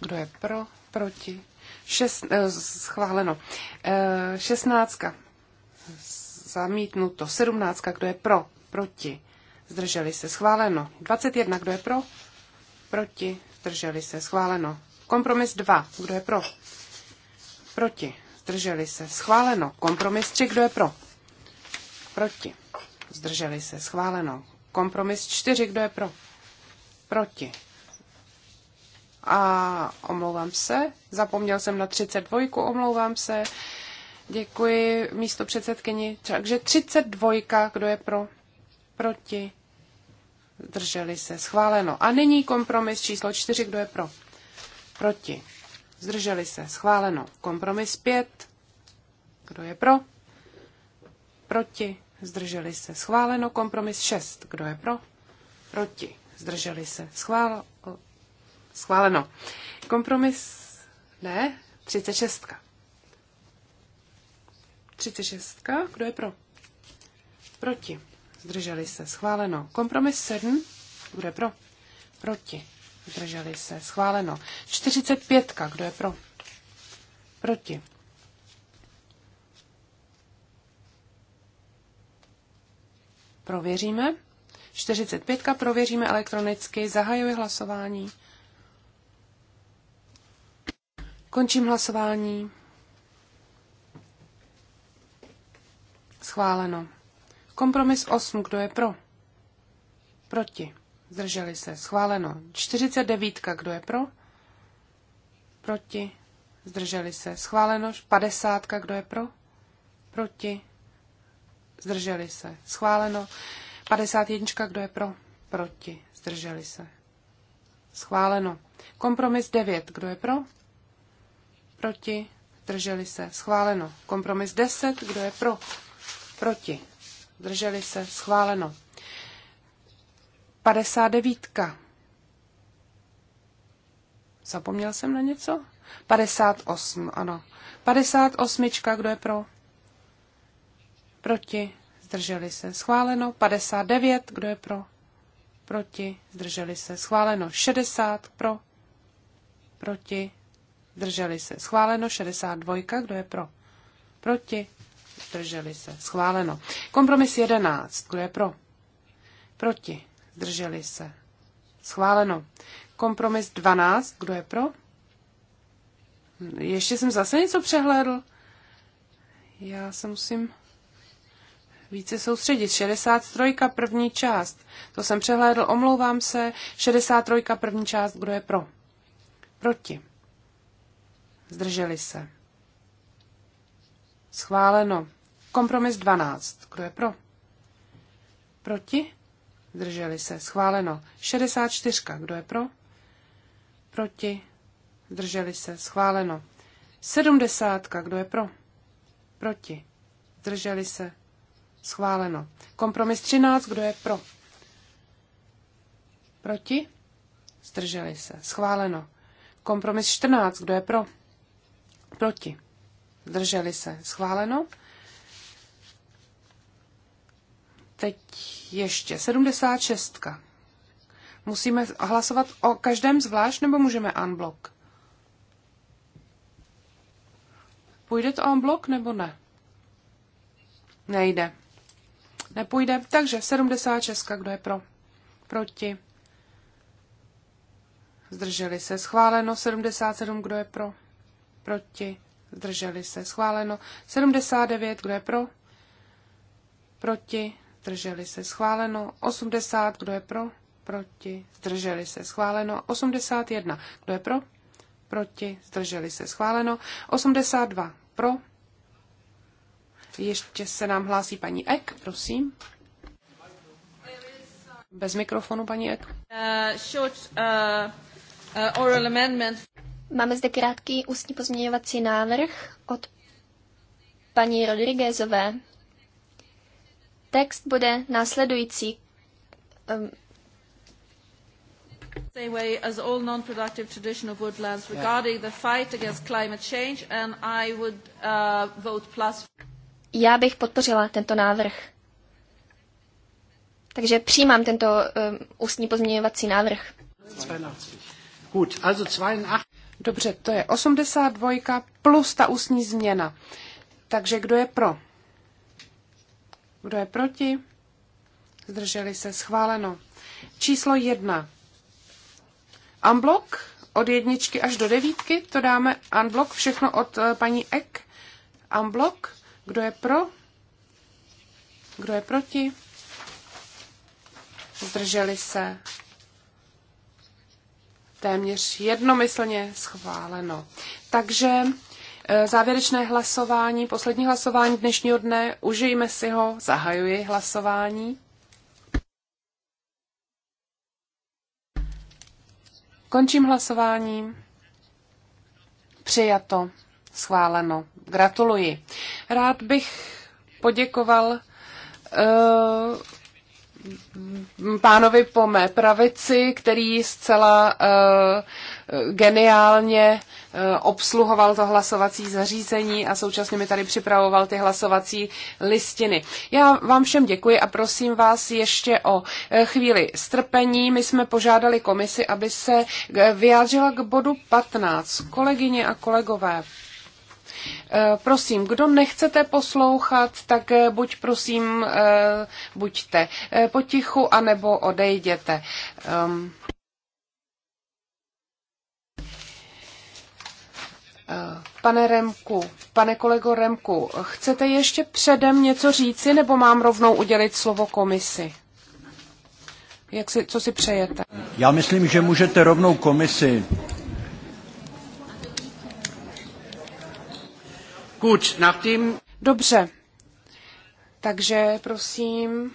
Kdo je pro, proti? Šest, eh, schváleno. Eh, šestnáctka. Zamítnuto. Sedmnáctka. Kdo je pro, proti? zdrželi se, schváleno. 21, kdo je pro, proti, zdrželi se, schváleno. Kompromis 2, kdo je pro, proti, zdrželi se, schváleno. Kompromis 3, kdo je pro, proti, zdrželi se, schváleno. Kompromis 4, kdo je pro, proti. A omlouvám se, zapomněl jsem na 32, omlouvám se. Děkuji místo předsedkyni. Takže 32, kdo je pro? Proti? Zdrželi se. Schváleno. A nyní kompromis číslo 4. Kdo je pro? Proti. Zdrželi se. Schváleno. Kompromis 5. Kdo je pro? Proti. Zdrželi se. Schváleno. Kompromis 6. Kdo je pro? Proti. Zdrželi se. Schválo... Schváleno. Kompromis... Ne. 36. 36. Kdo je pro? Proti zdrželi se, schváleno. Kompromis 7, kdo je pro, proti, zdrželi se, schváleno. 45, kdo je pro, proti. Prověříme. 45 prověříme elektronicky, zahajuji hlasování. Končím hlasování. Schváleno. Kompromis 8. Kdo je pro? Proti. Zdrželi se. Schváleno. 49. Kdo je pro? Proti. Zdrželi se. Schváleno. 50. Kdo je pro? Proti. Zdrželi se. Schváleno. 51. Kdo je pro? Proti. Zdrželi se. Schváleno. Kompromis 9. Kdo je pro? Proti. Zdrželi se. Schváleno. Kompromis 10. Kdo je pro? Proti zdrželi se, schváleno. 59. Zapomněl jsem na něco? 58, ano. 58, kdo je pro? Proti, zdrželi se, schváleno. 59, kdo je pro? Proti, zdrželi se, schváleno. 60, pro? Proti, zdrželi se, schváleno. 62, kdo je pro? Proti, zdrželi se, schváleno. Kompromis 11, kdo je pro? Proti, zdrželi se, schváleno. Kompromis 12, kdo je pro? Ještě jsem zase něco přehlédl. Já se musím více soustředit. 63. první část. To jsem přehlédl, omlouvám se. 63. první část, kdo je pro? Proti. Zdrželi se. Schváleno. Kompromis 12. Kdo je pro? Proti? Zdrželi se. Schváleno. 64. Kdo je pro? Proti? Zdrželi se. Schváleno. 70. Kdo je pro? Proti? Zdrželi se. Schváleno. Kompromis 13. Kdo je pro? Proti? Zdrželi se. Schváleno. Kompromis 14. Kdo je pro? Proti? Zdrželi se. Schváleno. Teď ještě 76. Musíme hlasovat o každém zvlášť, nebo můžeme unblock? Půjde to unblock, nebo ne? Nejde. Nepůjde. Takže 76. Kdo je pro? Proti. Zdrželi se. Schváleno 77. Kdo je pro? Proti zdrželi se, schváleno. 79, kdo je pro, proti, zdrželi se, schváleno. 80, kdo je pro, proti, zdrželi se, schváleno. 81, kdo je pro, proti, zdrželi se, schváleno. 82, pro. Ještě se nám hlásí paní Ek, prosím. Bez mikrofonu, paní Ek. Uh, short, uh, uh, oral amendment. Máme zde krátký ústní pozměňovací návrh od paní Rodriguezové. Text bude následující. Um, way as all non-productive traditional woodlands regarding the fight against climate change and I would uh, vote plus. Já bych podpořila tento návrh. Takže přijímám tento um, ústní pozměňovací návrh. Gut, also 82. Dobře, to je 82 plus ta ústní změna. Takže kdo je pro? Kdo je proti? Zdrželi se, schváleno. Číslo 1. Unblock od jedničky až do devítky, to dáme unblock, všechno od eh, paní Ek. Unblock, kdo je pro? Kdo je proti? Zdrželi se, téměř jednomyslně schváleno. Takže e, závěrečné hlasování, poslední hlasování dnešního dne, užijme si ho, zahajuji hlasování. Končím hlasování. Přijato, schváleno. Gratuluji. Rád bych poděkoval uh, pánovi po mé pravici, který zcela uh, geniálně eh, obsluhoval to hlasovací zařízení a současně mi tady připravoval ty hlasovací listiny. Já vám všem děkuji a prosím vás ještě o eh, chvíli strpení. My jsme požádali komisi, aby se vyjádřila k bodu 15. Kolegyně a kolegové, Eh, prosím, kdo nechcete poslouchat, tak eh, buď prosím, eh, buďte potichu, anebo odejděte. Ehm. Pane Remku, pane kolego Remku, chcete ještě předem něco říci, nebo mám rovnou udělit slovo komisi? Jak si, co si přejete? Já myslím, že můžete rovnou komisi. Gut, nachdem... Dobře, takže prosím.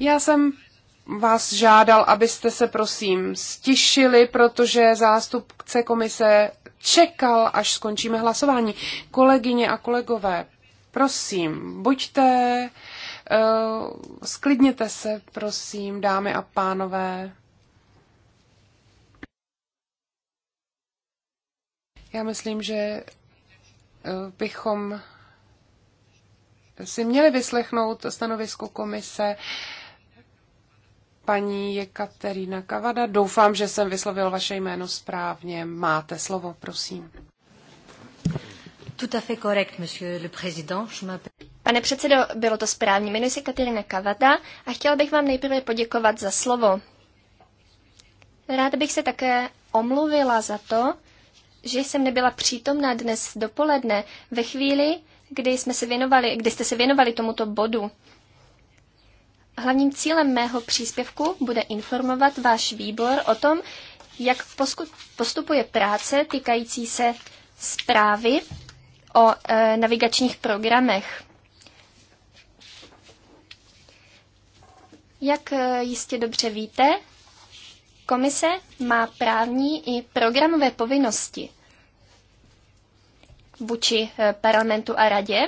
Já jsem vás žádal, abyste se prosím stišili, protože zástupce komise čekal, až skončíme hlasování. Kolegyně a kolegové, prosím, buďte, uh, sklidněte se, prosím, dámy a pánové. Já myslím, že eh, bychom si měli vyslechnout stanovisko komise paní Jekaterina Kavada. Doufám, že jsem vyslovil vaše jméno správně. Máte slovo, prosím. Tout à fait correct, monsieur le président. Je Pane předsedo, bylo to správně. Jmenuji se Katerina Kavada a chtěla bych vám nejprve poděkovat za slovo. Ráda bych se také omluvila za to, že jsem nebyla přítomná dnes dopoledne ve chvíli, kdy, jsme se věnovali, kdy jste se věnovali tomuto bodu. Hlavním cílem mého příspěvku bude informovat váš výbor o tom, jak postupuje práce týkající se zprávy o e, navigačních programech. Jak e, jistě dobře víte, Komise má právní i programové povinnosti vůči eh, parlamentu a radě.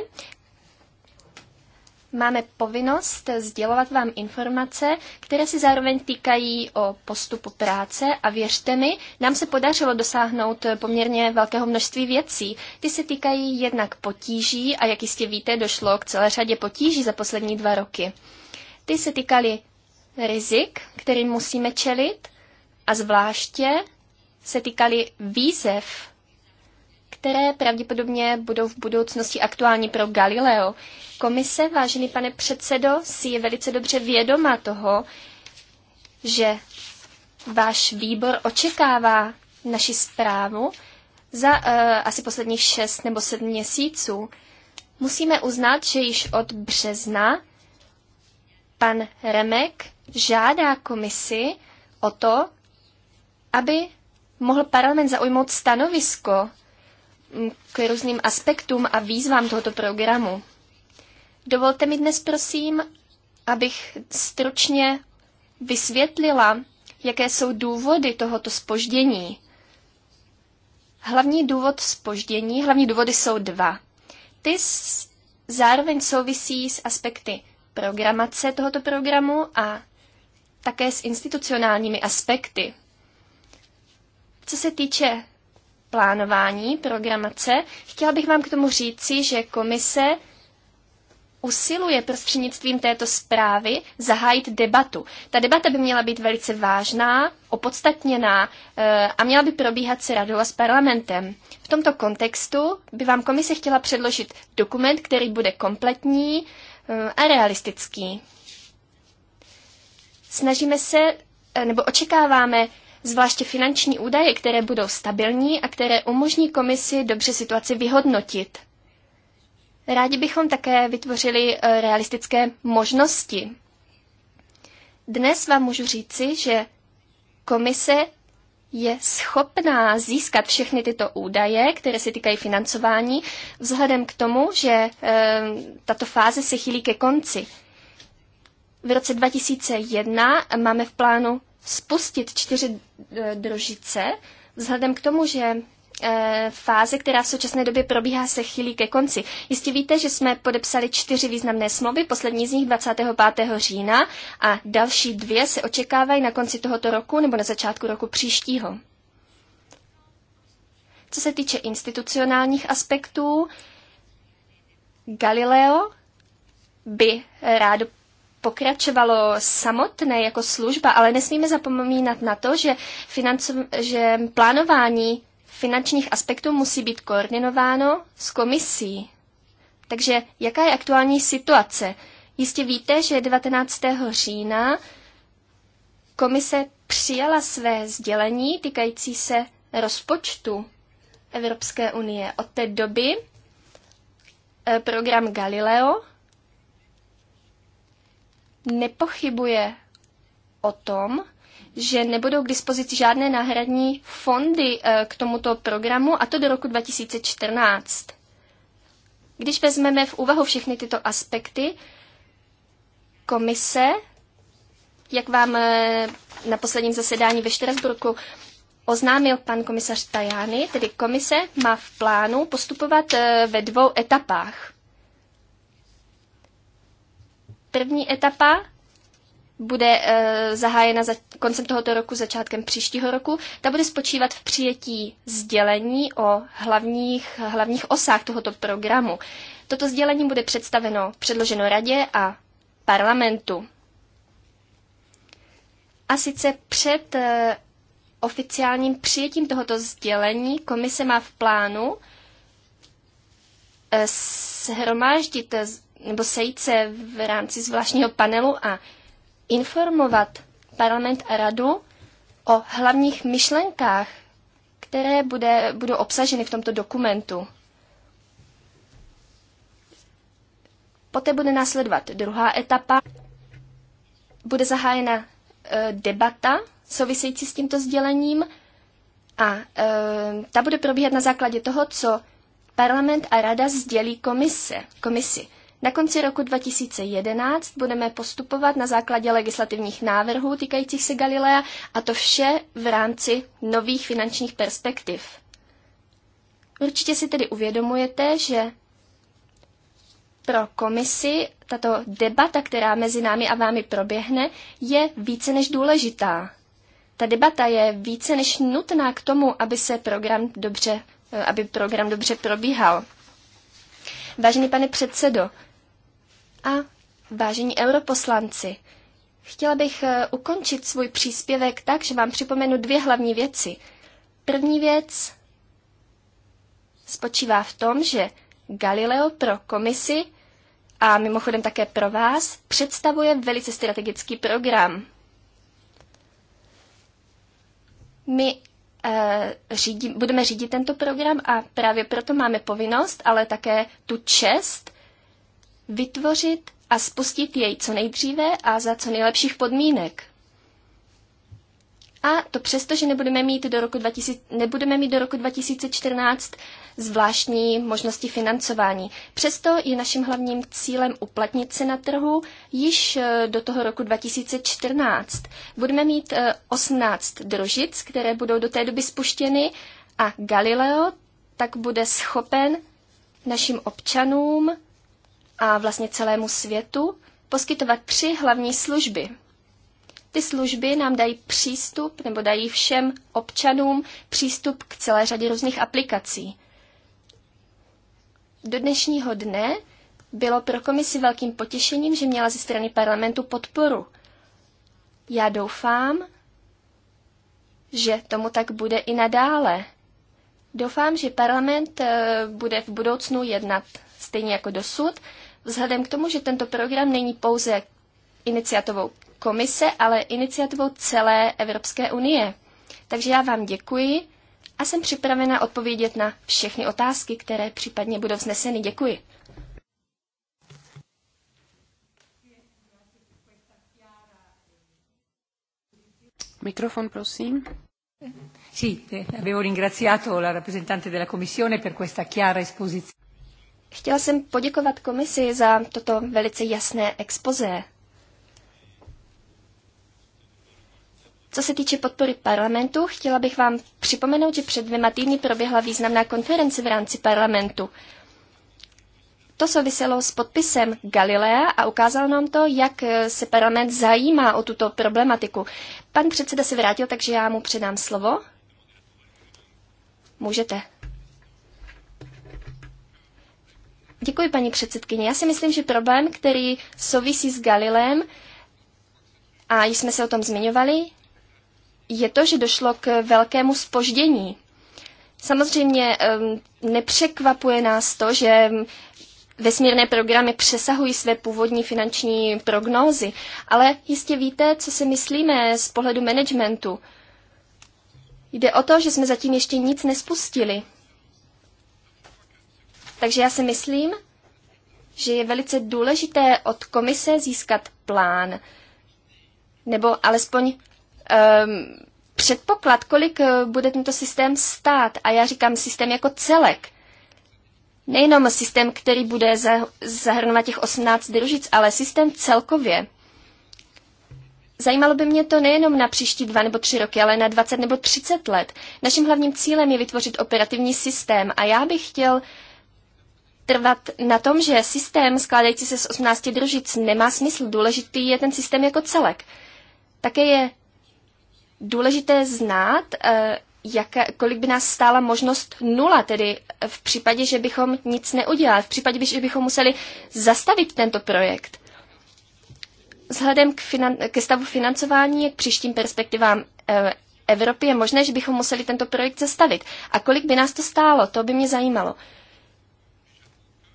Máme povinnost sdělovat vám informace, které si zároveň týkají o postupu práce a věřte mi, nám se podařilo dosáhnout eh, poměrně velkého množství věcí. Ty se týkají jednak potíží a jak jistě víte, došlo k celé řadě potíží za poslední dva roky. Ty se týkaly rizik, kterým musíme čelit, a zvláště se týkaly výzev, které pravděpodobně budou v budoucnosti aktuální pro Galileo. Komise, vážený pane předsedo, si je velice dobře vědoma toho, že váš výbor očekává naši zprávu za uh, asi posledních šest nebo sedm měsíců. Musíme uznat, že již od března pan Remek žádá komisi o to, aby mohl parlament zaujmout stanovisko mm, k různým aspektům a výzvám tohoto programu. Dovolte mi dnes, prosím, abych stručně vysvětlila, jaké jsou důvody tohoto spoždění. Hlavní důvod spoždění, hlavní důvody jsou dva. Ty zároveň souvisí s aspekty programace tohoto programu a také s institucionálními aspekty. Co se týče plánování, programace, chtěla bych vám k tomu říci, že komise usiluje prostřednictvím této zprávy zahájit debatu. Ta debata by měla být velice vážná, opodstatněná eh, a měla by probíhat se radou a s parlamentem. V tomto kontextu by vám komise chtěla předložit dokument, který bude kompletní eh, a realistický. Snažíme se, eh, nebo očekáváme zvláště finanční údaje, které budou stabilní a které umožní komisi dobře situaci vyhodnotit. Rádi bychom také vytvořili eh, realistické možnosti. Dnes vám můžu říci, že komise je schopná získat všechny tyto údaje, které se týkají financování, vzhledem k tomu, že e, tato fáze se chýlí ke konci. V roce 2001 máme v plánu spustit čtyři e, družice, vzhledem k tomu, že e, fáze, která v současné době probíhá, se chýlí ke konci. Jistě víte, že jsme podepsali čtyři významné smlouvy, poslední z nich 25. října a další dvě se očekávají na konci tohoto roku nebo na začátku roku příštího. Co se týče institucionálních aspektů, Galileo by rádo pokračovalo samotné jako služba, ale nesmíme zapomínat na to, že, financov, že plánování finančních aspektů musí být koordinováno s komisí. Takže jaká je aktuální situace? Jistě víte, že 19. října komise přijala své sdělení týkající se rozpočtu Evropské unie. Od té doby eh, program Galileo nepochybuje o tom, že nebudou k dispozici žádné náhradní fondy eh, k tomuto programu, a to do roku 2014. Když vezmeme v úvahu všechny tyto aspekty, komise, jak vám eh, na posledním zasedání ve Štrasburku oznámil pan komisař Tajány, tedy komise má v plánu postupovat eh, ve dvou etapách. První etapa bude e, zahájena za, koncem tohoto roku, začátkem příštího roku. Ta bude spočívat v přijetí sdělení o hlavních, hlavních osách tohoto programu. Toto sdělení bude představeno, předloženo radě a parlamentu. A sice před e, oficiálním přijetím tohoto sdělení komise má v plánu eh, shromáždit nebo sejít se v rámci zvláštního panelu a informovat parlament a radu o hlavních myšlenkách, které bude, budou obsaženy v tomto dokumentu. Poté bude následovat druhá etapa. Bude zahájena e, debata související s tímto sdělením a e, ta bude probíhat na základě toho, co parlament a rada sdělí komise, komisi. Na konci roku 2011 budeme postupovat na základě legislativních návrhů týkajících se Galilea a to vše v rámci nových finančních perspektiv. Určitě si tedy uvědomujete, že pro komisi tato debata, která mezi námi a vámi proběhne, je více než důležitá. Ta debata je více než nutná k tomu, aby se program dobře, eh, aby program dobře probíhal. Vážený pane předsedo, a vážení europoslanci, chtěla bych eh, ukončit svůj příspěvek tak, že vám připomenu dvě hlavní věci. První věc spočívá v tom, že Galileo pro komisi a mimochodem také pro vás představuje velice strategický program. My e, řídí, budeme řídit tento program a právě proto máme povinnost, ale také tu čest vytvořit a spustit jej co nejdříve a za co nejlepších podmínek. A to přesto, že nebudeme mít do roku, 2000, nebudeme mít do roku 2014 zvláštní možnosti financování. Přesto je naším hlavním cílem uplatnit se na trhu již eh, do toho roku 2014. Budeme mít 18 eh, družic, které budou do té doby spuštěny a Galileo tak bude schopen našim občanům a vlastně celému světu poskytovat tři hlavní služby. Ty služby nám dají přístup nebo dají všem občanům přístup k celé řadě různých aplikací. Do dnešního dne bylo pro komisi velkým potěšením, že měla ze strany parlamentu podporu. Já doufám, že tomu tak bude i nadále. Doufám, že parlament eh, bude v budoucnu jednat stejně jako dosud Vzhledem k tomu, že tento program není pouze iniciativou komise, ale iniciativou celé Evropské unie. Takže já vám děkuji a jsem připravena odpovědět na všechny otázky, které případně budou vzneseny. Děkuji. Mikrofon, prosím. Sì, eh, avevo ringraziato la rappresentante della Commissione per questa chiara esposizione. Chtěla jsem poděkovat komisi za toto velice jasné expozé. Co se týče podpory parlamentu, chtěla bych vám připomenout, že před dvěma týdny proběhla významná konference v rámci parlamentu. To souviselo s podpisem Galilea a ukázalo nám to, jak se parlament zajímá o tuto problematiku. Pan předseda se vrátil, takže já mu předám slovo. Můžete Děkuji, paní předsedkyně. Já si myslím, že problém, který souvisí s Galilem, a již jsme se o tom zmiňovali, je to, že došlo k velkému spoždění. Samozřejmě nepřekvapuje nás to, že vesmírné programy přesahují své původní finanční prognózy, ale jistě víte, co si myslíme z pohledu managementu. Jde o to, že jsme zatím ještě nic nespustili. Takže já si myslím, že je velice důležité od komise získat plán, nebo alespoň um, předpoklad, kolik eh, bude tento systém stát. A já říkám systém jako celek. Nejenom systém, který bude zahrnovat těch 18 družic, ale systém celkově. Zajímalo by mě to nejenom na příští dva nebo tři roky, ale na 20 nebo 30 let. Naším hlavním cílem je vytvořit operativní systém a já bych chtěl trvat na tom, že systém skládající se z 18 družic nemá smysl. Důležitý je ten systém jako celek. Také je důležité znát, eh, jak, kolik by nás stála možnost nula, tedy v případě, že bychom nic neudělali, v případě, že bychom museli zastavit tento projekt. Vzhledem k finan- ke stavu financování, k příštím perspektivám eh, Evropy je možné, že bychom museli tento projekt zastavit. A kolik by nás to stálo, to by mě zajímalo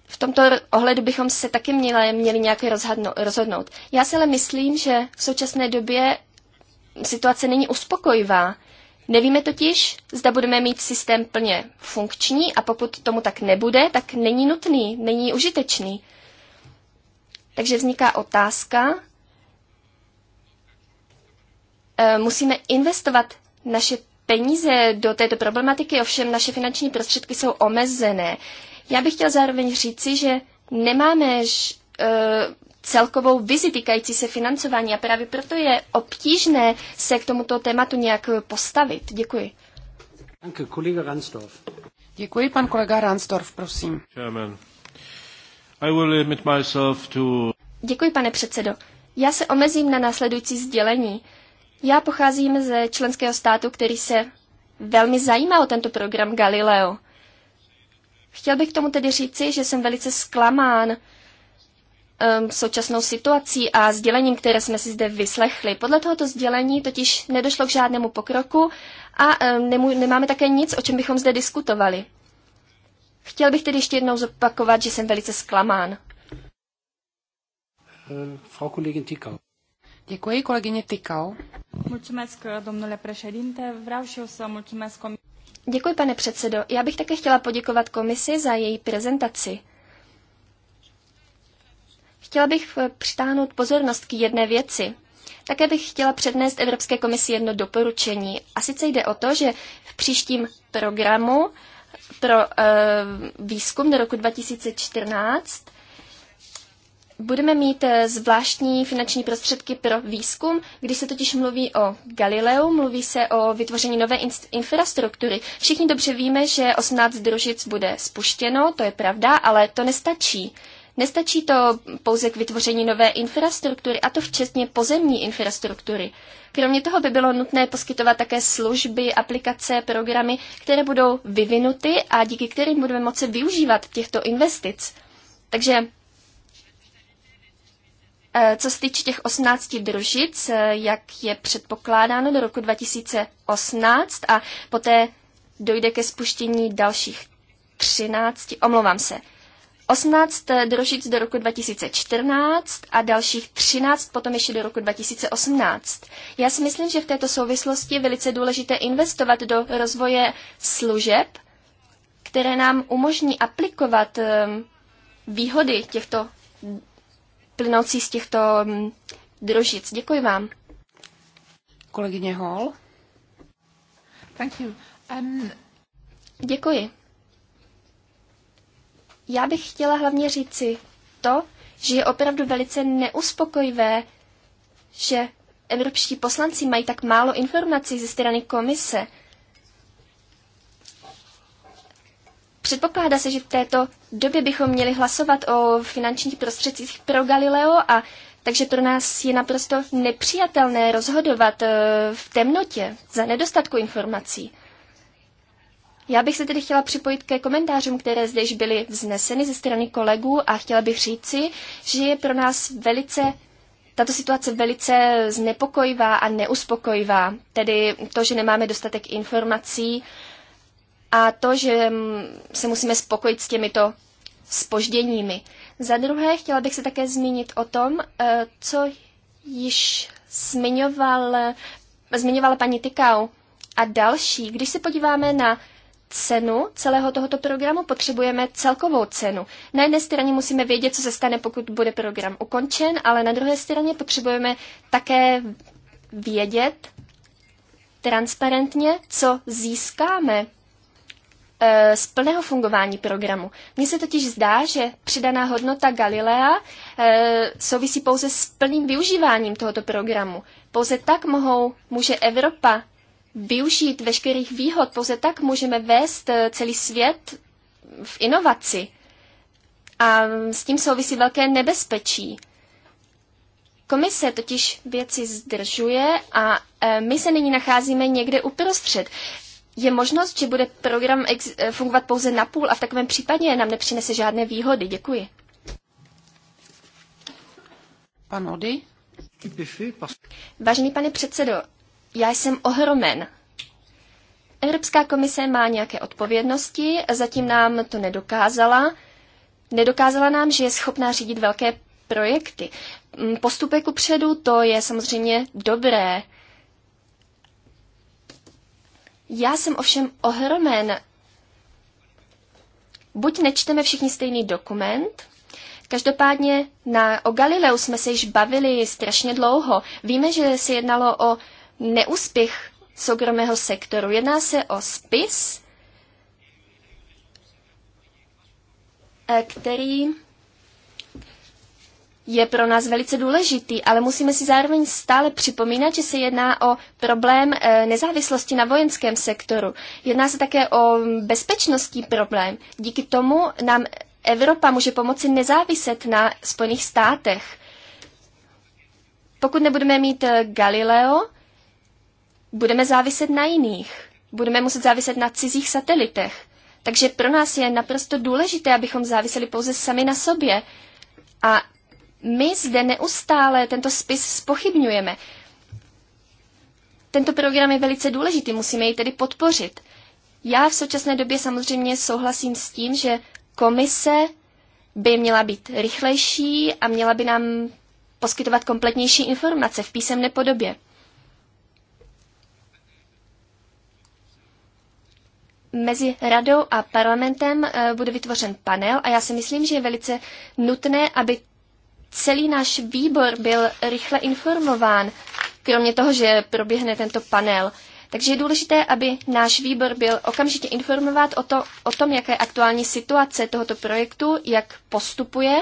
v tomto ohledu bychom se taky měli, měli nějak rozhodnout. Já si ale myslím, že v současné době situace není uspokojivá. Nevíme totiž, zda budeme mít systém plně funkční a pokud tomu tak nebude, tak není nutný, není užitečný. Takže vzniká otázka, e, musíme investovat naše peníze do této problematiky, ovšem naše finanční prostředky jsou omezené. Já bych chtěl zároveň říci, že nemáme e, celkovou vizi týkající se financování a právě proto je obtížné se k tomuto tématu nějak postavit. Děkuji. Danke, kolega Ransdorf. Děkuji, pan kolega Ransdorf, prosím. Chairman. I will myself to... Děkuji, pane předsedo. Já se omezím na následující sdělení. Já pocházím ze členského státu, který se velmi zajímá o tento program Galileo. Chtěl bych k tomu tedy říci, že jsem velice zklamán um, současnou situací a sdělením, které jsme si zde vyslechli. Podle tohoto sdělení totiž nedošlo k žádnému pokroku a um, nemů- nemáme také nic, o čem bychom zde diskutovali. Chtěl bych tedy ještě jednou zopakovat, že jsem velice zklamán. Eh, Frau Kollegin Tikau. Děkuji, kolegyně Tikau. Mulțumesc, domnule președinte. Vreau și eu să mulțumesc Děkuji, pane předsedo. Já bych také chtěla poděkovat komisi za její prezentaci. Chtěla bych eh, přitáhnout pozornost k jedné věci. Také bych chtěla přednést Evropské komisi jedno doporučení. A sice jde o to, že v příštím programu pro uh, výzkum do roku 2014 Budeme mít eh, zvláštní finanční prostředky pro výzkum, když se totiž mluví o Galileu, mluví se o vytvoření nové infrastruktury. Všichni dobře víme, že 18 družic bude spuštěno, to je pravda, ale to nestačí. Nestačí to pouze k vytvoření nové infrastruktury, a to včetně pozemní infrastruktury. Kromě toho by bylo nutné poskytovat také služby, aplikace, programy, které budou vyvinuty a díky kterým budeme moci využívat těchto investic. Takže Eh, co se týče těch 18 družic, eh, jak je předpokládáno do roku 2018 a poté dojde ke spuštění dalších 13, omlouvám se, 18 eh, družic do roku 2014 a dalších 13 potom ještě do roku 2018. Já si myslím, že v této souvislosti je velice důležité investovat do rozvoje služeb, které nám umožní aplikovat ehm, výhody těchto plynoucí z těchto mm, drožic. Děkuji vám. Kolegyně Hall. Thank you. Um... Děkuji. Já bych chtěla hlavně říci to, že je opravdu velice neuspokojivé, že evropští poslanci mají tak málo informací ze strany komise. Předpokládá se, že v této době bychom měli hlasovat o finančních prostředcích pro Galileo a takže pro nás je naprosto nepřijatelné rozhodovat eh, v temnotě za nedostatku informací. Já bych se tedy chtěla připojit ke komentářům, které zde již byly vzneseny ze strany kolegů a chtěla bych říci, že je pro nás velice tato situace velice znepokojivá a neuspokojivá, tedy to, že nemáme dostatek informací a to, že se musíme spokojit s těmito spožděními. Za druhé, chtěla bych se také zmínit o tom, eh, co již zmiňoval, zmiňovala paní Tykau a další. Když se podíváme na cenu celého tohoto programu, potřebujeme celkovou cenu. Na jedné straně musíme vědět, co se stane, pokud bude program ukončen, ale na druhé straně potřebujeme také vědět transparentně, co získáme Eh, z plného fungování programu. Mně se totiž zdá, že přidaná hodnota Galilea eh, souvisí pouze s plným využíváním tohoto programu. Pouze tak mohou, může Evropa využít veškerých výhod, pouze tak můžeme vést eh, celý svět v inovaci. A s tím souvisí velké nebezpečí. Komise totiž věci zdržuje a my se nyní nacházíme někde uprostřed je možnost, že bude program eh, fungovat pouze na půl a v takovém případě nám nepřinese žádné výhody. Děkuji. Pan Ody? Vážený pane předsedo, já jsem ohromen. Evropská komise má nějaké odpovědnosti, zatím nám to nedokázala. Nedokázala nám, že je schopná řídit velké projekty. Mm, Postupek kupředu to je samozřejmě dobré. Já jsem ovšem ohromen. Buď nečteme všichni stejný dokument, Každopádně na, o Galileu jsme se již bavili strašně dlouho. Víme, že se jednalo o neúspěch soukromého sektoru. Jedná se o spis, eh, který je pro nás velice důležitý, ale musíme si zároveň stále připomínat, že se jedná o problém eh, nezávislosti na vojenském sektoru. Jedná se také o bezpečnostní problém. Díky tomu nám Evropa může pomoci nezáviset na Spojených státech. Pokud nebudeme mít eh, Galileo, budeme záviset na jiných. Budeme muset záviset na cizích satelitech. Takže pro nás je naprosto důležité, abychom záviseli pouze sami na sobě. A my zde neustále tento spis spochybňujeme. Tento program je velice důležitý, musíme jej tedy podpořit. Já v současné době samozřejmě souhlasím s tím, že komise by měla být rychlejší a měla by nám poskytovat kompletnější informace v písemné podobě. Mezi radou a parlamentem eh, bude vytvořen panel a já si myslím, že je velice nutné, aby celý náš výbor byl rychle informován, kromě toho, že proběhne tento panel. Takže je důležité, aby náš výbor byl okamžitě informován o, to, o tom, jaká je aktuální situace tohoto projektu, jak postupuje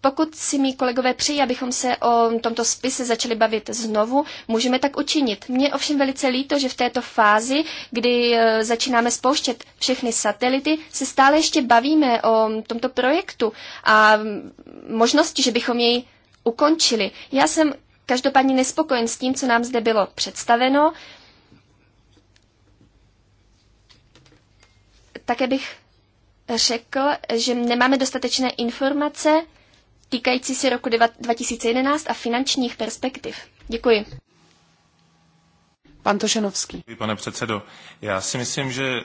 pokud si mý kolegové přejí, abychom se o tomto spise začali bavit znovu, můžeme tak učinit. Mně ovšem velice líto, že v této fázi, kdy e, začínáme spouštět všechny satelity, se stále ještě bavíme o tomto projektu a možnosti, že bychom jej ukončili. Já jsem každopádně nespokojen s tím, co nám zde bylo představeno. Také bych řekl, že nemáme dostatečné informace týkající se roku 2011 a finančních perspektiv. Děkuji. Pan Tošenovský. pane předsedo. Já si myslím, že eh,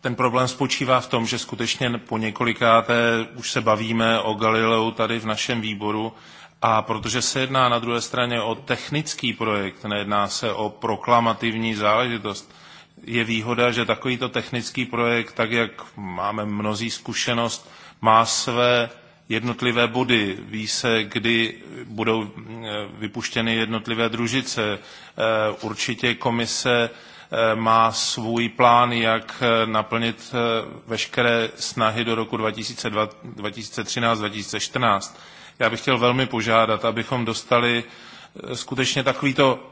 ten problém spočívá v tom, že skutečně po několikáté už se bavíme o Galileu tady v našem výboru a protože se jedná na druhé straně o technický projekt, nejedná se o proklamativní záležitost, je výhoda, že takovýto technický projekt, tak jak máme mnozí zkušenost, má své jednotlivé body, ví se, kdy budou eh, vypuštěny jednotlivé družice. Eh, určitě komise eh, má svůj plán, jak naplnit veškeré snahy do roku 2013-2014. Já bych chtěl velmi požádat, abychom dostali skutečně takovýto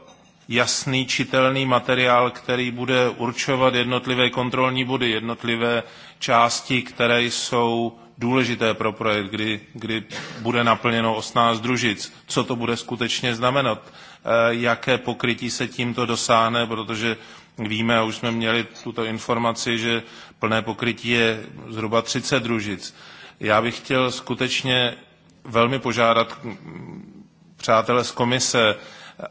jasný, čitelný materiál, který bude určovat jednotlivé kontrolní body, jednotlivé části, které jsou důležité pro projekt, kdy, kdy bude naplněno 18 družic, co to bude skutečně znamenat, eh, jaké pokrytí se tímto dosáhne, protože víme, a už jsme měli tuto informaci, že plné pokrytí je zhruba 30 družic. Já bych chtěl skutečně velmi požádat přátelé z komise,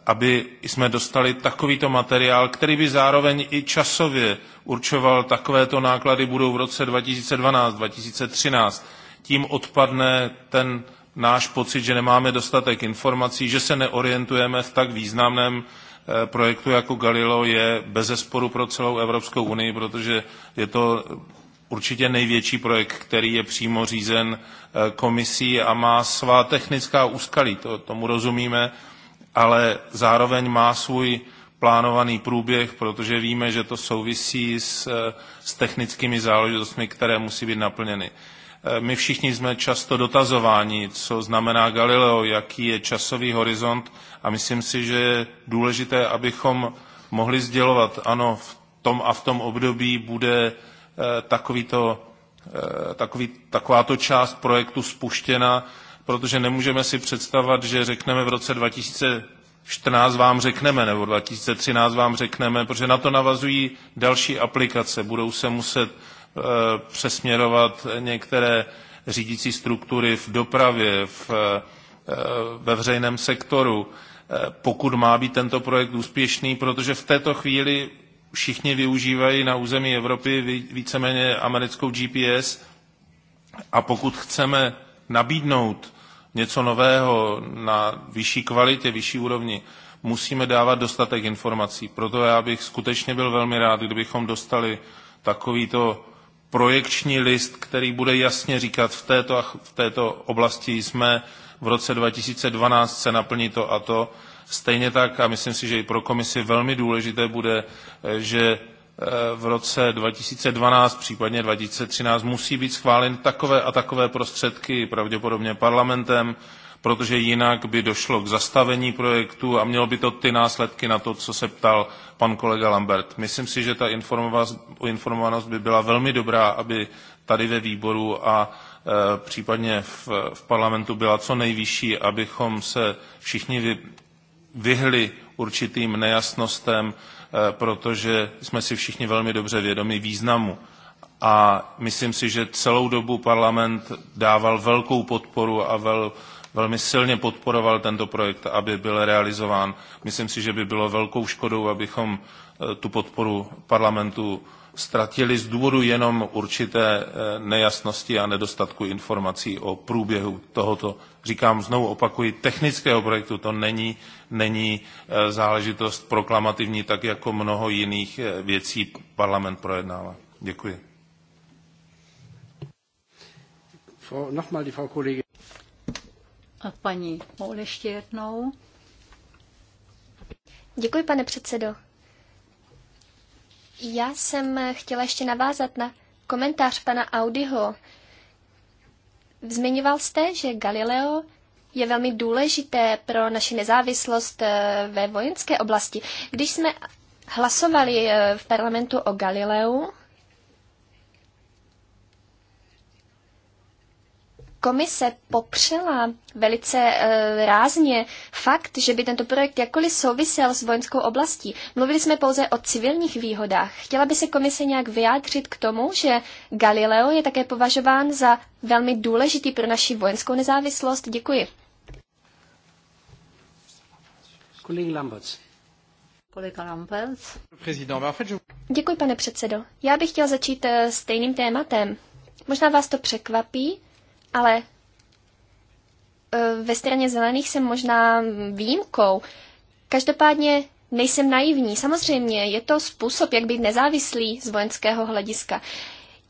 aby jsme dostali takovýto materiál, který by zároveň i časově určoval takovéto náklady budou v roce 2012, 2013. Tím odpadne ten náš pocit, že nemáme dostatek informací, že se neorientujeme v tak významném eh, projektu jako Galileo je bez zesporu pro celou Evropskou unii, protože je to určitě největší projekt, který je přímo řízen eh, komisí a má svá technická úskalí, to, tomu rozumíme, ale zároveň má svůj plánovaný průběh, protože víme, že to souvisí s, s technickými záležitostmi, které musí být naplněny. E, my všichni jsme často dotazováni, co znamená Galileo, jaký je časový horizont a myslím si, že je důležité, abychom mohli sdělovat, ano, v tom a v tom období bude e, takovýto, e, takový, takováto část projektu spuštěna, protože nemůžeme si představovat, že řekneme v roce 2014 vám řekneme, nebo 2013 vám řekneme, protože na to navazují další aplikace. Budou se muset e, přesměrovat některé řídící struktury v dopravě, v, e, ve veřejném sektoru, e, pokud má být tento projekt úspěšný, protože v této chvíli všichni využívají na území Evropy víceméně americkou GPS a pokud chceme nabídnout něco nového na vyšší kvalitě, vyšší úrovni, musíme dávat dostatek informací. Proto já bych skutečně byl velmi rád, kdybychom dostali takovýto projekční list, který bude jasně říkat, v této, v této oblasti jsme v roce 2012 se naplní to a to. Stejně tak, a myslím si, že i pro komisi velmi důležité bude, eh, že Eh, v roce 2012, případně 2013, musí být schváleny takové a takové prostředky, pravděpodobně parlamentem, protože jinak by došlo k zastavení projektu a mělo by to ty následky na to, co se ptal pan kolega Lambert. Myslím si, že ta informovanost by byla velmi dobrá, aby tady ve výboru a e, případně v, v parlamentu byla co nejvyšší, abychom se všichni vy, vyhli určitým nejasnostem, Eh, protože jsme si všichni velmi dobře vědomi významu. A myslím si, že celou dobu parlament dával velkou podporu a vel, velmi silně podporoval tento projekt, aby byl realizován. Myslím si, že by bylo velkou škodou, abychom eh, tu podporu parlamentu ztratili z důvodu jenom určité eh, nejasnosti a nedostatku informací o průběhu tohoto, říkám znovu opakuji, technického projektu. To není není eh, záležitost proklamativní, tak jako mnoho jiných eh, věcí parlament projednává. Děkuji. A paní Moul ještě jednou. Děkuji, pane předsedo. Já jsem chtěla ještě navázat na komentář pana Audiho. Zmiňoval jste, že Galileo je velmi důležité pro naši nezávislost eh, ve vojenské oblasti. Když jsme hlasovali eh, v parlamentu o Galileu, komise popřela velice e, rázně fakt, že by tento projekt jakkoliv souvisel s vojenskou oblastí. Mluvili jsme pouze o civilních výhodách. Chtěla by se komise nějak vyjádřit k tomu, že Galileo je také považován za velmi důležitý pro naši vojenskou nezávislost? Děkuji. Děkuji, pane předsedo. Já bych chtěl začít eh, stejným tématem. Možná vás to překvapí, ale eh, ve straně zelených jsem možná výjimkou. Každopádně nejsem naivní. Samozřejmě je to způsob, jak být nezávislý z vojenského hlediska.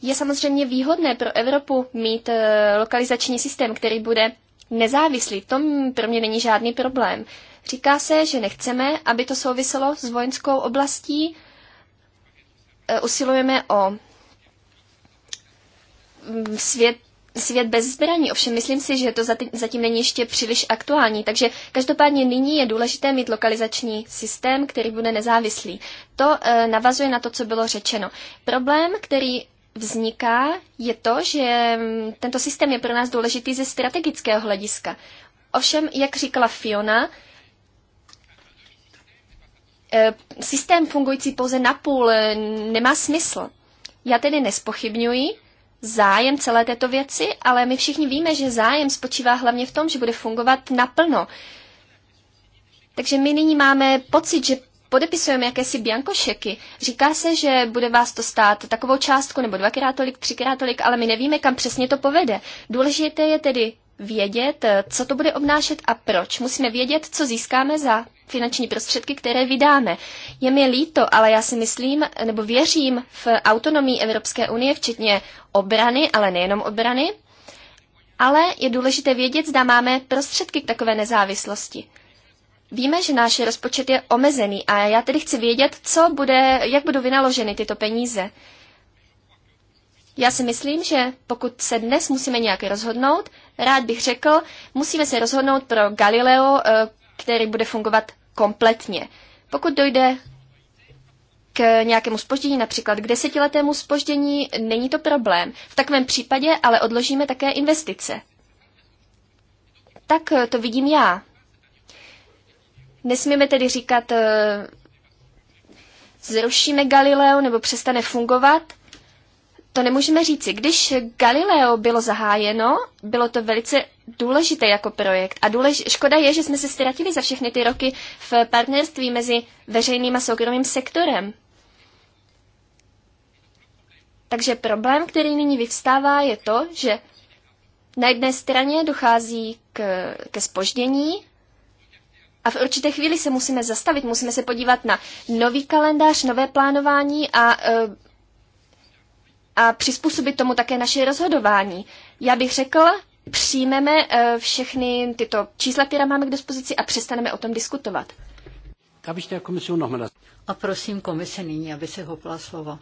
Je samozřejmě výhodné pro Evropu mít eh, lokalizační systém, který bude nezávislý. Tom pro mě není žádný problém. Říká se, že nechceme, aby to souviselo s vojenskou oblastí. E, usilujeme o mm, svět, svět bez zbraní. Ovšem myslím si, že to zatím není ještě příliš aktuální. Takže každopádně nyní je důležité mít lokalizační systém, který bude nezávislý. To e, navazuje na to, co bylo řečeno. Problém, který vzniká, je to, že mm, tento systém je pro nás důležitý ze strategického hlediska. Ovšem, jak říkala Fiona, Eh, systém fungující pouze na půl eh, nemá smysl. Já tedy nespochybňuji zájem celé této věci, ale my všichni víme, že zájem spočívá hlavně v tom, že bude fungovat naplno. Takže my nyní máme pocit, že podepisujeme jakési biankošeky. Říká se, že bude vás to stát takovou částku nebo dvakrát tolik, třikrát tolik, ale my nevíme, kam přesně to povede. Důležité je tedy vědět, eh, co to bude obnášet a proč. Musíme vědět, co získáme za finanční prostředky, které vydáme. Je mi líto, ale já si myslím, nebo věřím v autonomii Evropské unie, včetně obrany, ale nejenom obrany. Ale je důležité vědět, zda máme prostředky k takové nezávislosti. Víme, že náš rozpočet je omezený a já tedy chci vědět, co bude, jak budou vynaloženy tyto peníze. Já si myslím, že pokud se dnes musíme nějak rozhodnout, rád bych řekl, musíme se rozhodnout pro Galileo, eh, který bude fungovat kompletně. Pokud dojde k nějakému spoždění, například k desetiletému spoždění, není to problém. V takovém případě ale odložíme také investice. Tak eh, to vidím já. Nesmíme tedy říkat, eh, zrušíme Galileo nebo přestane fungovat, to nemůžeme říci. Když Galileo bylo zahájeno, bylo to velice důležité jako projekt. A důlež... škoda je, že jsme se ztratili za všechny ty roky v partnerství mezi veřejným a soukromým sektorem. Takže problém, který nyní vyvstává, je to, že na jedné straně dochází k, ke spoždění a v určité chvíli se musíme zastavit, musíme se podívat na nový kalendář, nové plánování a e, a přizpůsobit tomu také naše rozhodování. Já bych řekl, přijmeme eh, všechny tyto čísla, která máme k dispozici a přestaneme o tom diskutovat. A prosím komise nyní, aby se hopla slovo.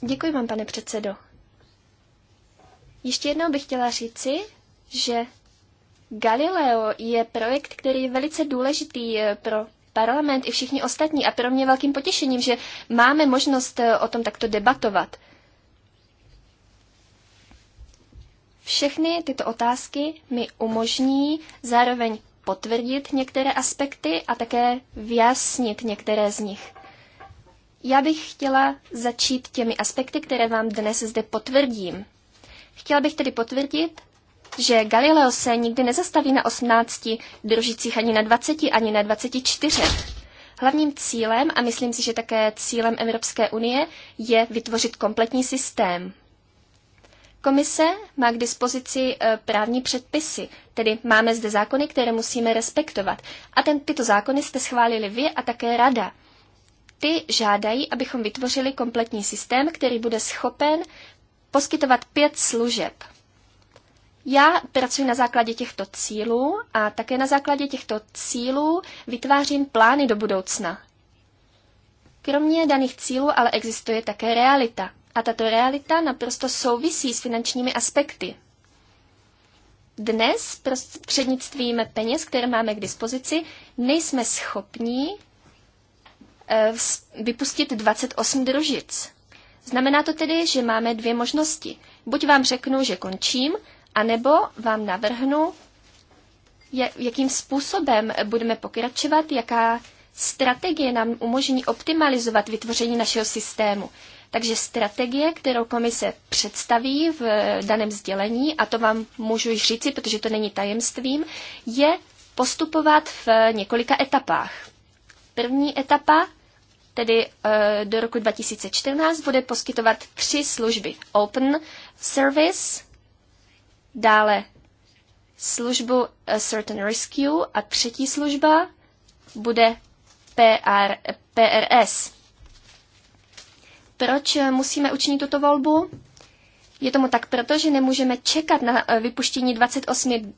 Děkuji vám, pane předsedo. Ještě jednou bych chtěla říci, že Galileo je projekt, který je velice důležitý eh, pro parlament i všichni ostatní a pro mě velkým potěšením, že máme možnost eh, o tom takto debatovat. Všechny tyto otázky mi umožní zároveň potvrdit některé aspekty a také vyjasnit některé z nich. Já bych chtěla začít těmi aspekty, které vám dnes zde potvrdím. Chtěla bych tedy potvrdit, že Galileo se nikdy nezastaví na 18 družicích ani na 20, ani na 24. Hlavním cílem, a myslím si, že také cílem Evropské unie, je vytvořit kompletní systém. Komise má k dispozici e, právní předpisy, tedy máme zde zákony, které musíme respektovat. A ten, tyto zákony jste schválili vy a také rada. Ty žádají, abychom vytvořili kompletní systém, který bude schopen poskytovat pět služeb. Já pracuji na základě těchto cílů a také na základě těchto cílů vytvářím plány do budoucna. Kromě daných cílů ale existuje také realita. A tato realita naprosto souvisí s finančními aspekty. Dnes prostřednictvím peněz, které máme k dispozici, nejsme schopni eh, vypustit 28 družic. Znamená to tedy, že máme dvě možnosti. Buď vám řeknu, že končím, a nebo vám navrhnu, jakým způsobem budeme pokračovat, jaká strategie nám umožní optimalizovat vytvoření našeho systému. Takže strategie, kterou komise představí v daném sdělení, a to vám můžu již říci, protože to není tajemstvím, je postupovat v několika etapách. První etapa, tedy eh, do roku 2014, bude poskytovat tři služby. Open Service, dále službu a Certain Rescue a třetí služba bude PR, PRS. Proč eh, musíme učinit tuto volbu? Je tomu tak proto, že nemůžeme čekat na eh, vypuštění 28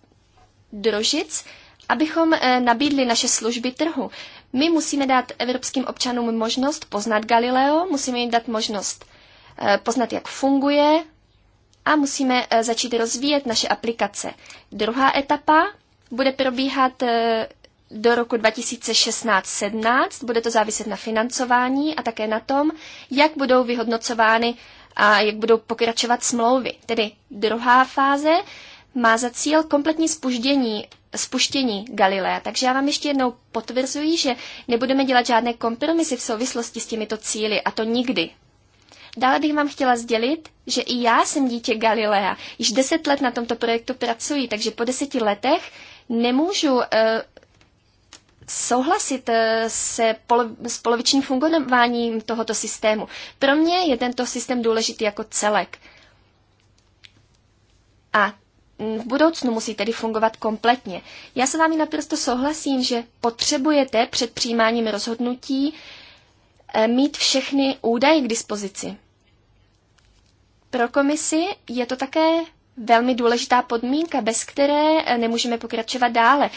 družic, abychom eh, nabídli naše služby trhu. My musíme dát evropským občanům možnost poznat Galileo, musíme jim dát možnost poznat, jak funguje, a musíme eh, začít rozvíjet naše aplikace. Druhá etapa bude probíhat eh, do roku 2016-17. Bude to záviset na financování a také na tom, jak budou vyhodnocovány a jak budou pokračovat smlouvy. Tedy druhá fáze má za cíl kompletní spuždění, spuštění Galilea. Takže já vám ještě jednou potvrzuji, že nebudeme dělat žádné kompromisy v souvislosti s těmito cíly, a to nikdy. Dále bych vám chtěla sdělit, že i já jsem dítě Galilea. Již deset let na tomto projektu pracuji, takže po deseti letech nemůžu uh, souhlasit uh, se polo- s polovičním fungováním tohoto systému. Pro mě je tento systém důležitý jako celek. A v budoucnu musí tedy fungovat kompletně. Já se vámi naprosto souhlasím, že potřebujete před přijímáním rozhodnutí uh, Eh, mít všechny údaje k dispozici. Pro komisi je to také velmi důležitá podmínka, bez které eh, nemůžeme pokračovat dále.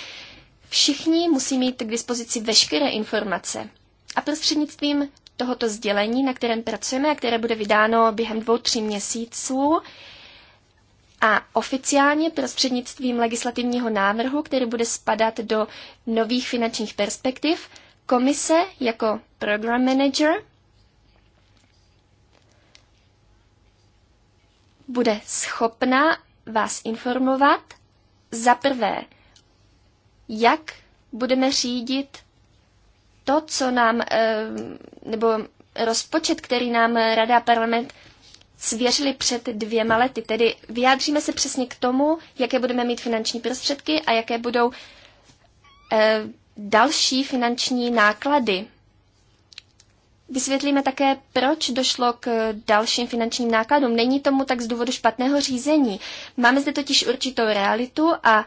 Všichni musí mít k dispozici veškeré informace. A prostřednictvím tohoto sdělení, na kterém pracujeme a které bude vydáno během dvou, tří měsíců, a oficiálně prostřednictvím legislativního návrhu, který bude spadat do nových finančních perspektiv, komise jako program manager bude schopna vás informovat za prvé, jak budeme řídit to, co nám, eh, nebo rozpočet, který nám Rada a parlament svěřili před dvěma lety. Tedy vyjádříme se přesně k tomu, jaké budeme mít finanční prostředky a jaké budou eh, další finanční náklady. Vysvětlíme také, proč došlo k dalším finančním nákladům. Není tomu tak z důvodu špatného řízení. Máme zde totiž určitou realitu a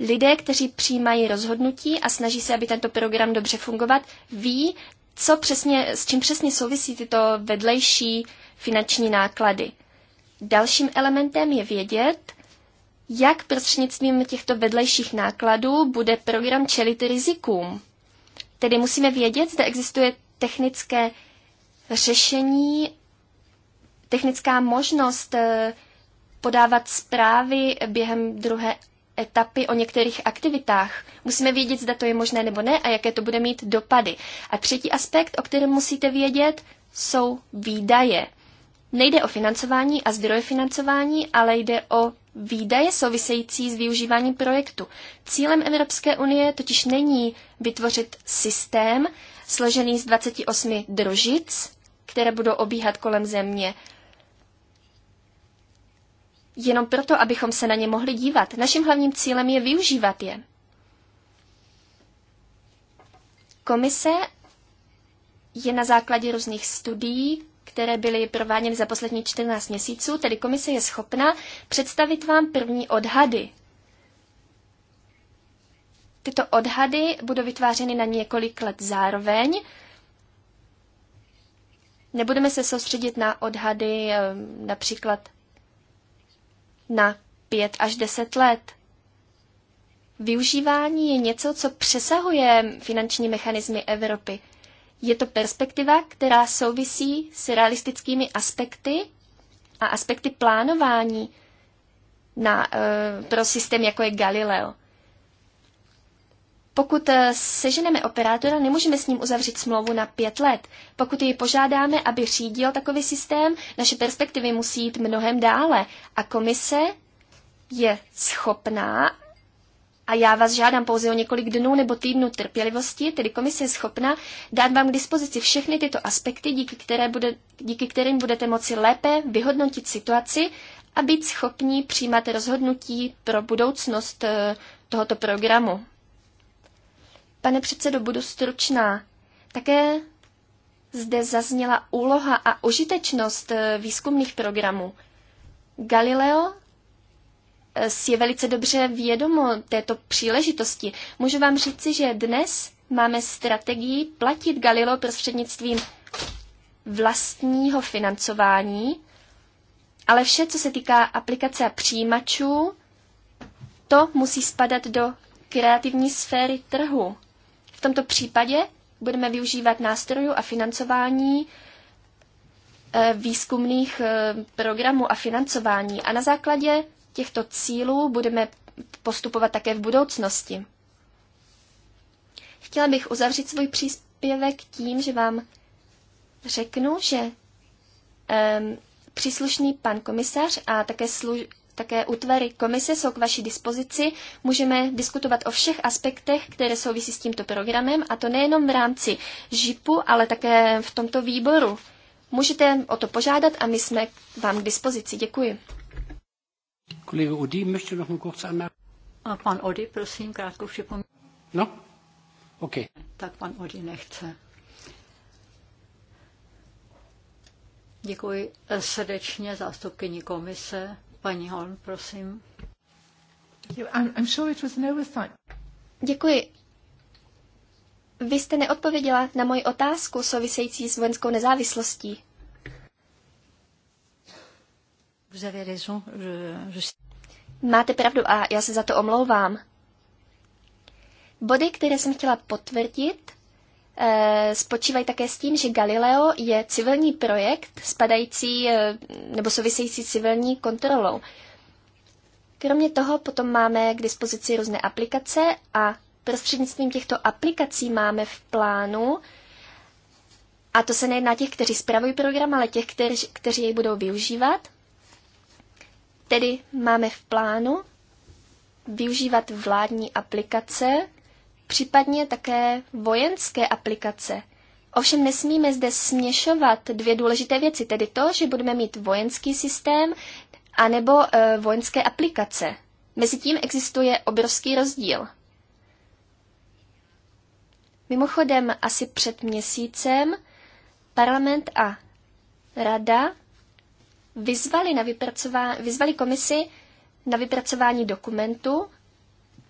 lidé, kteří přijímají rozhodnutí a snaží se, aby tento program dobře fungovat, ví, co přesně, s čím přesně souvisí tyto vedlejší finanční náklady. Dalším elementem je vědět, jak prostřednictvím těchto vedlejších nákladů bude program čelit rizikům. Tedy musíme vědět, zda existuje technické řešení, technická možnost eh, podávat zprávy během druhé etapy o některých aktivitách. Musíme vědět, zda to je možné nebo ne a jaké to bude mít dopady. A třetí aspekt, o kterém musíte vědět, jsou výdaje. Nejde o financování a zdroje financování, ale jde o výdaje související s využíváním projektu. Cílem Evropské unie totiž není vytvořit systém složený z 28 družic, které budou obíhat kolem země. Jenom proto, abychom se na ně mohli dívat. Naším hlavním cílem je využívat je. Komise je na základě různých studií které byly prováděny za poslední 14 měsíců, tedy komise je schopna představit vám první odhady. Tyto odhady budou vytvářeny na několik let zároveň. Nebudeme se soustředit na odhady eh, například na 5 až 10 let. Využívání je něco, co přesahuje finanční mechanismy Evropy. Je to perspektiva, která souvisí s realistickými aspekty a aspekty plánování na, eh, pro systém, jako je Galileo. Pokud eh, seženeme operátora, nemůžeme s ním uzavřít smlouvu na pět let. Pokud jej požádáme, aby řídil takový systém, naše perspektivy musí jít mnohem dále a komise je schopná a já vás žádám pouze o několik dnů nebo týdnů trpělivosti, tedy komise je schopna dát vám k dispozici všechny tyto aspekty, díky, které bude, díky kterým budete moci lépe vyhodnotit situaci a být schopní přijímat rozhodnutí pro budoucnost eh, tohoto programu. Pane předsedo, budu stručná. Také zde zazněla úloha a užitečnost eh, výzkumných programů. Galileo Eh, je velice dobře vědomo této příležitosti. Můžu vám říci, že dnes máme strategii platit Galileo prostřednictvím vlastního financování, ale vše, co se týká aplikace a přijímačů, to musí spadat do kreativní sféry trhu. V tomto případě budeme využívat nástrojů a financování eh, výzkumných eh, programů a financování. A na základě těchto cílů budeme postupovat také v budoucnosti. Chtěla bych uzavřít svůj příspěvek tím, že vám řeknu, že um, příslušný pan komisař a také, služ- také útvary komise jsou k vaší dispozici. Můžeme diskutovat o všech aspektech, které souvisí s tímto programem, a to nejenom v rámci ŽIPu, ale také v tomto výboru. Můžete o to požádat a my jsme vám k dispozici. Děkuji. Kolega Odi, möchte noch eine kurze Anmerkung? Pan Odi, prosím, krátkou připomínku. No, OK. Tak pan Odi nechce. Děkuji srdečně zástupkyni komise. Paní Holm, prosím. Děkuji. Vy jste neodpověděla na moji otázku související s vojenskou nezávislostí. Máte pravdu a já se za to omlouvám. Body, které jsem chtěla potvrdit, eh, spočívají také s tím, že Galileo je civilní projekt spadající eh, nebo související civilní kontrolou. Kromě toho potom máme k dispozici různé aplikace a prostřednictvím těchto aplikací máme v plánu, a to se nejedná těch, kteří spravují program, ale těch, kteří, kteří jej budou využívat, Tedy máme v plánu využívat vládní aplikace, případně také vojenské aplikace. Ovšem nesmíme zde směšovat dvě důležité věci, tedy to, že budeme mít vojenský systém anebo e, vojenské aplikace. Mezitím existuje obrovský rozdíl. Mimochodem, asi před měsícem parlament a rada vyzvali, na vypracová, vyzvali komisi na vypracování dokumentu,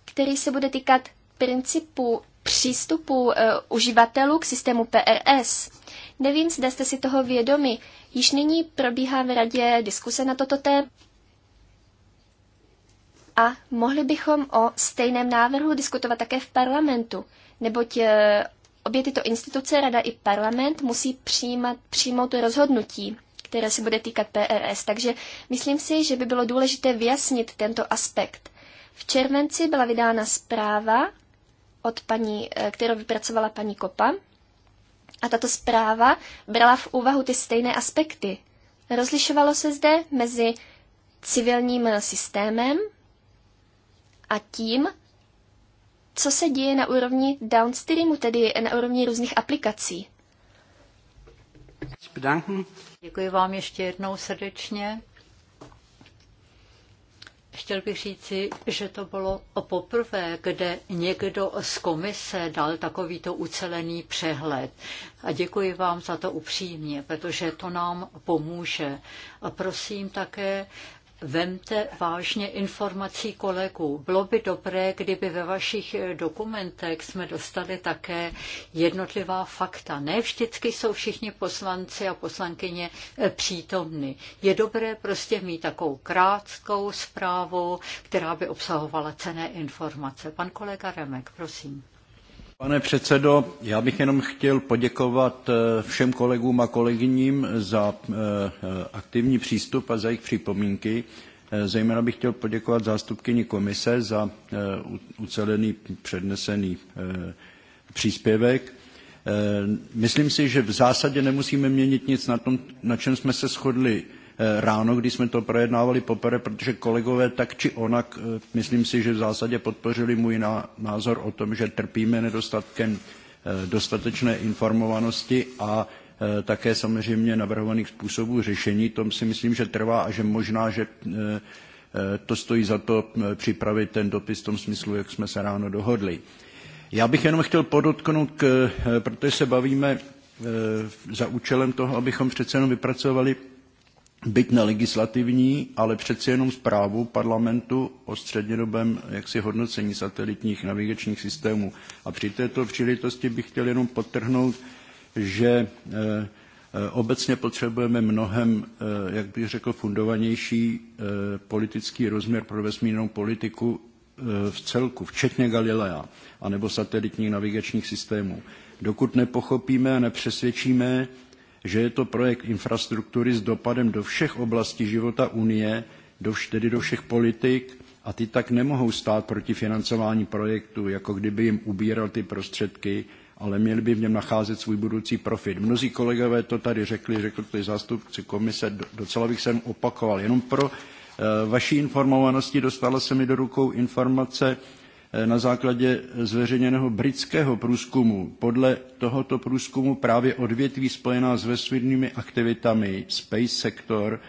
který se bude týkat principu přístupu e, uživatelů k systému PRS. Nevím, zda jste si toho vědomi. Již nyní probíhá v radě diskuse na toto téma a mohli bychom o stejném návrhu diskutovat také v parlamentu, neboť e, obě tyto instituce, rada i parlament, musí přijímat, přijmout rozhodnutí které se bude týkat PRS. E Takže myslím si, že by bylo důležité vyjasnit tento aspekt. V červenci byla vydána zpráva, od paní, eh, kterou vypracovala paní Kopa. A tato zpráva brala v úvahu ty stejné aspekty. Rozlišovalo se zde mezi civilním systémem a tím, co se děje na úrovni downstreamu, tedy na úrovni různých aplikací. Děkuji vám ještě jednou srdečně. Chtěl bych říci, že to bylo poprvé, kde někdo z komise dal takovýto ucelený přehled. A děkuji vám za to upřímně, protože to nám pomůže. A prosím také vemte vážně informací kolegů. Bylo by dobré, kdyby ve vašich dokumentech jsme dostali také jednotlivá fakta. Ne vždycky jsou všichni poslanci a poslankyně eh, přítomny. Je dobré prostě mít takovou krátkou zprávu, která by obsahovala cené informace. Pan kolega Remek, prosím. Pane předsedo, já bych jenom chtěl poděkovat eh, všem kolegům a kolegyním za eh, eh, aktivní přístup a za jejich připomínky. Zejména bych chtěl poděkovat zástupkyni komise za ucelený přednesený příspěvek. Myslím si, že v zásadě nemusíme měnit nic na tom, na čem jsme se shodli Eh, ráno, když jsme to projednávali poprvé, protože kolegové tak či onak, eh, myslím si, že v zásadě podpořili můj názor o tom, že trpíme nedostatkem eh, dostatečné informovanosti a také samozřejmě navrhovaných způsobů řešení. Tom si myslím, že trvá a že možná, že to stojí za to připravit ten dopis v tom smyslu, jak jsme se ráno dohodli. Já bych jenom chtěl podotknout, k, protože se bavíme za účelem toho, abychom přece jenom vypracovali byť nelegislativní, ale přeci jenom zprávu parlamentu o střednědobém jaksi hodnocení satelitních navigačních systémů. A při této příležitosti bych chtěl jenom podtrhnout, že eh, eh, obecně potřebujeme mnohem, eh, jak bych řekl, fundovanější politický rozměr pro vesmírnou politiku v celku, včetně Galilea, anebo satelitních navigačních systémů. Dokud nepochopíme a nepřesvědčíme že je to projekt infrastruktury s dopadem do všech oblastí života Unie, do, tedy do všech politik, a ty tak nemohou stát proti financování projektu, jako kdyby jim ubíral ty prostředky, ale měli by v něm nacházet svůj budoucí profit. Mnozí kolegové to tady řekli, řekl to i zástupci komise, docela bych sem opakoval. Jenom pro eh, vaší informovanosti dostala se mi do rukou informace na základě zveřejněného britského průzkumu. Podle tohoto průzkumu právě odvětví spojená s vesmírnými aktivitami, space sektor,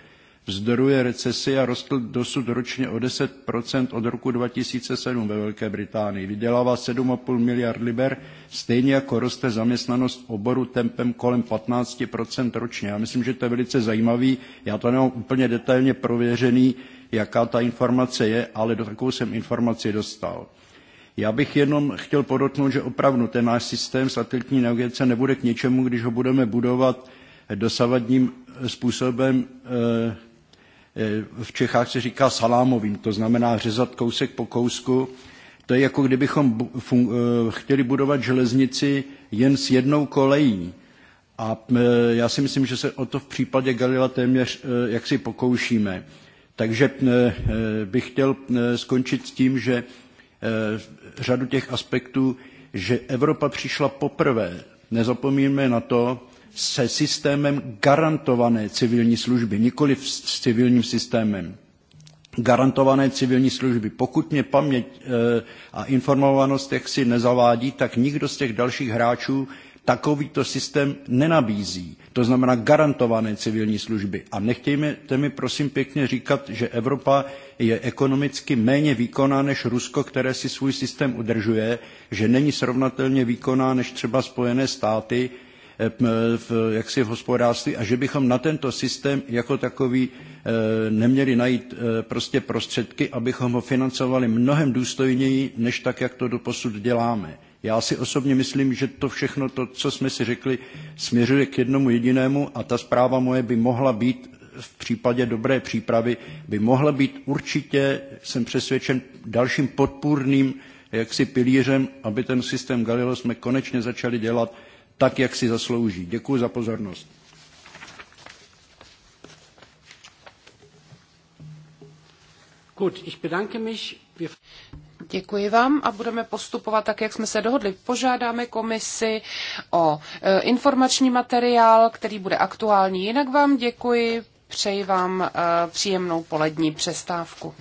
vzdoruje recesi a rostl dosud ročně o 10 od roku 2007 ve Velké Británii. Vydělává 7,5 miliard liber, stejně jako roste zaměstnanost oboru tempem kolem 15 ročně. Já myslím, že to je velice zajímavý. Já to nemám úplně detailně prověřený, jaká ta informace je, ale do takovou jsem informaci dostal. Já bych jenom chtěl podotknout, že opravdu ten náš systém satelitní navigace nebude k něčemu, když ho budeme budovat dosavadním způsobem eh, eh, v Čechách se říká salámovým, to znamená řezat kousek po kousku. To je jako kdybychom eh, chtěli budovat železnici jen s jednou kolejí. A já si myslím, že se o to v případě Galila téměř jak si pokoušíme. Takže bych chtěl skončit s tím, že řadu těch aspektů, že Evropa přišla poprvé, nezapomínme na to, se systémem garantované civilní služby, nikoli s civilním systémem. Garantované civilní služby. Pokud mě paměť eh, a informovanost těch si nezavádí, tak nikdo z těch dalších hráčů takovýto systém nenabízí. To znamená garantované civilní služby. A nechtějte mi prosím pěkně říkat, že Evropa je ekonomicky méně výkonná než Rusko, které si svůj systém udržuje, že není srovnatelně výkonná než třeba Spojené státy eh, v, jaksi v hospodářství a že bychom na tento systém jako takový eh, neměli najít eh, prostě prostředky, abychom ho financovali mnohem důstojněji, než tak, jak to doposud děláme. Já si osobně myslím, že to všechno, to, co jsme si řekli, směřuje k jednomu jedinému a ta zpráva moje by mohla být v případě dobré přípravy by mohl být určitě, jsem přesvědčen, dalším podpůrným jaksi pilířem, aby ten systém Galileo jsme konečně začali dělat tak, jak si zaslouží. Děkuji za pozornost. Děkuji vám a budeme postupovat tak, jak jsme se dohodli. Požádáme komisi o e, informační materiál, který bude aktuální. Jinak vám děkuji, Přeji vám eh, příjemnou polední přestávku.